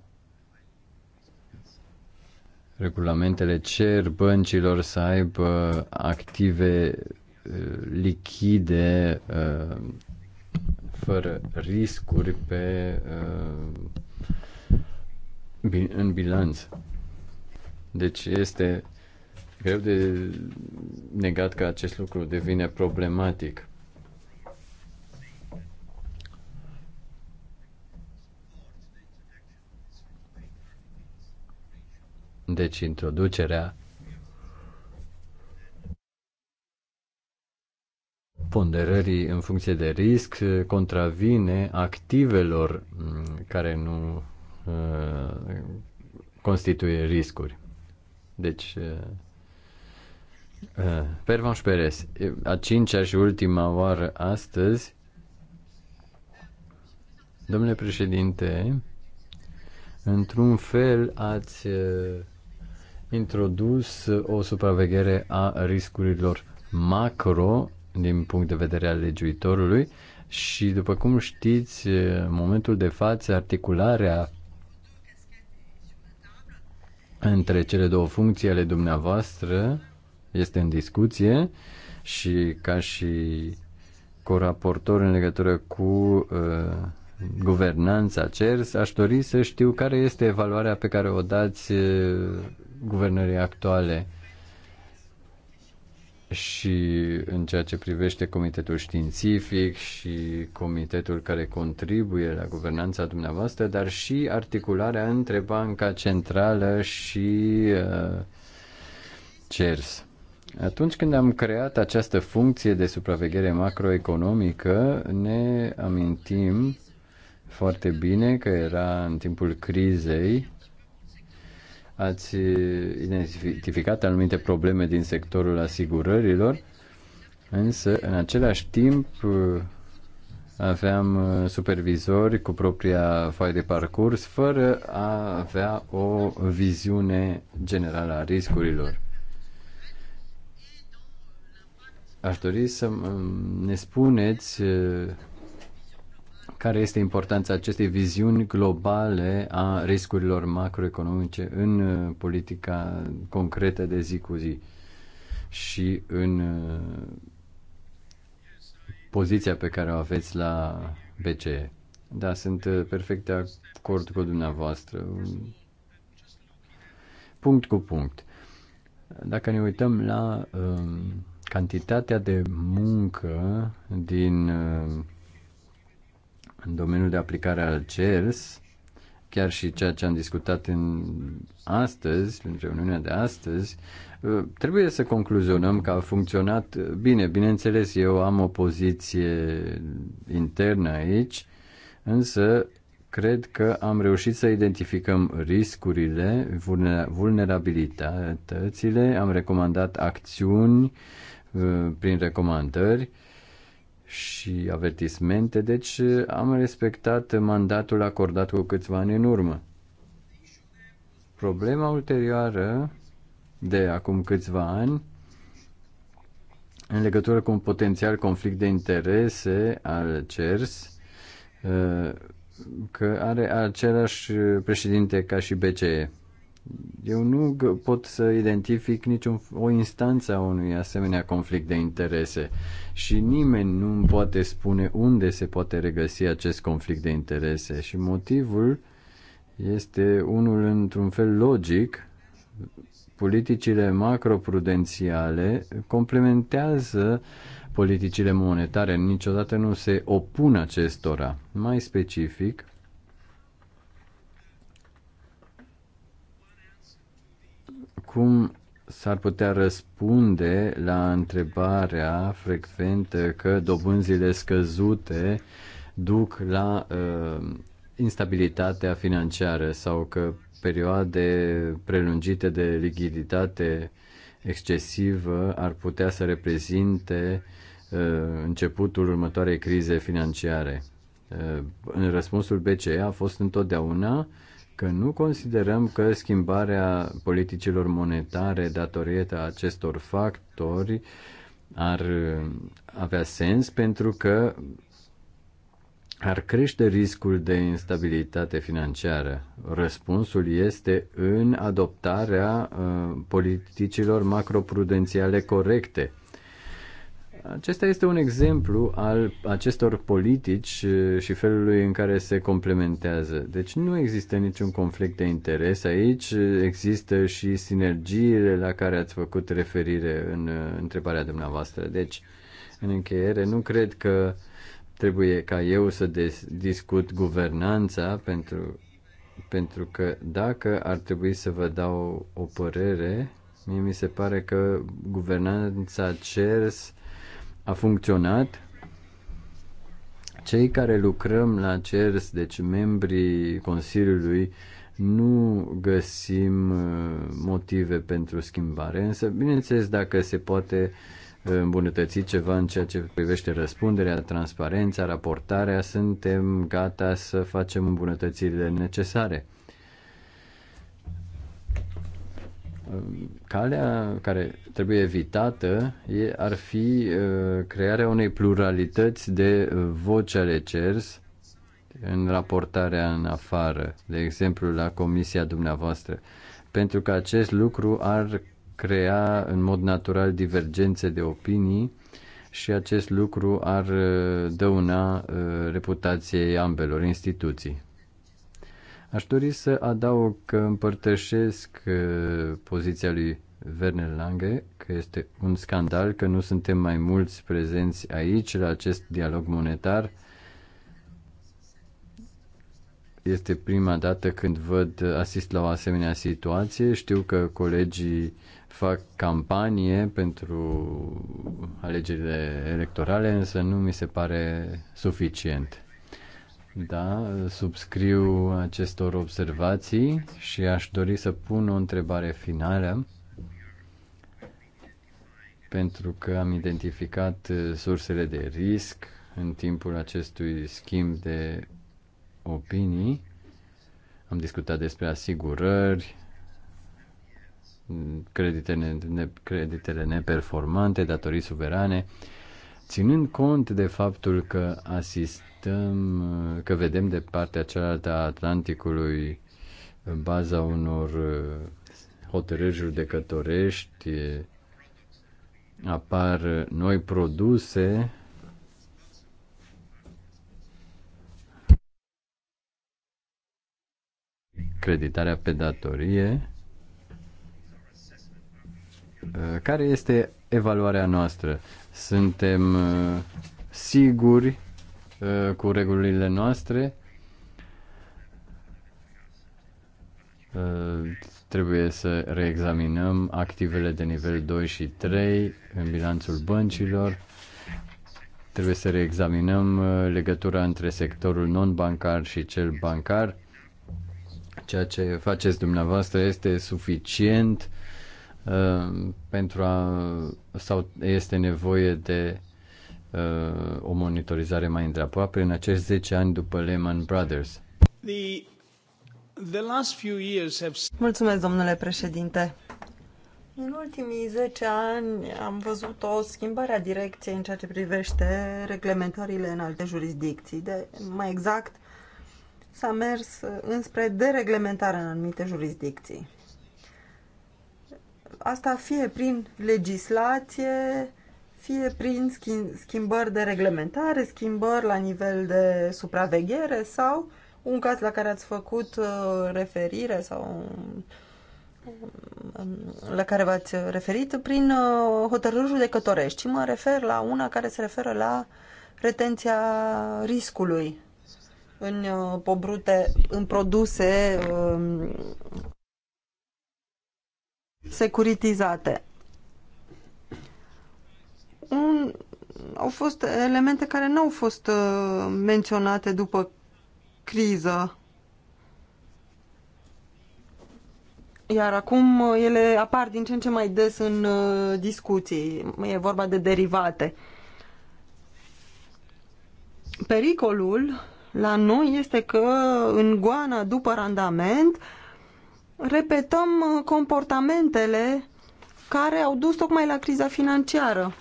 Speaker 3: regulamentele cer băncilor să aibă active eh, lichide eh, fără riscuri pe eh, în bilanț. Deci este greu de negat că acest lucru devine problematic. Deci introducerea ponderării în funcție de risc contravine activelor mm, care nu uh, constituie riscuri. Deci uh, Pervanș eh, Perez, eh, a cincea și ultima oară astăzi. Domnule președinte, într-un fel ați eh, introdus o supraveghere a riscurilor macro din punct de vedere al legiuitorului și, după cum știți, în momentul de față, articularea între cele două funcții ale dumneavoastră este în discuție și ca și coraportor în legătură cu uh, guvernanța CERS, aș dori să știu care este evaluarea pe care o dați uh, guvernării actuale și în ceea ce privește comitetul științific și comitetul care contribuie la guvernanța dumneavoastră, dar și articularea între Banca Centrală și uh, CERS. Atunci când am creat această funcție de supraveghere macroeconomică, ne amintim foarte bine că era în timpul crizei. Ați identificat anumite probleme din sectorul asigurărilor, însă în același timp aveam supervizori cu propria foaie de parcurs fără a avea o viziune generală a riscurilor. Aș dori să ne spuneți uh, care este importanța acestei viziuni globale a riscurilor macroeconomice în uh, politica concretă de zi cu zi și în uh, poziția pe care o aveți la BCE. Da, sunt perfect de acord cu dumneavoastră. Punct cu punct. Dacă ne uităm la um, cantitatea de muncă din uh, în domeniul de aplicare al CERS, chiar și ceea ce am discutat în astăzi, în reuniunea de astăzi, uh, trebuie să concluzionăm că a funcționat bine. Bineînțeles, eu am o poziție internă aici, însă cred că am reușit să identificăm riscurile, vulnerabilitățile, am recomandat acțiuni Eh, prin recomandări și avertismente, deci eh, am respectat mandatul acordat cu câțiva ani în urmă. Problema ulterioară de acum câțiva ani în legătură cu un potențial conflict de interese al CERS eh, că are același președinte ca și BCE. Eu nu pot să identific niciun o instanță a unui asemenea conflict de interese și nimeni nu îmi poate spune unde se poate regăsi acest conflict de interese și motivul este unul într-un fel logic. Politicile macroprudențiale complementează politicile monetare, niciodată nu se opun acestora. Mai specific, Cum s-ar putea răspunde la întrebarea frecventă că dobânzile scăzute duc la uh, instabilitatea financiară sau că perioade prelungite de lichiditate excesivă ar putea să reprezinte uh, începutul următoarei crize financiare. Uh, în răspunsul BCE a fost întotdeauna că nu considerăm că schimbarea politicilor monetare datorită acestor factori ar avea sens pentru că ar crește riscul de instabilitate financiară. Răspunsul este în adoptarea uh, politicilor macroprudențiale corecte acesta este un exemplu al acestor politici uh, și felului în care se complementează. Deci nu există niciun conflict de interes aici, există și sinergiile la care ați făcut referire în uh, întrebarea dumneavoastră. Deci, în încheiere, nu cred că trebuie ca eu să discut guvernanța pentru, pentru că dacă ar trebui să vă dau o părere, mie mi se pare că guvernanța CERS a funcționat. Cei care lucrăm la CERS, deci membrii Consiliului, nu găsim uh, motive pentru schimbare, însă, bineînțeles, dacă se poate uh, îmbunătăți ceva în ceea ce privește răspunderea, transparența, raportarea, suntem gata să facem îmbunătățirile necesare. Calea care trebuie evitată e, ar fi uh, crearea unei pluralități de uh, voci ale CERS în raportarea în afară, de exemplu la comisia dumneavoastră, pentru că acest lucru ar crea în mod natural divergențe de opinii și acest lucru ar uh, dăuna reputației ambelor instituții. Aș dori să adaug că împărtășesc uh, poziția lui Werner Lange că este un scandal că nu suntem mai mulți prezenți aici la acest dialog monetar. Este prima dată când văd, asist la o asemenea situație. Știu că colegii fac campanie pentru alegerile electorale, însă nu mi se pare suficient. Da, subscriu acestor observații și aș dori să pun o întrebare finală pentru că am identificat uh, sursele de risc în timpul acestui schimb de opinii. Am discutat despre asigurări, creditele, ne, creditele neperformante, datorii suverane. Ținând cont de faptul că asistăm, că vedem de partea cealaltă a Atlanticului în baza unor uh, hotărâri judecătorești, apar noi produse creditarea pe datorie, uh, care este evaluarea noastră? suntem uh, siguri uh, cu regulile noastre. Uh, trebuie să reexaminăm activele de nivel 2 și 3 în bilanțul băncilor. Trebuie să reexaminăm legătura între sectorul non-bancar și cel bancar. Ceea ce faceți dumneavoastră este suficient Uh, pentru a, sau este nevoie de uh, o monitorizare mai îndeaproape în acești 10 ani după Lehman Brothers.
Speaker 1: The, the last few years have... Mulțumesc, domnule președinte. În ultimii 10 ani am văzut o schimbare a direcției în ceea ce privește reglementările în alte jurisdicții. De, mai exact, s-a mers uh, înspre dereglementare în anumite jurisdicții asta fie prin legislație, fie prin schimbări de reglementare, schimbări la nivel de supraveghere sau un caz la care ați făcut uh, referire sau um, um, la care v-ați referit prin uh, hotărâri judecătorești. Și mă refer la una care se referă la retenția riscului în, uh, pobrute, în produse um, securitizate. Un, au fost elemente care nu au fost uh, menționate după criză. Iar acum uh, ele apar din ce în ce mai des în uh, discuții. E vorba de derivate. Pericolul la noi este că în goana după randament uh, repetăm uh, comportamentele care au dus tocmai la criza financiară.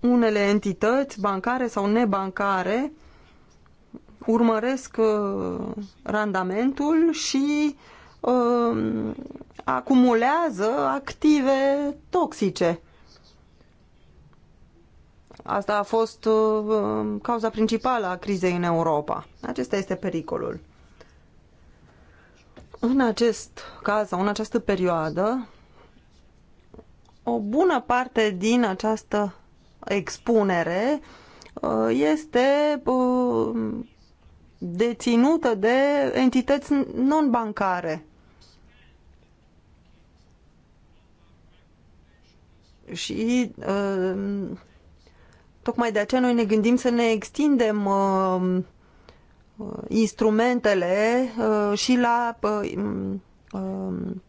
Speaker 1: Unele entități bancare sau nebancare urmăresc uh, randamentul și uh, acumulează active toxice. Asta a fost uh, cauza principală a crizei în Europa. Acesta este pericolul. În acest caz sau în această perioadă, o bună parte din această expunere uh, este uh, deținută de entități non-bancare. Și uh, tocmai de aceea noi ne gândim să ne extindem Uh, instrumentele uh, și la uh, mm, um,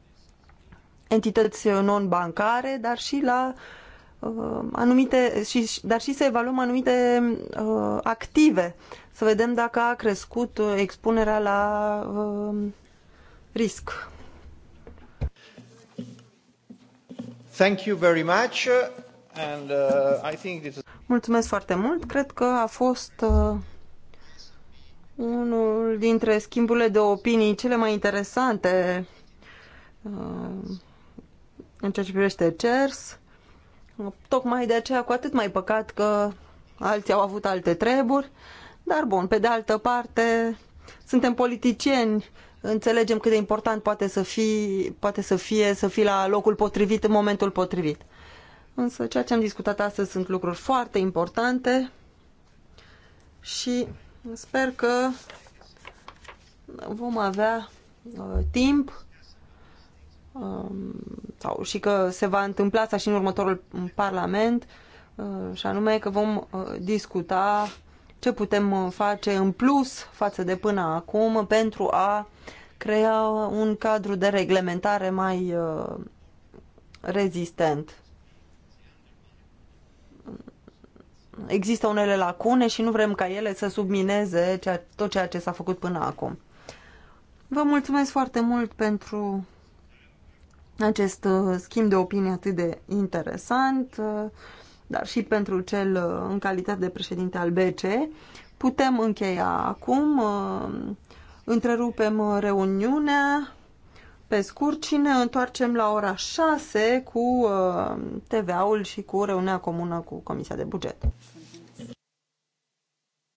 Speaker 1: entități non-bancare, dar și la anumite, și, dar și să evaluăm anumite active, să vedem dacă a crescut expunerea la risc.
Speaker 3: Thank you very much. And, uh, I think this...
Speaker 1: Mulțumesc foarte mult. Cred că a fost uh, unul dintre schimburile de opinii cele mai interesante uh, în ceea ce privește CERS. Tocmai de aceea, cu atât mai păcat că alții au avut alte treburi, dar bun, pe de altă parte, suntem politicieni, înțelegem cât de important poate să, fi, poate să fie să fii la locul potrivit în momentul potrivit. Însă ceea ce am discutat astăzi sunt lucruri foarte importante și Sper că vom avea uh, timp um, sau și că se va întâmpla asta și în următorul Parlament uh, și anume că vom uh, discuta ce putem face în plus față de până acum pentru a crea un cadru de reglementare mai rezistent. există unele lacune și nu vrem ca ele să submineze ceea, tot ceea ce s-a făcut până acum. Vă mulțumesc foarte mult pentru acest uh, schimb de opinie atât de interesant, uh, dar și pentru cel uh, în calitate de președinte al BC. Putem încheia acum, întrerupem reuniunea pe scurt și ne întoarcem la ora 6 cu uh, TVA-ul și cu reunea comună cu Comisia de Buget.